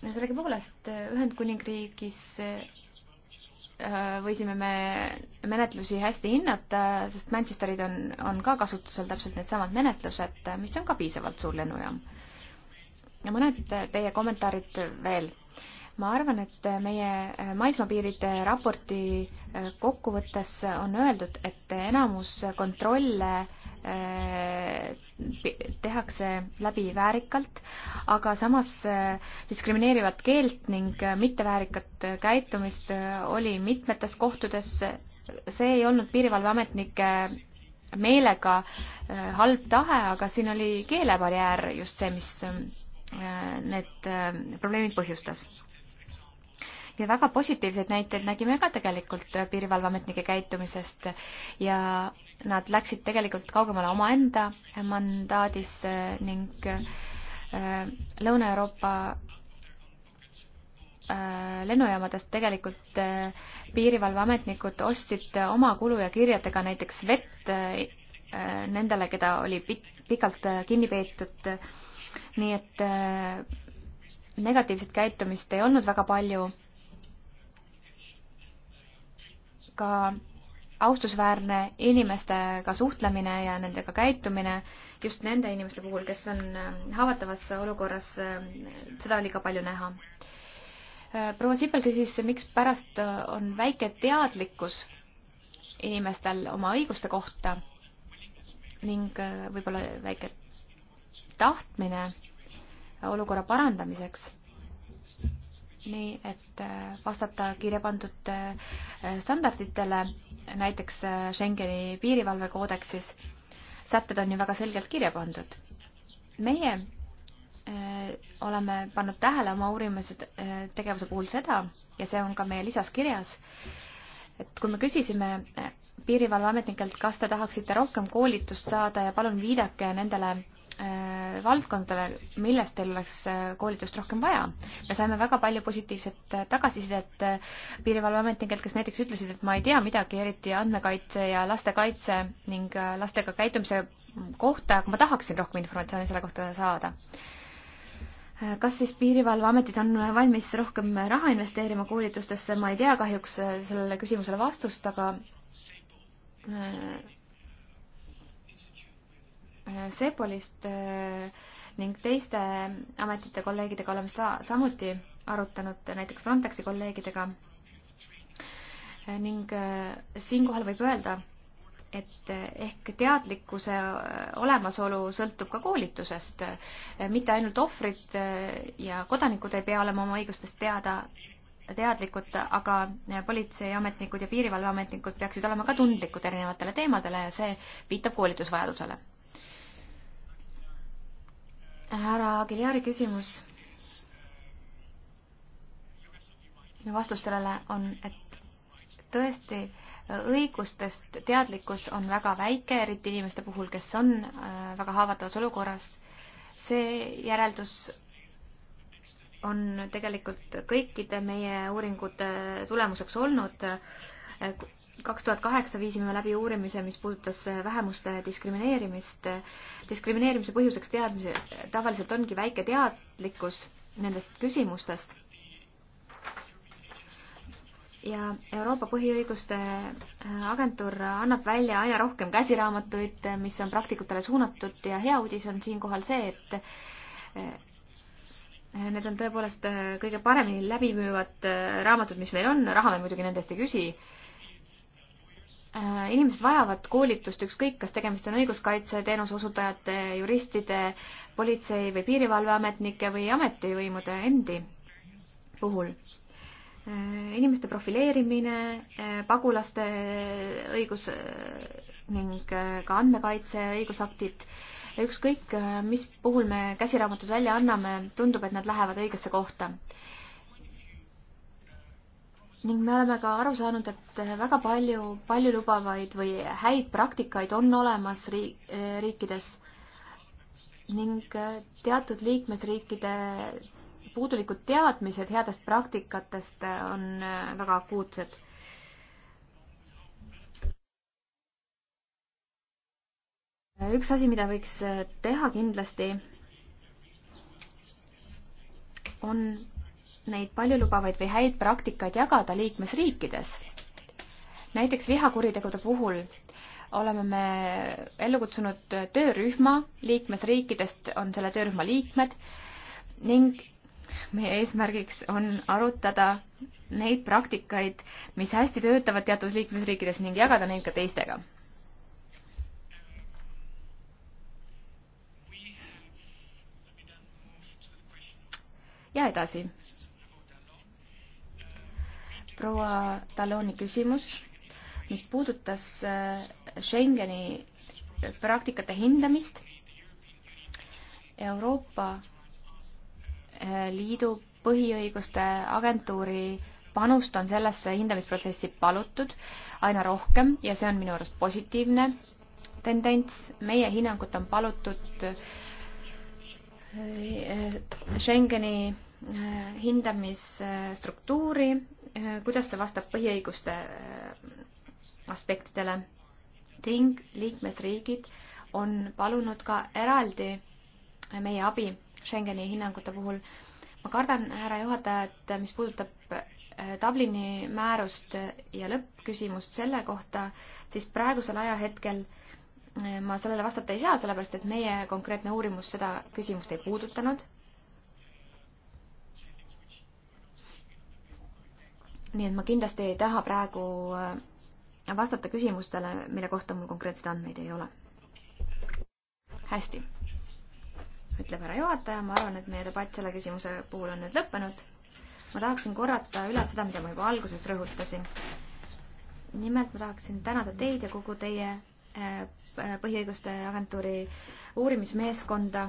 sellegipoolest äh, Ühendkuningriigis äh, Äh, võisime me menetlusi hästi hinnata, sest Manchesterid on, on ka kasutusel täpselt needsamad menetlused, mis on ka piisavalt suur lennujaam. ja mõned teie kommentaarid veel ma arvan, et meie äh, maismaapiiride raporti äh, kokkuvõttes on öeldud, et enamus kontrolle äh, tehakse läbi väärikalt, aga samas diskrimineerivat keelt ning mitteväärikat käitumist oli mitmetes kohtades. see ei olnud piirivalveametnike meelega halb tahe, aga siin oli keelebarjäär just see, mis need probleemid põhjustas ja väga positiivseid näiteid nägime ka tegelikult piirivalveametnike käitumisest ja nad läksid tegelikult kaugemale omaenda mandaadis äh, ning äh, Lõuna-Euroopa äh, lennujaamadest tegelikult piirivalveametnikud ostsid oma kulu ja kirjadega näiteks vett nendele, keda oli pikalt kinni peetud. nii et negatiivset käitumist ei olnud väga palju ka austusväärne inimestega suhtlemine ja nendega käitumine just nende inimeste puhul, kes on ähm, haavatavas olukorras, ähm, seda oli ka palju näha. Äh, proua Sipel küsis, mikspärast äh, on väike teadlikkus inimestel oma õiguste kohta ning äh, võib-olla väike tahtmine olukorra parandamiseks nii et äh, vastata kirja pandud äh, standarditele, näiteks äh, Schengeni piirivalvekoodeksis. sätted on ju väga selgelt kirja pandud. meie oleme pannud tähele oma uurimise tegevuse puhul seda ja see on ka meie lisas kirjas, et kui me küsisime piirivalveametnikelt, kas te tahaksite rohkem koolitust saada ja palun viidake nendele Äh, valdkondadele, milles teil oleks äh, koolitust rohkem vaja. me saime väga palju positiivset äh, tagasisidet piirivalveametnikelt, kes näiteks ütlesid, et ma ei tea midagi eriti andmekaitse ja lastekaitse ning lastega käitumise kohta, aga ma tahaksin rohkem informatsiooni selle kohta saada. kas siis piirivalveametid on valmis rohkem raha investeerima koolitustesse, ma ei tea kahjuks sellele küsimusele vastust, aga Äh, Sepolist äh, ning teiste ametite kolleegidega oleme seda samuti arutanud, näiteks Frontexi kolleegidega. Äh, ning siinkohal võib öelda, et ehk teadlikkuse olemasolu sõltub ka koolitusest. mitte ainult ohvrid ja kodanikud ei pea olema oma õigustest teada, teadlikud, aga politseiametnikud ja piirivalveametnikud peaksid olema ka tundlikud erinevatele teemadele ja see viitab koolitusvajadusele härra Aguilari küsimus. minu vastus sellele on, et tõesti õigustest teadlikkus on väga väike, eriti inimeste puhul, kes on äh, väga haavatavas olukorras. see järeldus on tegelikult kõikide meie uuringute tulemuseks olnud kaks tuhat kaheksa viisime läbi uurimise, mis puudutas vähemuste diskrimineerimist. diskrimineerimise põhjuseks teadmise, tavaliselt ongi väike teadlikkus nendest küsimustest. ja Euroopa Põhiõiguste Agentuur annab välja aina rohkem käsiraamatuid, mis on praktikutele suunatud ja hea uudis on siinkohal see, et Need on tõepoolest kõige paremini läbimüüvad raamatud, mis meil on, raha me muidugi nende eest ei küsi Äh, inimesed vajavad koolitust, ükskõik, kas tegemist on õiguskaitseteenuse osutajate, juristide, politsei või piirivalveametnike või ametivõimude endi puhul. Äh, inimeste profileerimine, äh, pagulaste õigus ning ka andmekaitse õigusaktid, ükskõik, mis puhul me käsiraamatud välja anname, tundub, et nad lähevad õigesse kohta ning me oleme ka aru saanud, et väga palju paljulubavaid või häid praktikaid on olemas riik, riikides ning teatud liikmesriikide puudulikud teadmised headest praktikatest on väga akuutsed. üks asi, mida võiks teha kindlasti, on neid paljulubavaid või häid praktikaid jagada liikmesriikides. näiteks vihakuritegude puhul oleme me ellu kutsunud töörühma, liikmesriikidest on selle töörühma liikmed ning meie eesmärgiks on arutada neid praktikaid, mis hästi töötavad teatud liikmesriikides ning jagada neid ka teistega. ja edasi proua Taloni küsimus, mis puudutas äh, Schengeni praktikate hindamist. Euroopa äh, Liidu põhiõiguste agentuuri panust on sellesse hindamisprotsessi palutud aina rohkem ja see on minu arust positiivne tendents. meie hinnangut on palutud äh, Schengeni hindamisstruktuuri, kuidas see vastab põhiõiguste äh, aspektidele ning liikmesriigid on palunud ka eraldi meie abi Schengeni hinnangute puhul. ma kardan, härra juhataja, et mis puudutab äh, Dublini määrust ja lõppküsimust selle kohta, siis praegusel ajahetkel äh, ma sellele vastata ei saa, sellepärast et meie konkreetne uurimus seda küsimust ei puudutanud nii et ma kindlasti ei taha praegu äh, vastata küsimustele, mille kohta mul konkreetseid andmeid ei ole. hästi, ütleb härra juhataja, ma arvan, et meie debatt selle küsimuse puhul on nüüd lõppenud. ma tahaksin korrata üle seda, mida ma juba alguses rõhutasin. nimelt ma tahaksin tänada teid ja kogu teie äh, põhiõiguste agentuuri uurimismeeskonda,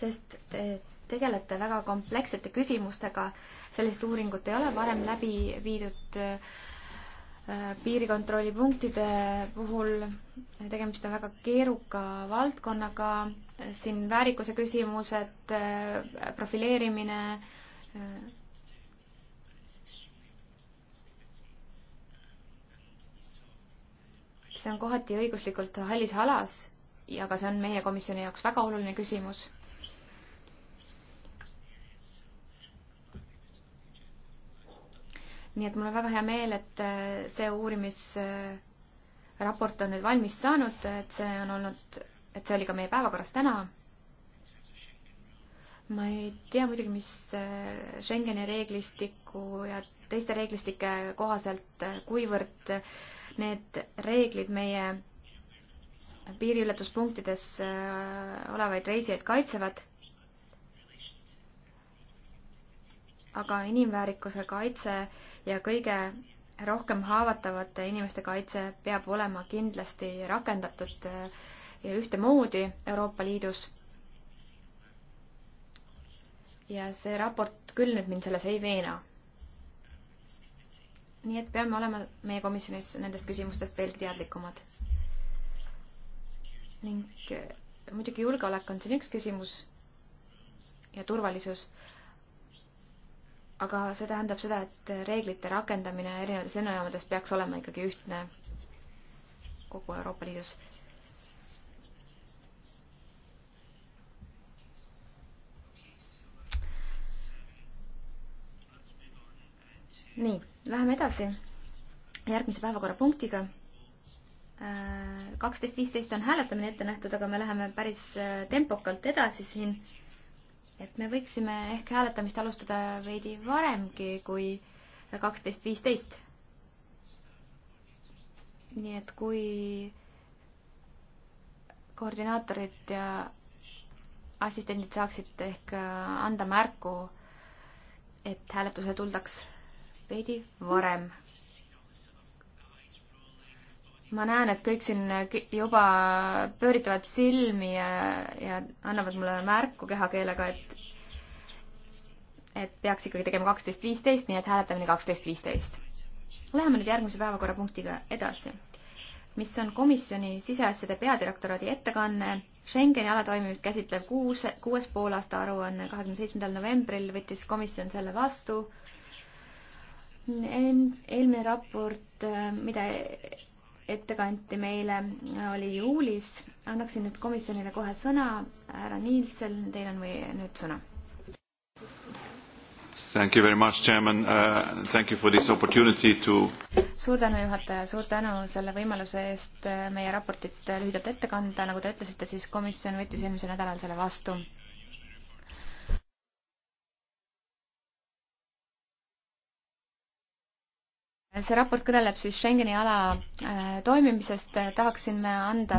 sest te tegelete väga komplekssete küsimustega sellist uuringut ei ole varem läbi viidud äh, piirikontrollipunktide puhul tegemist on väga keeruka valdkonnaga, siin väärikuse küsimused, äh, profileerimine, äh, see on kohati õiguslikult hallis alas ja ka see on meie komisjoni jaoks väga oluline küsimus nii et mul on väga hea meel, et äh, see uurimisraport on nüüd valmis saanud, et see on olnud, et see oli ka meie päevakorras täna. ma ei tea muidugi, mis äh, Schengeni reeglistiku ja teiste reeglistike kohaselt, äh, kuivõrd need reeglid meie piiriületuspunktides olevaid reisijaid kaitsevad aga inimväärikuse kaitse ja kõige rohkem haavatavate inimeste kaitse peab olema kindlasti rakendatud äh, ühtemoodi Euroopa Liidus. ja see raport küll nüüd mind selles ei veena. nii et peame olema meie komisjonis nendest küsimustest veelgi teadlikumad. ning äh, muidugi julgeolek on siin üks küsimus ja turvalisus, aga see tähendab seda, et reeglite rakendamine erinevates lennujaamades peaks olema ikkagi ühtne kogu Euroopa Liidus. nii, läheme edasi järgmise päevakorrapunktiga. Äh, kaksteist viisteist on hääletamine ette nähtud, aga me läheme päris äh, tempokalt edasi siin et me võiksime ehk hääletamist alustada veidi varemgi kui kaksteist viisteist. nii et kui koordinaatorid ja assistendid saaksid ehk äh, anda märku, et hääletusele tuldaks veidi varem ma näen, et kõik siin juba pööritavad silmi ja, ja annavad mulle märku kehakeelega, et, et peaks ikkagi tegema kaksteist viisteist, nii et hääletamine kaksteist viisteist. Läheme nüüd järgmise päevakorrapunktiga edasi, mis on komisjoni siseasjade peadirektoraadi ettekanne Schengeni ala toimimist käsitlev kuus, kuues poolaasta aruanne kahekümne seitsmendal novembril võttis komisjon selle vastu. eelmine raport, mida ette kanti meile, äh, oli juulis. annaksin nüüd komisjonile kohe sõna. härra Nielsen, teil on või nüüd sõna. Thank you very much, chairman uh,. Thank you for this opportunity to. suur tänu, juhataja, suur tänu selle võimaluse eest äh, meie raportit lühidalt ette kanda. nagu te ütlesite, siis komisjon võttis eelmisel nädalal selle vastu see raport kõneleb siis Schengeni ala äh, toimimisest, tahaksime anda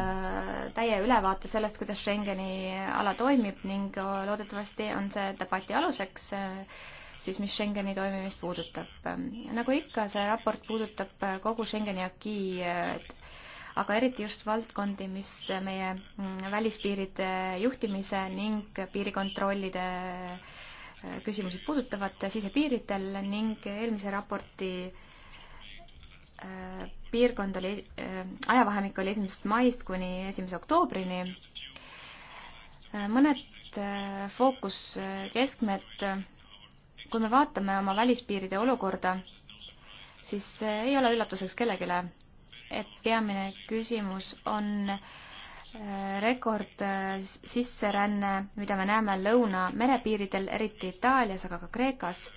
täie ülevaate sellest, kuidas Schengeni ala toimib ning loodetavasti on see debati aluseks äh, siis, mis Schengeni toimimist puudutab. nagu ikka, see raport puudutab kogu Schengeni akiid, aga eriti just valdkondi, mis meie mm, välispiiride juhtimise ning piirikontrollide äh, küsimusi puudutavad sisepiiridel ning eelmise raporti Äh, piirkond oli, äh, ajavahemik oli esimesest maist kuni esimese oktoobrini. Äh, mõned fookuskeskmed, kui me vaatame oma välispiiride olukorda, siis ei ole üllatuseks kellelegi, et peamine küsimus on rekord sisseränne, mida me näeme lõuna merepiiridel, eriti Itaalias, aga ka Kreekas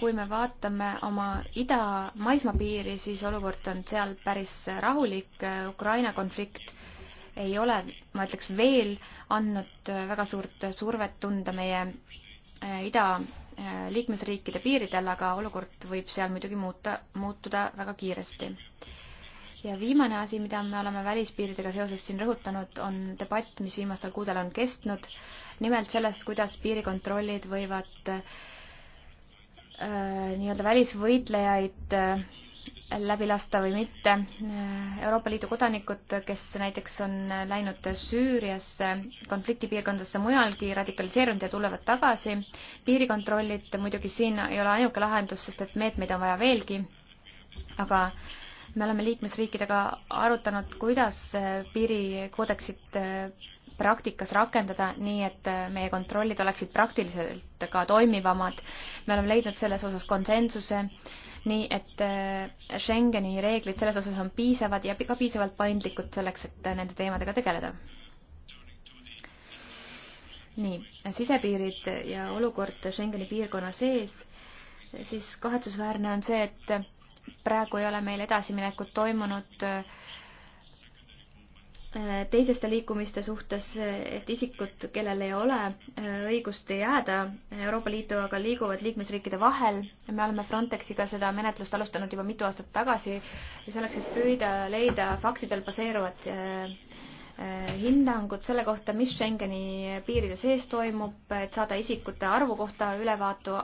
kui me vaatame oma ida maismaapiiri, siis olukord on seal päris rahulik, Ukraina konflikt ei ole, ma ütleks, veel andnud väga suurt survet tunda meie eh, ida eh, liikmesriikide piiridel, aga olukord võib seal muidugi muuta, muutuda väga kiiresti. ja viimane asi, mida me oleme välispiiridega seoses siin rõhutanud, on debatt, mis viimastel kuudel on kestnud, nimelt sellest, kuidas piirikontrollid võivad äh, Äh, nii-öelda välisvõitlejaid äh, läbi lasta või mitte. Äh, Euroopa Liidu kodanikud, kes näiteks on läinud Süüriasse, konfliktipiirkondadesse mujalgi, radikaliseerunud ja tulevad tagasi. piirikontrollid muidugi siin ei ole ainuke lahendus, sest et meetmeid on vaja veelgi. aga äh, me oleme liikmesriikidega arutanud, kuidas äh, piirikoodeksit äh, praktikas rakendada, nii et äh, meie kontrollid oleksid praktiliselt ka toimivamad. me oleme leidnud selles osas konsensuse, nii et Schengeni reeglid selles osas on piisavad ja ka piisavalt paindlikud selleks, et nende teemadega tegeleda. nii, sisepiirid ja olukord Schengeni piirkonna sees, siis kahetsusväärne on see, et praegu ei ole meil edasiminekut toimunud äh, teiseste liikumiste suhtes, et isikud, kellel ei ole äh, õigust jääda Euroopa Liitu, aga liiguvad liikmesriikide vahel. me oleme Frontexiga seda menetlust alustanud juba mitu aastat tagasi ja selleks, et püüda leida faktidel baseeruvat äh, Eh, hinnangut selle kohta, mis Schengeni piiride sees toimub, et saada isikute arvu kohta ülevaatu,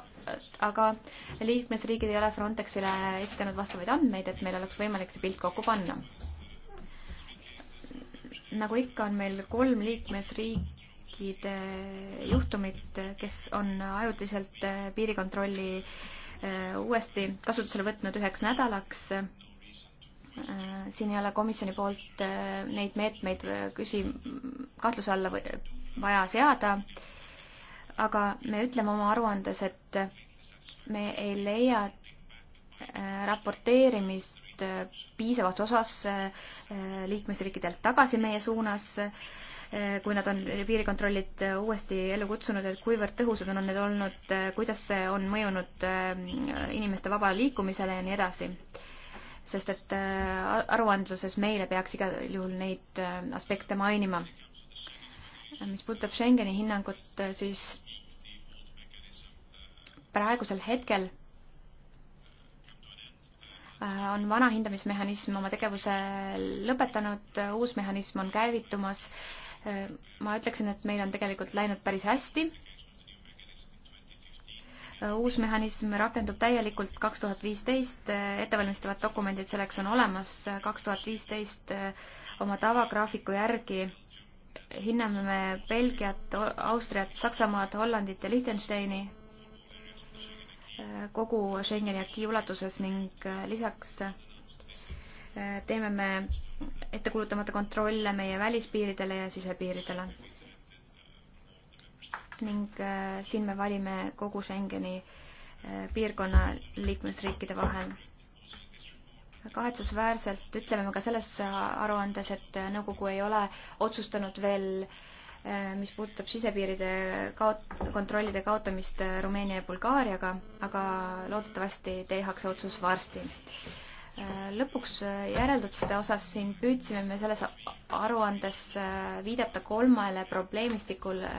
aga liikmesriigid ei ole Frontexile esitanud vastavaid andmeid, et meil oleks võimalik see pilt kokku panna. nagu ikka, on meil kolm liikmesriikide juhtumit, kes on ajutiselt eh, piirikontrolli eh, uuesti kasutusele võtnud üheks nädalaks Äh, siin ei ole komisjoni poolt äh, neid meetmeid äh, küsi-, kahtluse alla või, vaja seada, aga me ütleme oma aruandes, et me ei leia raporteerimist piisavas osas liikmesriikidelt tagasi meie suunas, kui nad on piirikontrollid uuesti ellu kutsunud, et kuivõrd tõhusad on need olnud, kuidas see on mõjunud inimeste vabale liikumisele ja nii edasi sest et äh, aruandluses meile peaks igal juhul neid äh, aspekte mainima. mis puudutab Schengeni hinnangut, äh, siis praegusel hetkel on vana hindamismehhanism oma tegevuse lõpetanud, uus mehhanism on käivitumas. ma ütleksin, et meil on tegelikult läinud päris hästi Äh, uus mehhanism rakendub täielikult kaks tuhat viisteist, äh, ettevalmistavad dokumendid selleks on olemas, äh, kaks tuhat viisteist oma tavagraafiku järgi hinname me Belgiat, Austriat, Saksamaad, Hollandit ja Liechtensteini kogu Schengeni aki ulatuses ning lisaks teeme me ettekuulutamata kontrolle meie välispiiridele ja sisepiiridele ning äh, siin me valime kogu Schengeni äh, piirkonna liikmesriikide vahel. kahetsusväärselt ütleme me ka selles äh, aruandes, et nõukogu ei ole otsustanud veel mis puudutab sisepiiride kaot-, kontrollide kaotamist Rumeenia ja Bulgaariaga, aga loodetavasti tehakse otsus varsti. lõpuks järelduste osas siin püüdsime me selles aruandes viidata kolmele probleemistikule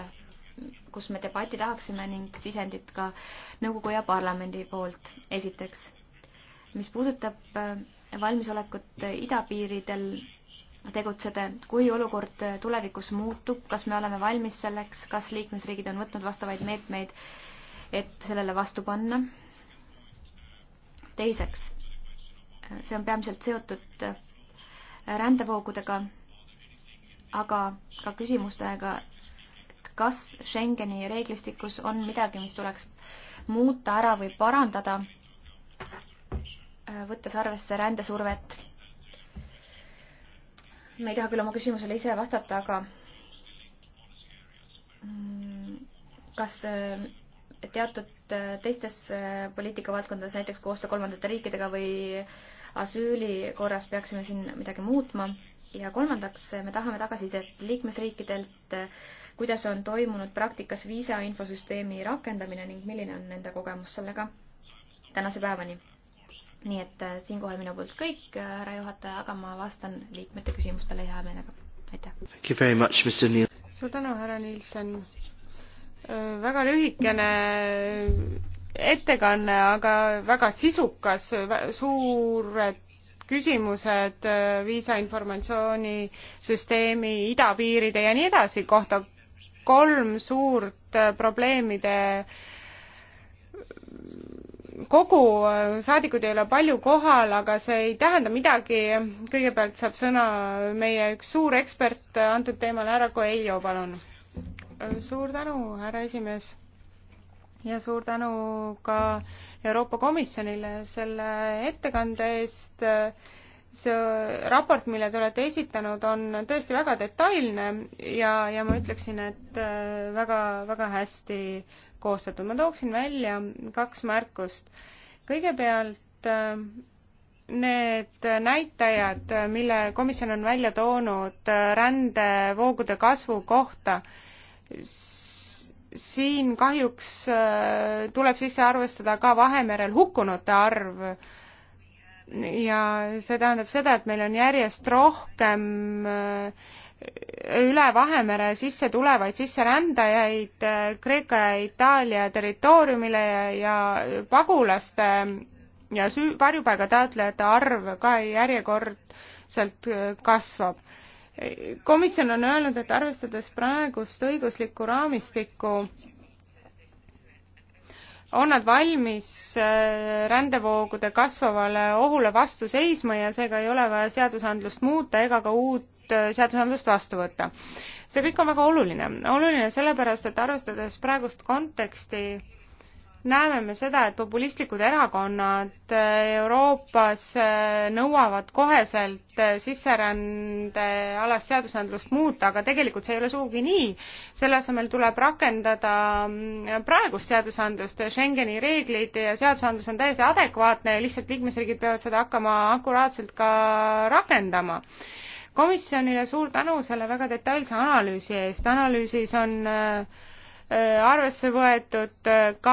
kus me debatti tahaksime ning sisendit ka nõukogu ja parlamendi poolt. esiteks, mis puudutab äh, valmisolekut äh, idapiiridel tegutseda, kui olukord äh, tulevikus muutub, kas me oleme valmis selleks, kas liikmesriigid on võtnud vastavaid meetmeid, et sellele vastu panna? teiseks, see on peamiselt seotud rändevoogudega, aga ka küsimustega, kas Schengeni reeglistikus on midagi, mis tuleks muuta ära või parandada, äh, võttes arvesse rändesurvet. ma ei taha küll oma küsimusele ise vastata, aga mm, kas äh, teatud äh, teistes poliitikavaldkondades, näiteks koostöö kolmandate riikidega või asüüli korras peaksime siin midagi muutma ja kolmandaks, me tahame tagasisidet liikmesriikidelt äh, kuidas on toimunud praktikas viisa infosüsteemi rakendamine ning milline on nende kogemus sellega tänase päevani. nii et äh, siinkohal minu poolt kõik, äh, härra juhataja, aga ma vastan liikmete küsimustele hea meelega. aitäh! suur tänu, härra Nilsson! Äh, väga lühikene ettekanne, aga väga sisukas, suured küsimused viisainformatsioonisüsteemi idapiiride ja nii edasi kohta kolm suurt äh, probleemide kogu, äh, saadikud ei ole palju kohal, aga see ei tähenda midagi. kõigepealt saab sõna meie üks suur ekspert äh, antud teemal, härra Coelho, palun. suur tänu, härra esimees ja suur tänu ka Euroopa Komisjonile selle ettekande eest see raport, mille te olete esitanud, on tõesti väga detailne ja, ja ma ütleksin, et äh, väga, väga hästi koostatud. ma tooksin välja kaks märkust. kõigepealt äh, need näitajad, mille komisjon on välja toonud äh, rändevoogude kasvu kohta, siin kahjuks tuleb sisse arvestada ka Vahemerel hukkunute arv ja see tähendab seda, et meil on järjest rohkem äh, üle Vahemere sisse tulevaid sisserändajaid äh, Kreeka ja Itaalia territooriumile ja, ja pagulaste ja süü-, varjupaigataotlejate arv ka järjekordselt äh, kasvab. komisjon on öelnud, et arvestades praegust õiguslikku raamistikku, on nad valmis äh, rändevoogude kasvavale ohule vastu seisma ja seega ei ole vaja seadusandlust muuta ega ka uut äh, seadusandlust vastu võtta. see kõik on väga oluline. oluline sellepärast, et arvestades praegust konteksti, näeme me seda, et populistlikud erakonnad eh, Euroopas eh, nõuavad koheselt eh, sisserändealast seadusandlust muuta, aga tegelikult see ei ole sugugi nii. selle asemel tuleb rakendada mm, praegust seadusandlust, Schengeni reeglid ja seadusandlus on täiesti adekvaatne ja lihtsalt liikmesriigid peavad seda hakkama akuraatselt ka rakendama komisjonile suur tänu selle väga detailse analüüsi eest, analüüsis on äh, Äh, arvesse võetud äh, ka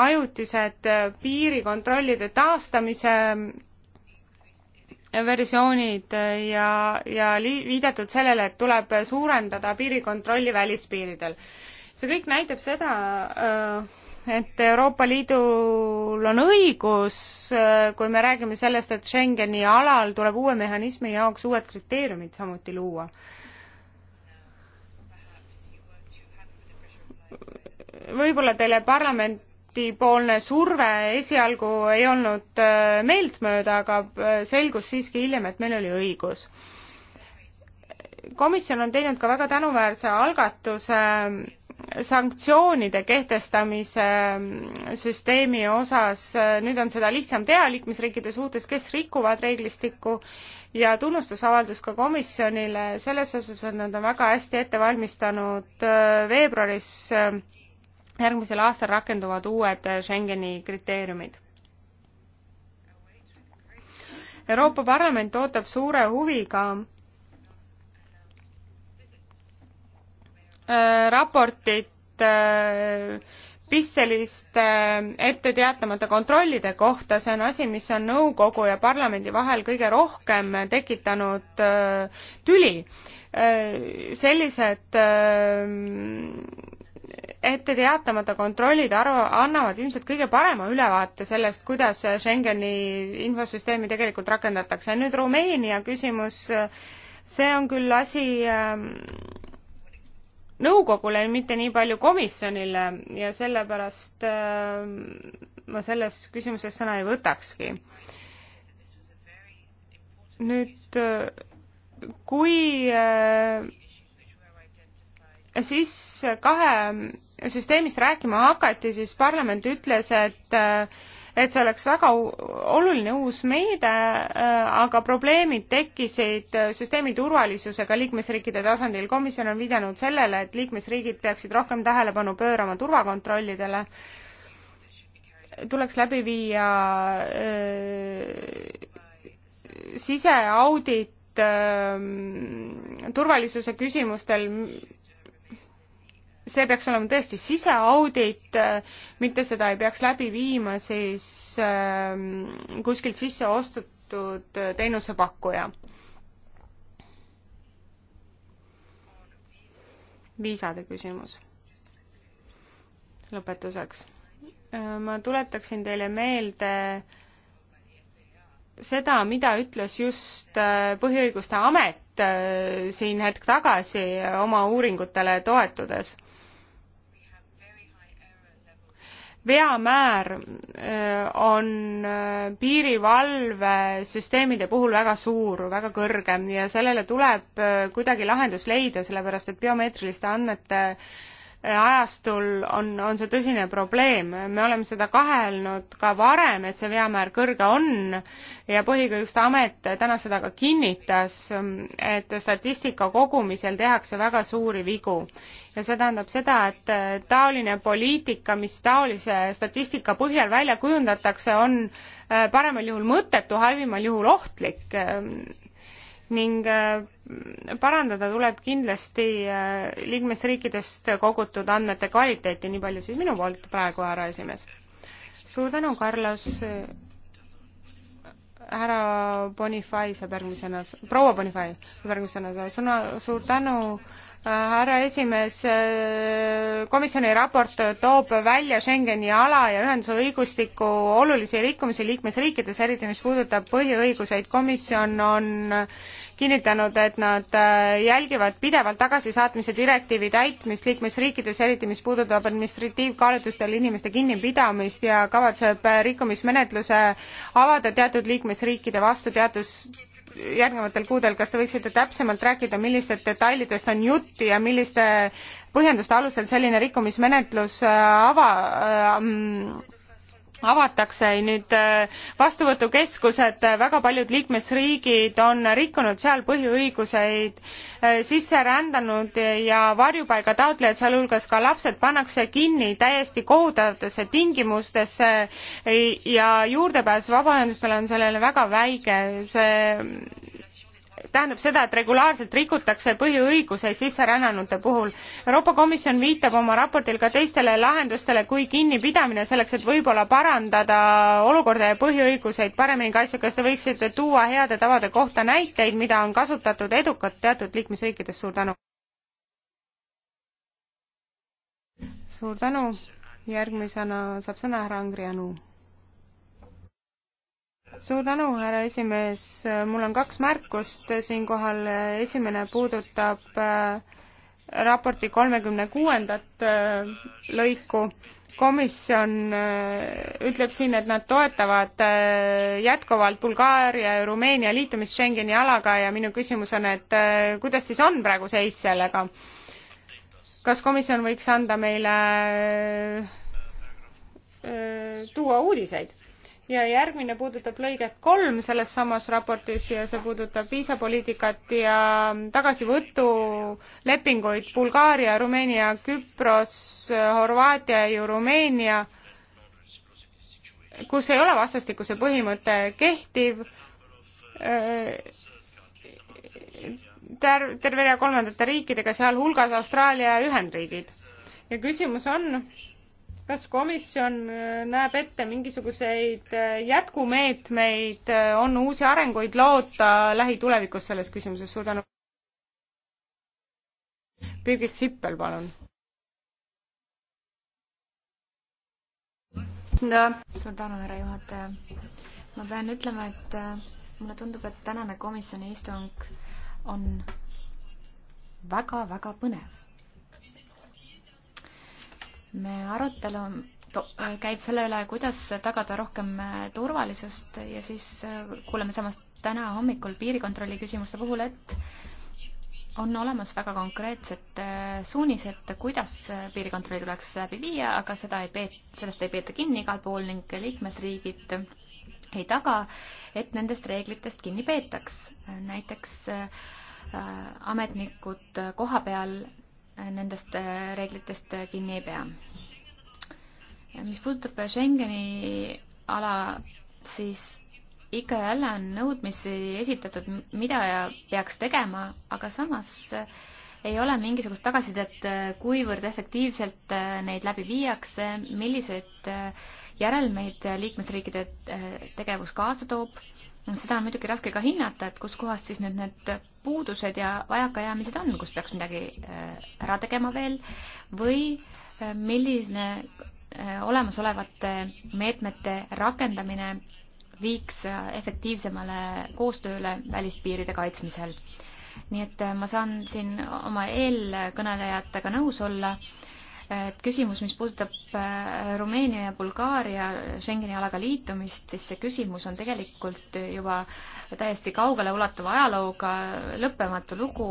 ajutised äh, piirikontrollide taastamise versioonid ja, ja viidatud sellele, et tuleb suurendada piirikontrolli välispiiridel. see kõik näitab seda, et Euroopa Liidul on õigus, kui me räägime sellest, et Schengeni alal tuleb uue mehhanismi jaoks uued kriteeriumid samuti luua võib-olla teile parlamentipoolne surve esialgu ei olnud äh, meeltmööda, aga äh, selgus siiski hiljem, et meil oli õigus komisjon on teinud ka väga tänuväärse algatuse äh, sanktsioonide kehtestamise süsteemi osas, nüüd on seda lihtsam teha liikmesriikide suhtes, kes rikuvad reeglistikku ja tunnustusavaldus ka komisjonile selles osas, et nad on väga hästi ette valmistanud äh, veebruaris äh, järgmisel aastal rakenduvad uued äh, Schengeni kriteeriumid. Euroopa Parlament ootab suure huviga raportit pisteliste äh, ette teatamata kontrollide kohta, see on asi, mis on nõukogu ja parlamendi vahel kõige rohkem tekitanud äh, tüli. Äh, sellised ette teatamata kontrollid arv-, annavad ilmselt kõige parema ülevaate sellest, kuidas Schengeni infosüsteemi tegelikult rakendatakse. nüüd Rumeenia küsimus, see on küll asi nõukogule, mitte nii palju komisjonile ja sellepärast äh, ma selles küsimuses sõna ei võtakski. nüüd äh, kui äh, siis kahe süsteemist rääkima hakati, siis parlament ütles, et äh, et see oleks väga oluline uus meede, äh, aga probleemid tekkisid äh, süsteemi turvalisusega liikmesriikide tasandil. komisjon on viidanud sellele, et liikmesriigid peaksid rohkem tähelepanu pöörama turvakontrollidele, tuleks läbi viia äh, siseaudit turvalisuse küsimustel see peaks olema tõesti siseaudit, mitte seda ei peaks läbi viima siis ähm, kuskilt sisse ostetud teenusepakkuja. viisade küsimus. lõpetuseks. Äh, ma tuletaksin teile meelde seda, mida ütles just äh, Põhiõiguste Amet äh, siin hetk tagasi oma uuringutele toetudes veamäär äh, on äh, piirivalvesüsteemide puhul väga suur, väga kõrge ja sellele tuleb äh, kuidagi lahendus leida, sellepärast et biomeetriliste andmete ajastul on, on see tõsine probleem. me oleme seda kahelnud ka varem, et see veamäär kõrge on ja Põhikõiguste Amet täna seda ka kinnitas, et statistika kogumisel tehakse väga suuri vigu. ja see tähendab seda, et taoline poliitika, mis taolise statistika põhjal välja kujundatakse, on paremal juhul mõttetu, halvimal juhul ohtlik ning äh, parandada tuleb kindlasti äh, liikmesriikidest kogutud andmete kvaliteeti, nii palju siis minu poolt praegu, härra esimees. suur tänu, Carlos. härra Bonifay saab järgmisena, proua Bonifay saab järgmisena sõna, suur tänu äh, härra esimees, komisjoni raport toob välja Schengeni ala ja ühenduse õigustiku olulisi rikkumisi liikmesriikides, eriti mis puudutab põhiõiguseid. komisjon on kinnitanud, et nad äh, jälgivad pidevalt tagasisaatmise direktiivi täitmist liikmesriikides, eriti mis puudutab administratiivkaalutlustel inimeste kinnipidamist ja kavatseb äh, rikkumismenetluse avada teatud liikmesriikide vastu teatud järgnevatel kuudel, kas te võiksite täpsemalt rääkida, millistest detailidest on jutt ja milliste põhjenduste alusel selline rikkumismenetlus äh, ava- äh,, mm, avatakse nüüd äh, vastuvõtukeskused väga paljud liikmesriigid on rikkunud seal põhiõiguseid äh, sisserändanud ja varjupaiga taotlejad sealhulgas ka lapsed pannakse kinni täiesti kohutavatesse tingimustesse äh, ja juurdepääs vabaühendustel on sellele väga väike see tähendab seda, et regulaarselt rikutakse põhiõiguseid sisserännanute puhul. Euroopa Komisjon viitab oma raportil ka teistele lahendustele kui kinnipidamine selleks, et võib-olla parandada olukorda ja põhiõiguseid paremini kaitsta. kas te võiksite tuua heade tavade kohta näiteid, mida on kasutatud edukalt teatud liikmesriikides? suur tänu. suur tänu. järgmisena saab sõna härra Angri Anu suur tänu, härra esimees, mul on kaks märkust siinkohal, esimene puudutab äh, raporti kolmekümne kuuendat äh, lõiku komisjon äh, ütleb siin, et nad toetavad jätkuvalt Bulgaaria ja Rumeenia liitumist Schengeni alaga ja minu küsimus on, et kuidas siis on praegu seis sellega? kas komisjon võiks anda meile, tuua uudiseid? ja järgmine puudutab lõiget kolm selles samas raportis ja see puudutab viisapoliitikat ja tagasivõtulepinguid Bulgaaria, Rumeenia, Küpros, Horvaatia ja Rumeenia, kus ei ole vastastikuse põhimõte kehtiv ter-, terve rea kolmandate riikidega, sealhulgas Austraalia ja Ühendriigid. ja küsimus on, kas komisjon äh, näeb ette mingisuguseid äh, jätkumeetmeid, äh, on uusi arenguid loota lähitulevikus selles küsimuses, suur tänu. Birgit Sippel, palun. suur tänu, härra juhataja. ma pean ütlema, et mulle tundub, et tänane komisjoni istung on väga-väga põnev me arutelu käib selle üle, kuidas tagada rohkem äh, turvalisust ja siis äh, kuuleme samas täna hommikul piirikontrolli küsimuste puhul, et on olemas väga konkreetsed äh, suunised, kuidas piirikontrolli tuleks läbi viia, aga seda ei peeta, sellest ei peeta kinni igal pool ning liikmesriigid ei taga, et nendest reeglitest kinni peetaks. näiteks äh, ametnikud koha peal nendest äh, reeglitest äh, kinni ei pea. mis puudutab äh, Schengeni ala, siis ikka ja jälle on nõudmisi esitatud, mida peaks tegema, aga samas ei ole mingisugust tagasisidet, kuivõrd efektiivselt neid läbi viiakse, milliseid järelmeid liikmesriikide tegevus kaasa toob. seda on muidugi raske ka hinnata, et kuskohast siis nüüd need puudused ja vajakajäämised on, kus peaks midagi äh, ära tegema veel või äh, milline äh, olemasolevate meetmete rakendamine viiks efektiivsemale koostööle välispiiride kaitsmisel. nii et ma saan siin oma eelkõnelejatega nõus olla et küsimus, mis puudutab äh, Rumeenia ja Bulgaaria Schengeni alaga liitumist, siis see küsimus on tegelikult juba täiesti kaugele ulatuva ajalooga lõppematu lugu.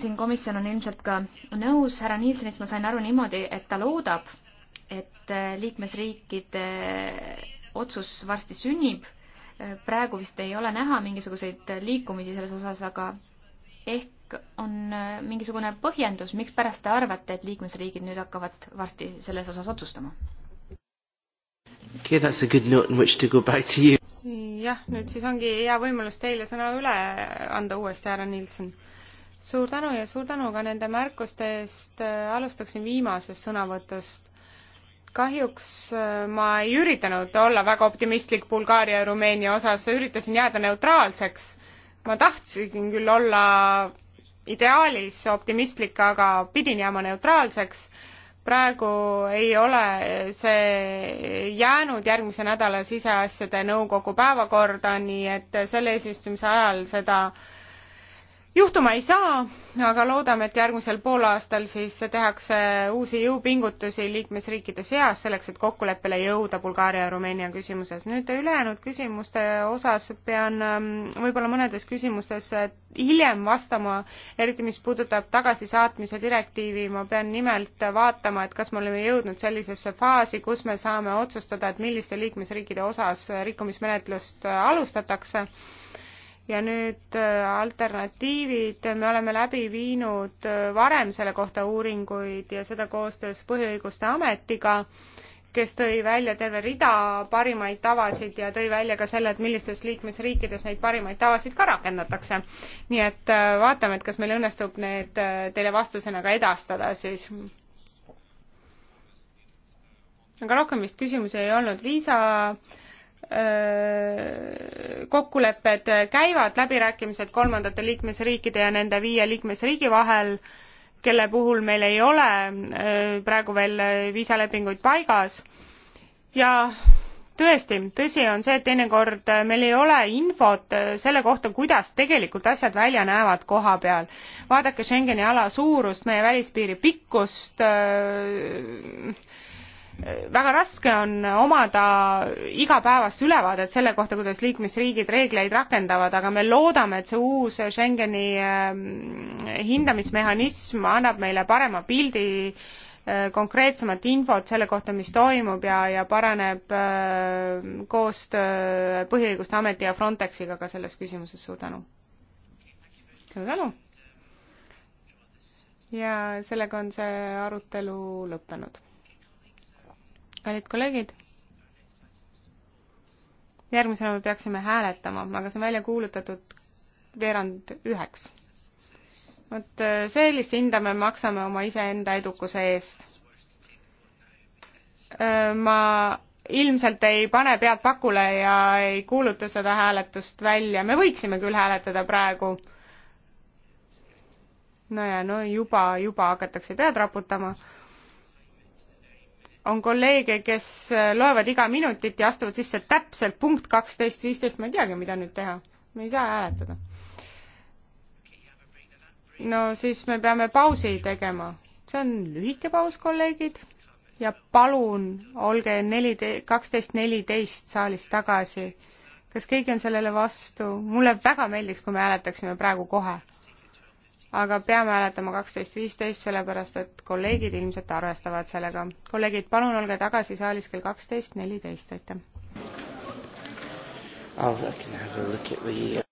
siin komisjon on ilmselt ka nõus, härra Nielsenist ma sain aru niimoodi, et ta loodab, et äh, liikmesriikide äh, otsus varsti sünnib. praegu vist ei ole näha mingisuguseid liikumisi selles osas, aga ehk on äh, mingisugune põhjendus, mikspärast te arvate, et liikmesriigid nüüd hakkavad varsti selles osas otsustama? Okay, that's a good note in which to go back to you. jah, nüüd siis ongi hea võimalus teile sõna üle anda uuesti, härra Nilsson. suur tänu ja suur tänu ka nende märkuste eest, äh, alustaksin viimasest sõnavõtust kahjuks äh, ma ei üritanud olla väga optimistlik Bulgaaria ja Rumeenia osas, üritasin jääda neutraalseks. ma tahtsin küll olla ideaalis optimistlik, aga pidin jääma neutraalseks. praegu ei ole see jäänud järgmise nädala siseasjade nõukogu päevakorda, nii et selle eesistumise ajal seda äh, juhtuma ei saa, aga loodame, et järgmisel poolaastal siis tehakse uusi jõupingutusi liikmesriikide seas selleks, et kokkuleppele jõuda Bulgaaria ja Rumeenia küsimuses. nüüd ülejäänud küsimuste osas pean ähm, võib-olla mõnedes küsimustes äh, hiljem vastama, eriti mis puudutab tagasisaatmise direktiivi, ma pean nimelt vaatama, et kas me oleme jõudnud sellisesse faasi, kus me saame otsustada, et milliste liikmesriikide osas rikkumismenetlust äh, alustatakse ja nüüd äh, alternatiivid, me oleme läbi viinud äh, varem selle kohta uuringuid ja seda koostöös Põhiõiguste Ametiga, kes tõi välja terve rida parimaid tavasid ja tõi välja ka selle, et millistes liikmesriikides neid parimaid tavasid ka rakendatakse. nii et äh, vaatame, et kas meil õnnestub need teile vastusena ka edastada siis. aga rohkem vist küsimusi ei olnud. viisa kokkulepped käivad, läbirääkimised kolmandate liikmesriikide ja nende viie liikmesriigi vahel, kelle puhul meil ei ole praegu veel viisalepinguid paigas. ja tõesti, tõsi on see, et teinekord meil ei ole infot selle kohta, kuidas tegelikult asjad välja näevad koha peal. vaadake Schengeni ala suurust, meie välispiiri pikkust äh,, väga raske on omada igapäevast ülevaadet selle kohta, kuidas liikmesriigid reegleid rakendavad, aga me loodame, et see uus Schengeni ähm, hindamismehhanism annab meile parema pildi, äh, konkreetsemat infot selle kohta, mis toimub ja, ja paraneb äh, koostöö Põhiõiguste Ameti ja Frontexiga ka selles küsimuses, suur tänu! suur tänu! ja sellega on see arutelu lõppenud kallid kolleegid, järgmisena me peaksime hääletama, aga see on välja kuulutatud veerand üheks. vot äh, sellist hinda me maksame oma iseenda edukuse eest. Äh, ma ilmselt ei pane pead pakule ja ei kuuluta seda hääletust välja, me võiksime küll hääletada praegu. no ja no juba, juba hakatakse pead raputama on kolleege, kes äh, loevad iga minutit ja astuvad sisse täpselt punkt kaksteist, viisteist, ma ei teagi, mida nüüd teha. me ei saa hääletada. no siis me peame pausi tegema. see on lühike paus, kolleegid, ja palun olge neli, kaksteist neliteist saalis tagasi. kas keegi on sellele vastu? mulle väga meeldiks, kui me hääletaksime praegu kohe aga peame hääletama kaksteist viisteist, sellepärast et kolleegid ilmselt arvestavad sellega. kolleegid, palun olge tagasi saalis kell kaksteist neliteist, aitäh. Oh,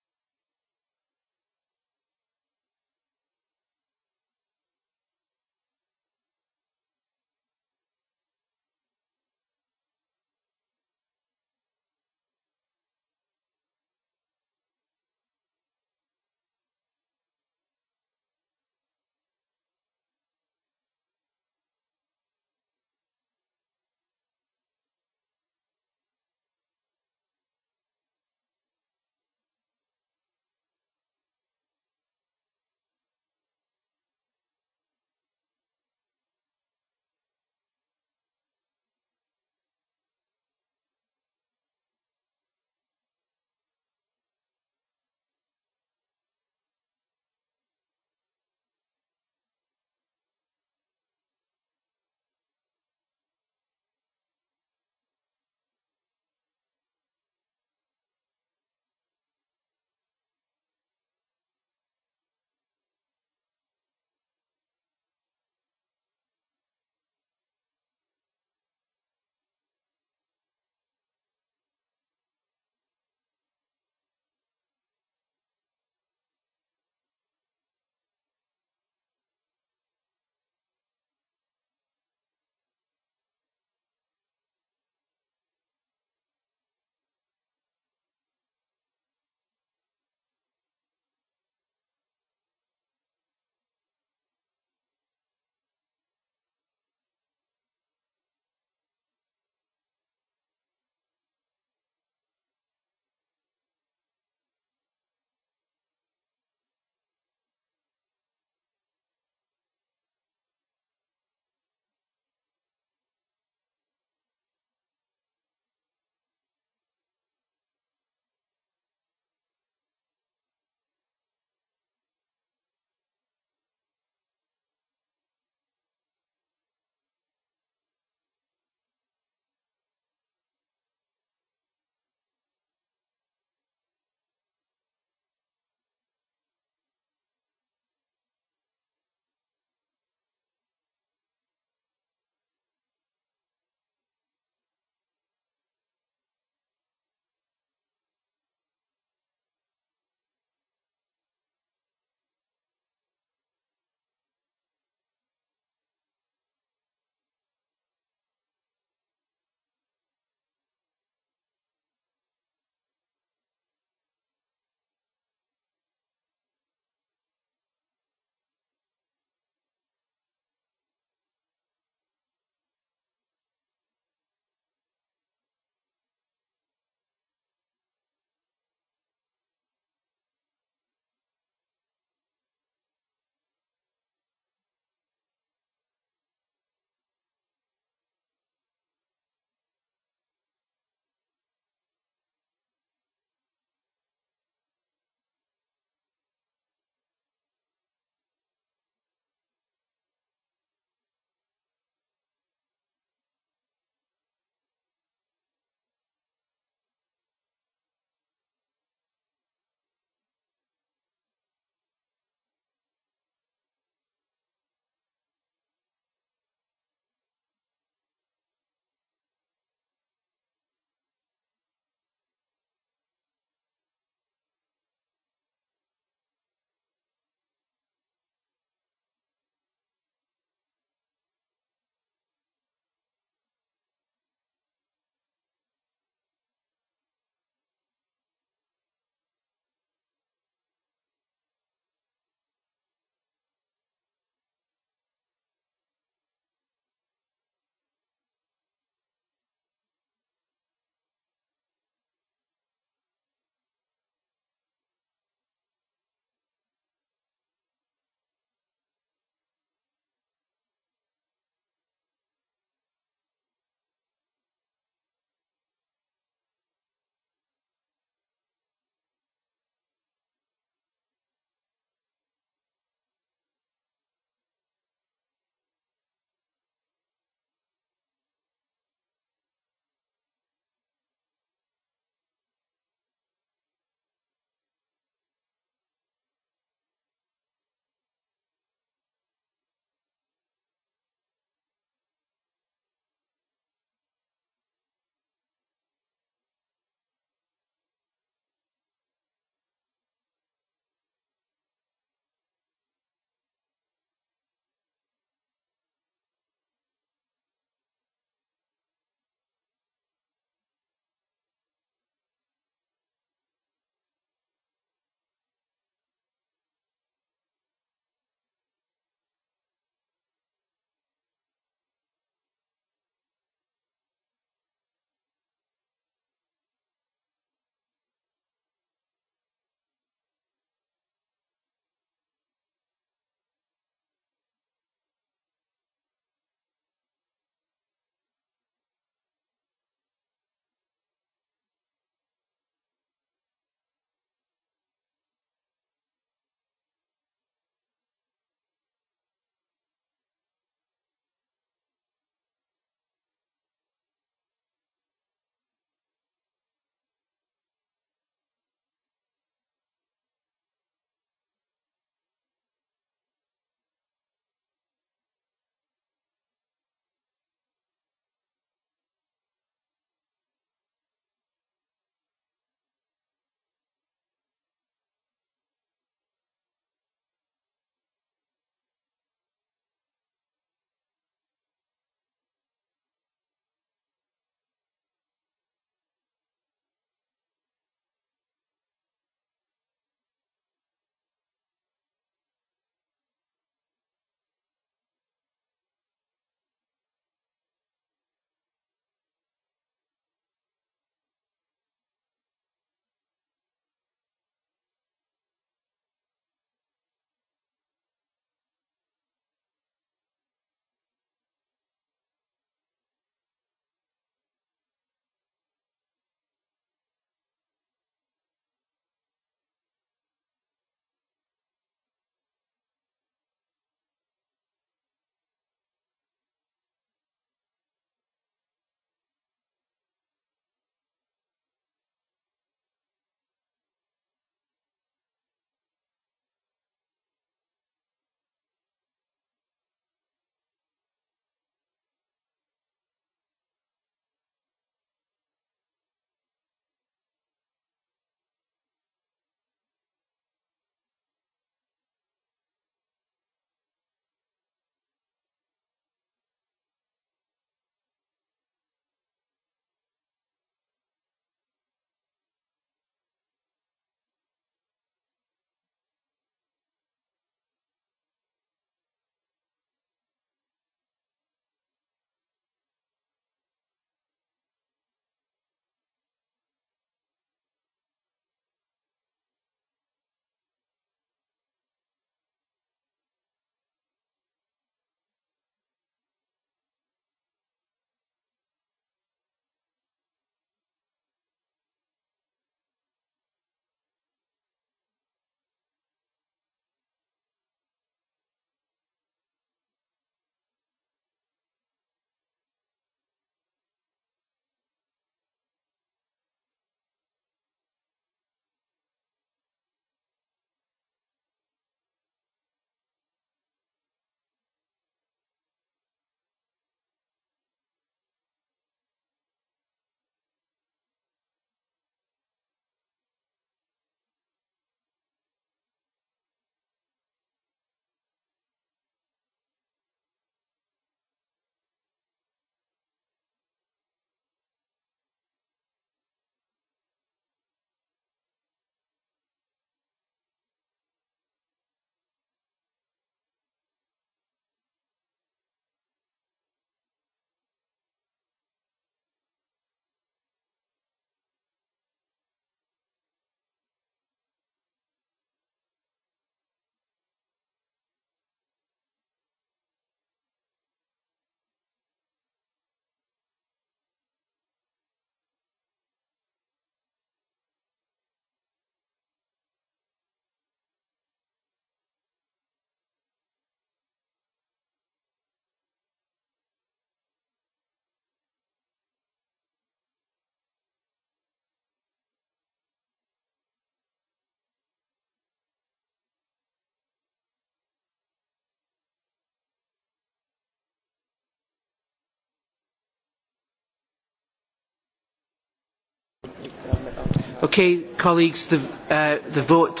okei okay,, colleagues, the uh,, the vote.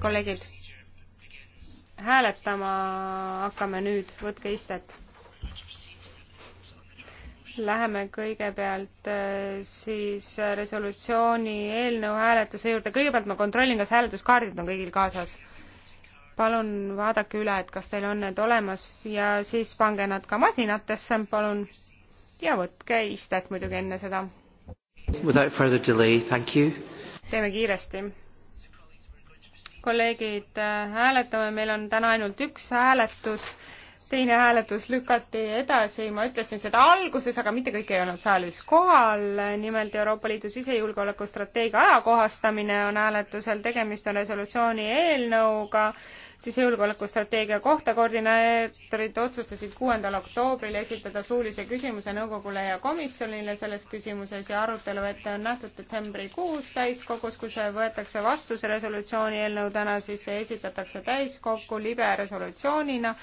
kolleegid, hääletama hakkame nüüd, võtke istet. Läheme kõigepealt äh, siis resolutsiooni eelnõu hääletuse juurde. kõigepealt ma kontrollin, kas hääletuskaardid on kõigil kaasas. palun vaadake üle, et kas teil on need olemas ja siis pange nad ka masinatesse, palun. ja võtke istet muidugi enne seda. Without further delay, thank you teeme kiiresti. kolleegid, äh, hääletame, meil on täna ainult üks hääletus, teine hääletus lükati edasi, ma ütlesin seda alguses, aga mitte kõik ei olnud saalis kohal, nimelt Euroopa Liidu sisejulgeolekustrateegia ajakohastamine on hääletusel, tegemist on resolutsiooni eelnõuga sisejulgeolekustrateegia kohta. koordinaatorid otsustasid kuuendal oktoobril esitada suulise küsimuse nõukogule ja komisjonile selles küsimuses ja arutelu ette on nähtud detsembrikuus täiskogus, kus võetakse vastu see resolutsiooni eelnõu täna, siis see esitatakse täiskokku libe resolutsioonina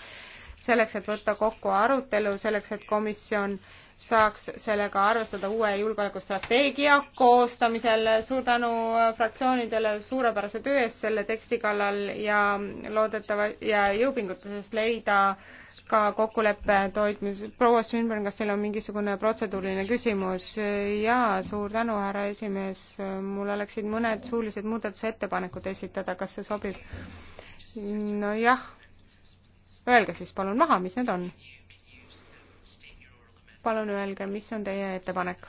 selleks, et võtta kokku arutelu, selleks, et komisjon saaks sellega arvestada uue julgeolekustrateegia koostamisel. suur tänu fraktsioonidele suurepärase töö eest selle teksti kallal ja loodetava ja jõupingutusest leida ka kokkuleppe toitmis. proua Sünberg, kas teil on mingisugune protseduuriline küsimus? jaa, suur tänu, härra esimees. mul oleksid mõned suulised muudatusettepanekud esitada, kas see sobib? nojah öelge siis palun maha, mis need on. palun öelge, mis on teie ettepanek.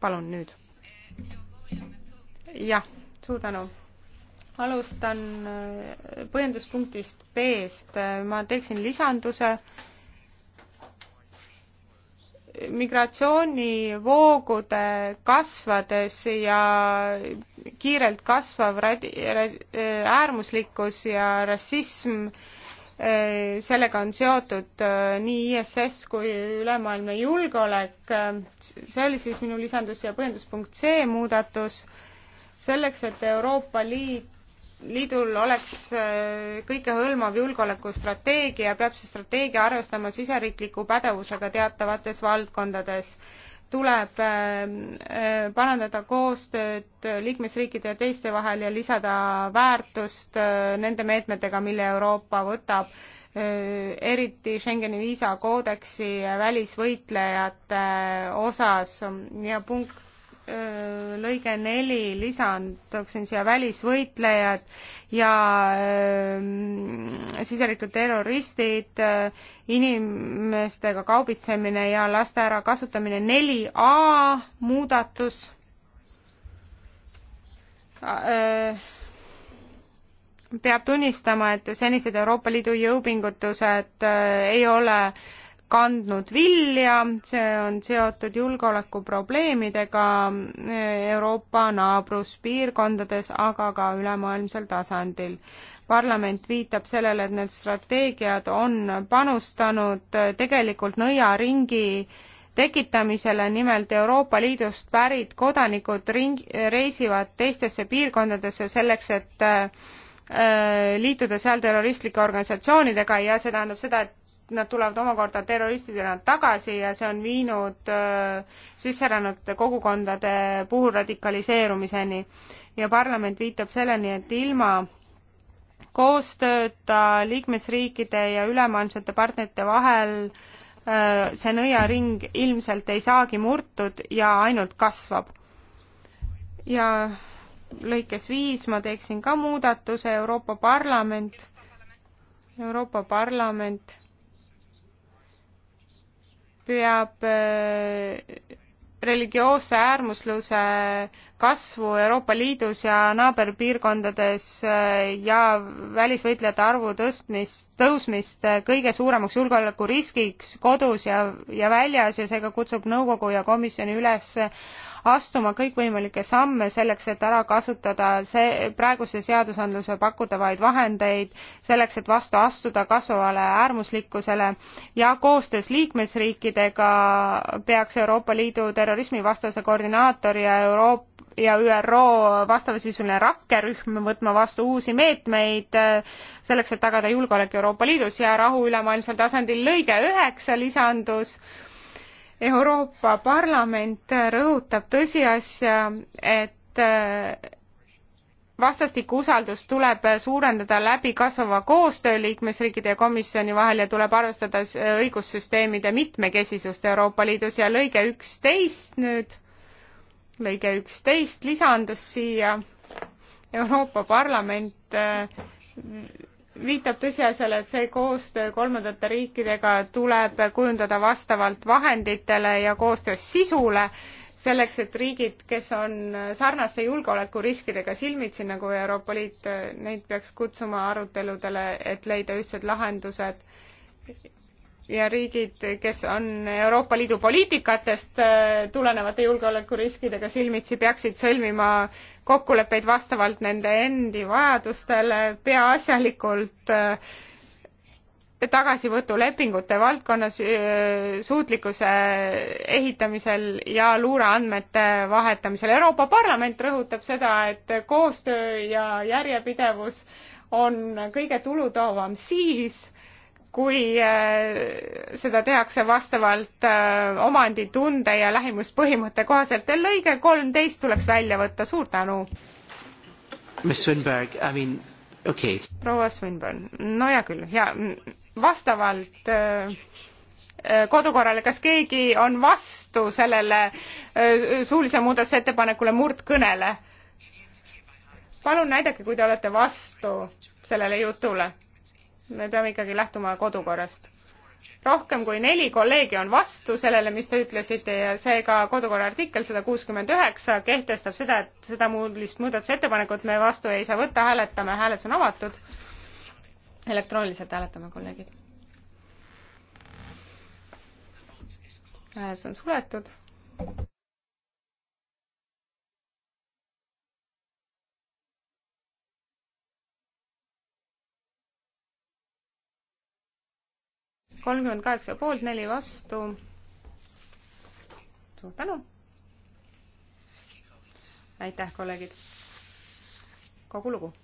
palun nüüd. jah, suur tänu. alustan äh, põhjenduspunktist B-st. Äh, ma teeksin lisanduse migratsioonivoogude kasvades ja kiirelt kasvav radi-, radi, äh, äärmuslikkus ja rassism Äh, sellega on seotud äh, nii ISS kui ülemaailmne julgeolek. Äh, see oli siis minu lisandus ja põhjenduspunkt C muudatus. selleks, et Euroopa Liit, Liidul oleks kõikehõlmav julgeolekustrateegia, peab see strateegia arvestama siseriikliku pädevusega teatavates valdkondades tuleb äh, äh, parandada koostööd liikmesriikide ja teiste vahel ja lisada väärtust äh, nende meetmetega, mille Euroopa võtab, eriti Schengeni viisakoodeksi välisvõitlejate osas ja punkt lõige neli lisanduksin siia välisvõitlejad ja äh, siseriiklikud terroristid äh,, inimestega kaubitsemine ja laste ärakasutamine. neli A muudatus äh, peab tunnistama, et senised Euroopa Liidu jõupingutused ei ole äh, kandnud vilja, see on seotud julgeolekuprobleemidega eh, Euroopa naabruspiirkondades, aga ka ülemaailmsel tasandil. parlament viitab sellele, et need strateegiad on panustanud eh, tegelikult nõiaringi tekitamisele, nimelt Euroopa Liidust pärit kodanikud ring-, reisivad teistesse piirkondadesse selleks, et eh, liituda seal terroristlike organisatsioonidega ja see tähendab seda, et nad tulevad omakorda terroristidena tagasi ja see on viinud äh, sisserännute kogukondade puhul radikaliseerumiseni. ja parlament viitab selleni, et ilma koostööta liikmesriikide ja ülemaailmsete partnerite vahel äh, see nõiaring ilmselt ei saagi murtud ja ainult kasvab. ja lõikes viis ma teeksin ka muudatuse Euroopa Parlament, Euroopa Parlament püüab äh, religioosse äärmusluse kasvu Euroopa Liidus ja naaberpiirkondades äh, ja välisvõitlejate arvu tõstmist, tõusmist äh, kõige suuremaks julgeolekuriskiks kodus ja, ja väljas ja seega kutsub nõukogu ja komisjoni üles astuma kõikvõimalikke samme selleks, et ära kasutada see, praeguse seadusandluse pakutavaid vahendeid, selleks, et vastu astuda kasvavale äärmuslikkusele ja koostöös liikmesriikidega peaks Euroopa Liidu terrorismivastase koordinaator ja Euroopa ja ÜRO vastavasisuline rakkerühm võtma vastu uusi meetmeid äh, selleks, et tagada julgeolek Euroopa Liidus ja rahu ülemaailmsel tasandil. lõige üheksa lisandus Euroopa Parlament rõhutab tõsiasja, et äh, vastastikku usaldust tuleb suurendada läbi kasvava koostöö liikmesriikide ja komisjoni vahel ja tuleb arvestada äh, õigussüsteemide mitmekesisust Euroopa Liidus ja lõige üksteist nüüd, lõige üksteist lisandus siia Euroopa Parlament äh, viitab tõsiasjale, et see koostöö kolmandate riikidega tuleb kujundada vastavalt vahenditele ja koostöös sisule, selleks et riigid, kes on sarnaste julgeolekuriskidega silmitsi nagu Euroopa Liit, neid peaks kutsuma aruteludele, et leida ühtsed lahendused ja riigid, kes on Euroopa Liidu poliitikatest äh, tulenevate julgeolekuriskidega silmitsi, peaksid sõlmima kokkuleppeid vastavalt nende endi vajadustele peaasjalikult äh, tagasivõtulepingute valdkonnas äh, suutlikkuse ehitamisel ja luureandmete vahetamisel. Euroopa Parlament rõhutab seda, et koostöö ja järjepidevus on kõige tulutoovam siis, kui äh, seda tehakse vastavalt äh, omanditunde ja lähimuspõhimõtte kohaselt. lõige kolmteist tuleks välja võtta, suur tänu. I mean, okay. proua Swinburne, no hea küll, ja vastavalt äh, kodukorrale, kas keegi on vastu sellele suulise muudatusettepanekule murdkõnele? palun näidake, kui te olete vastu sellele jutule me peame ikkagi lähtuma kodukorrast. rohkem kui neli kolleegi on vastu sellele, mis te ütlesite ja seega kodukorra artikkel sada kuuskümmend üheksa kehtestab seda, et seda muudlist muudatusettepanekut me vastu ei saa võtta, hääletame, hääletus on avatud. elektrooniliselt hääletame, kolleegid. hääletus on suletud. kolmkümmend kaheksa poolt, neli vastu. suur tänu. aitäh, kolleegid. kogu lugu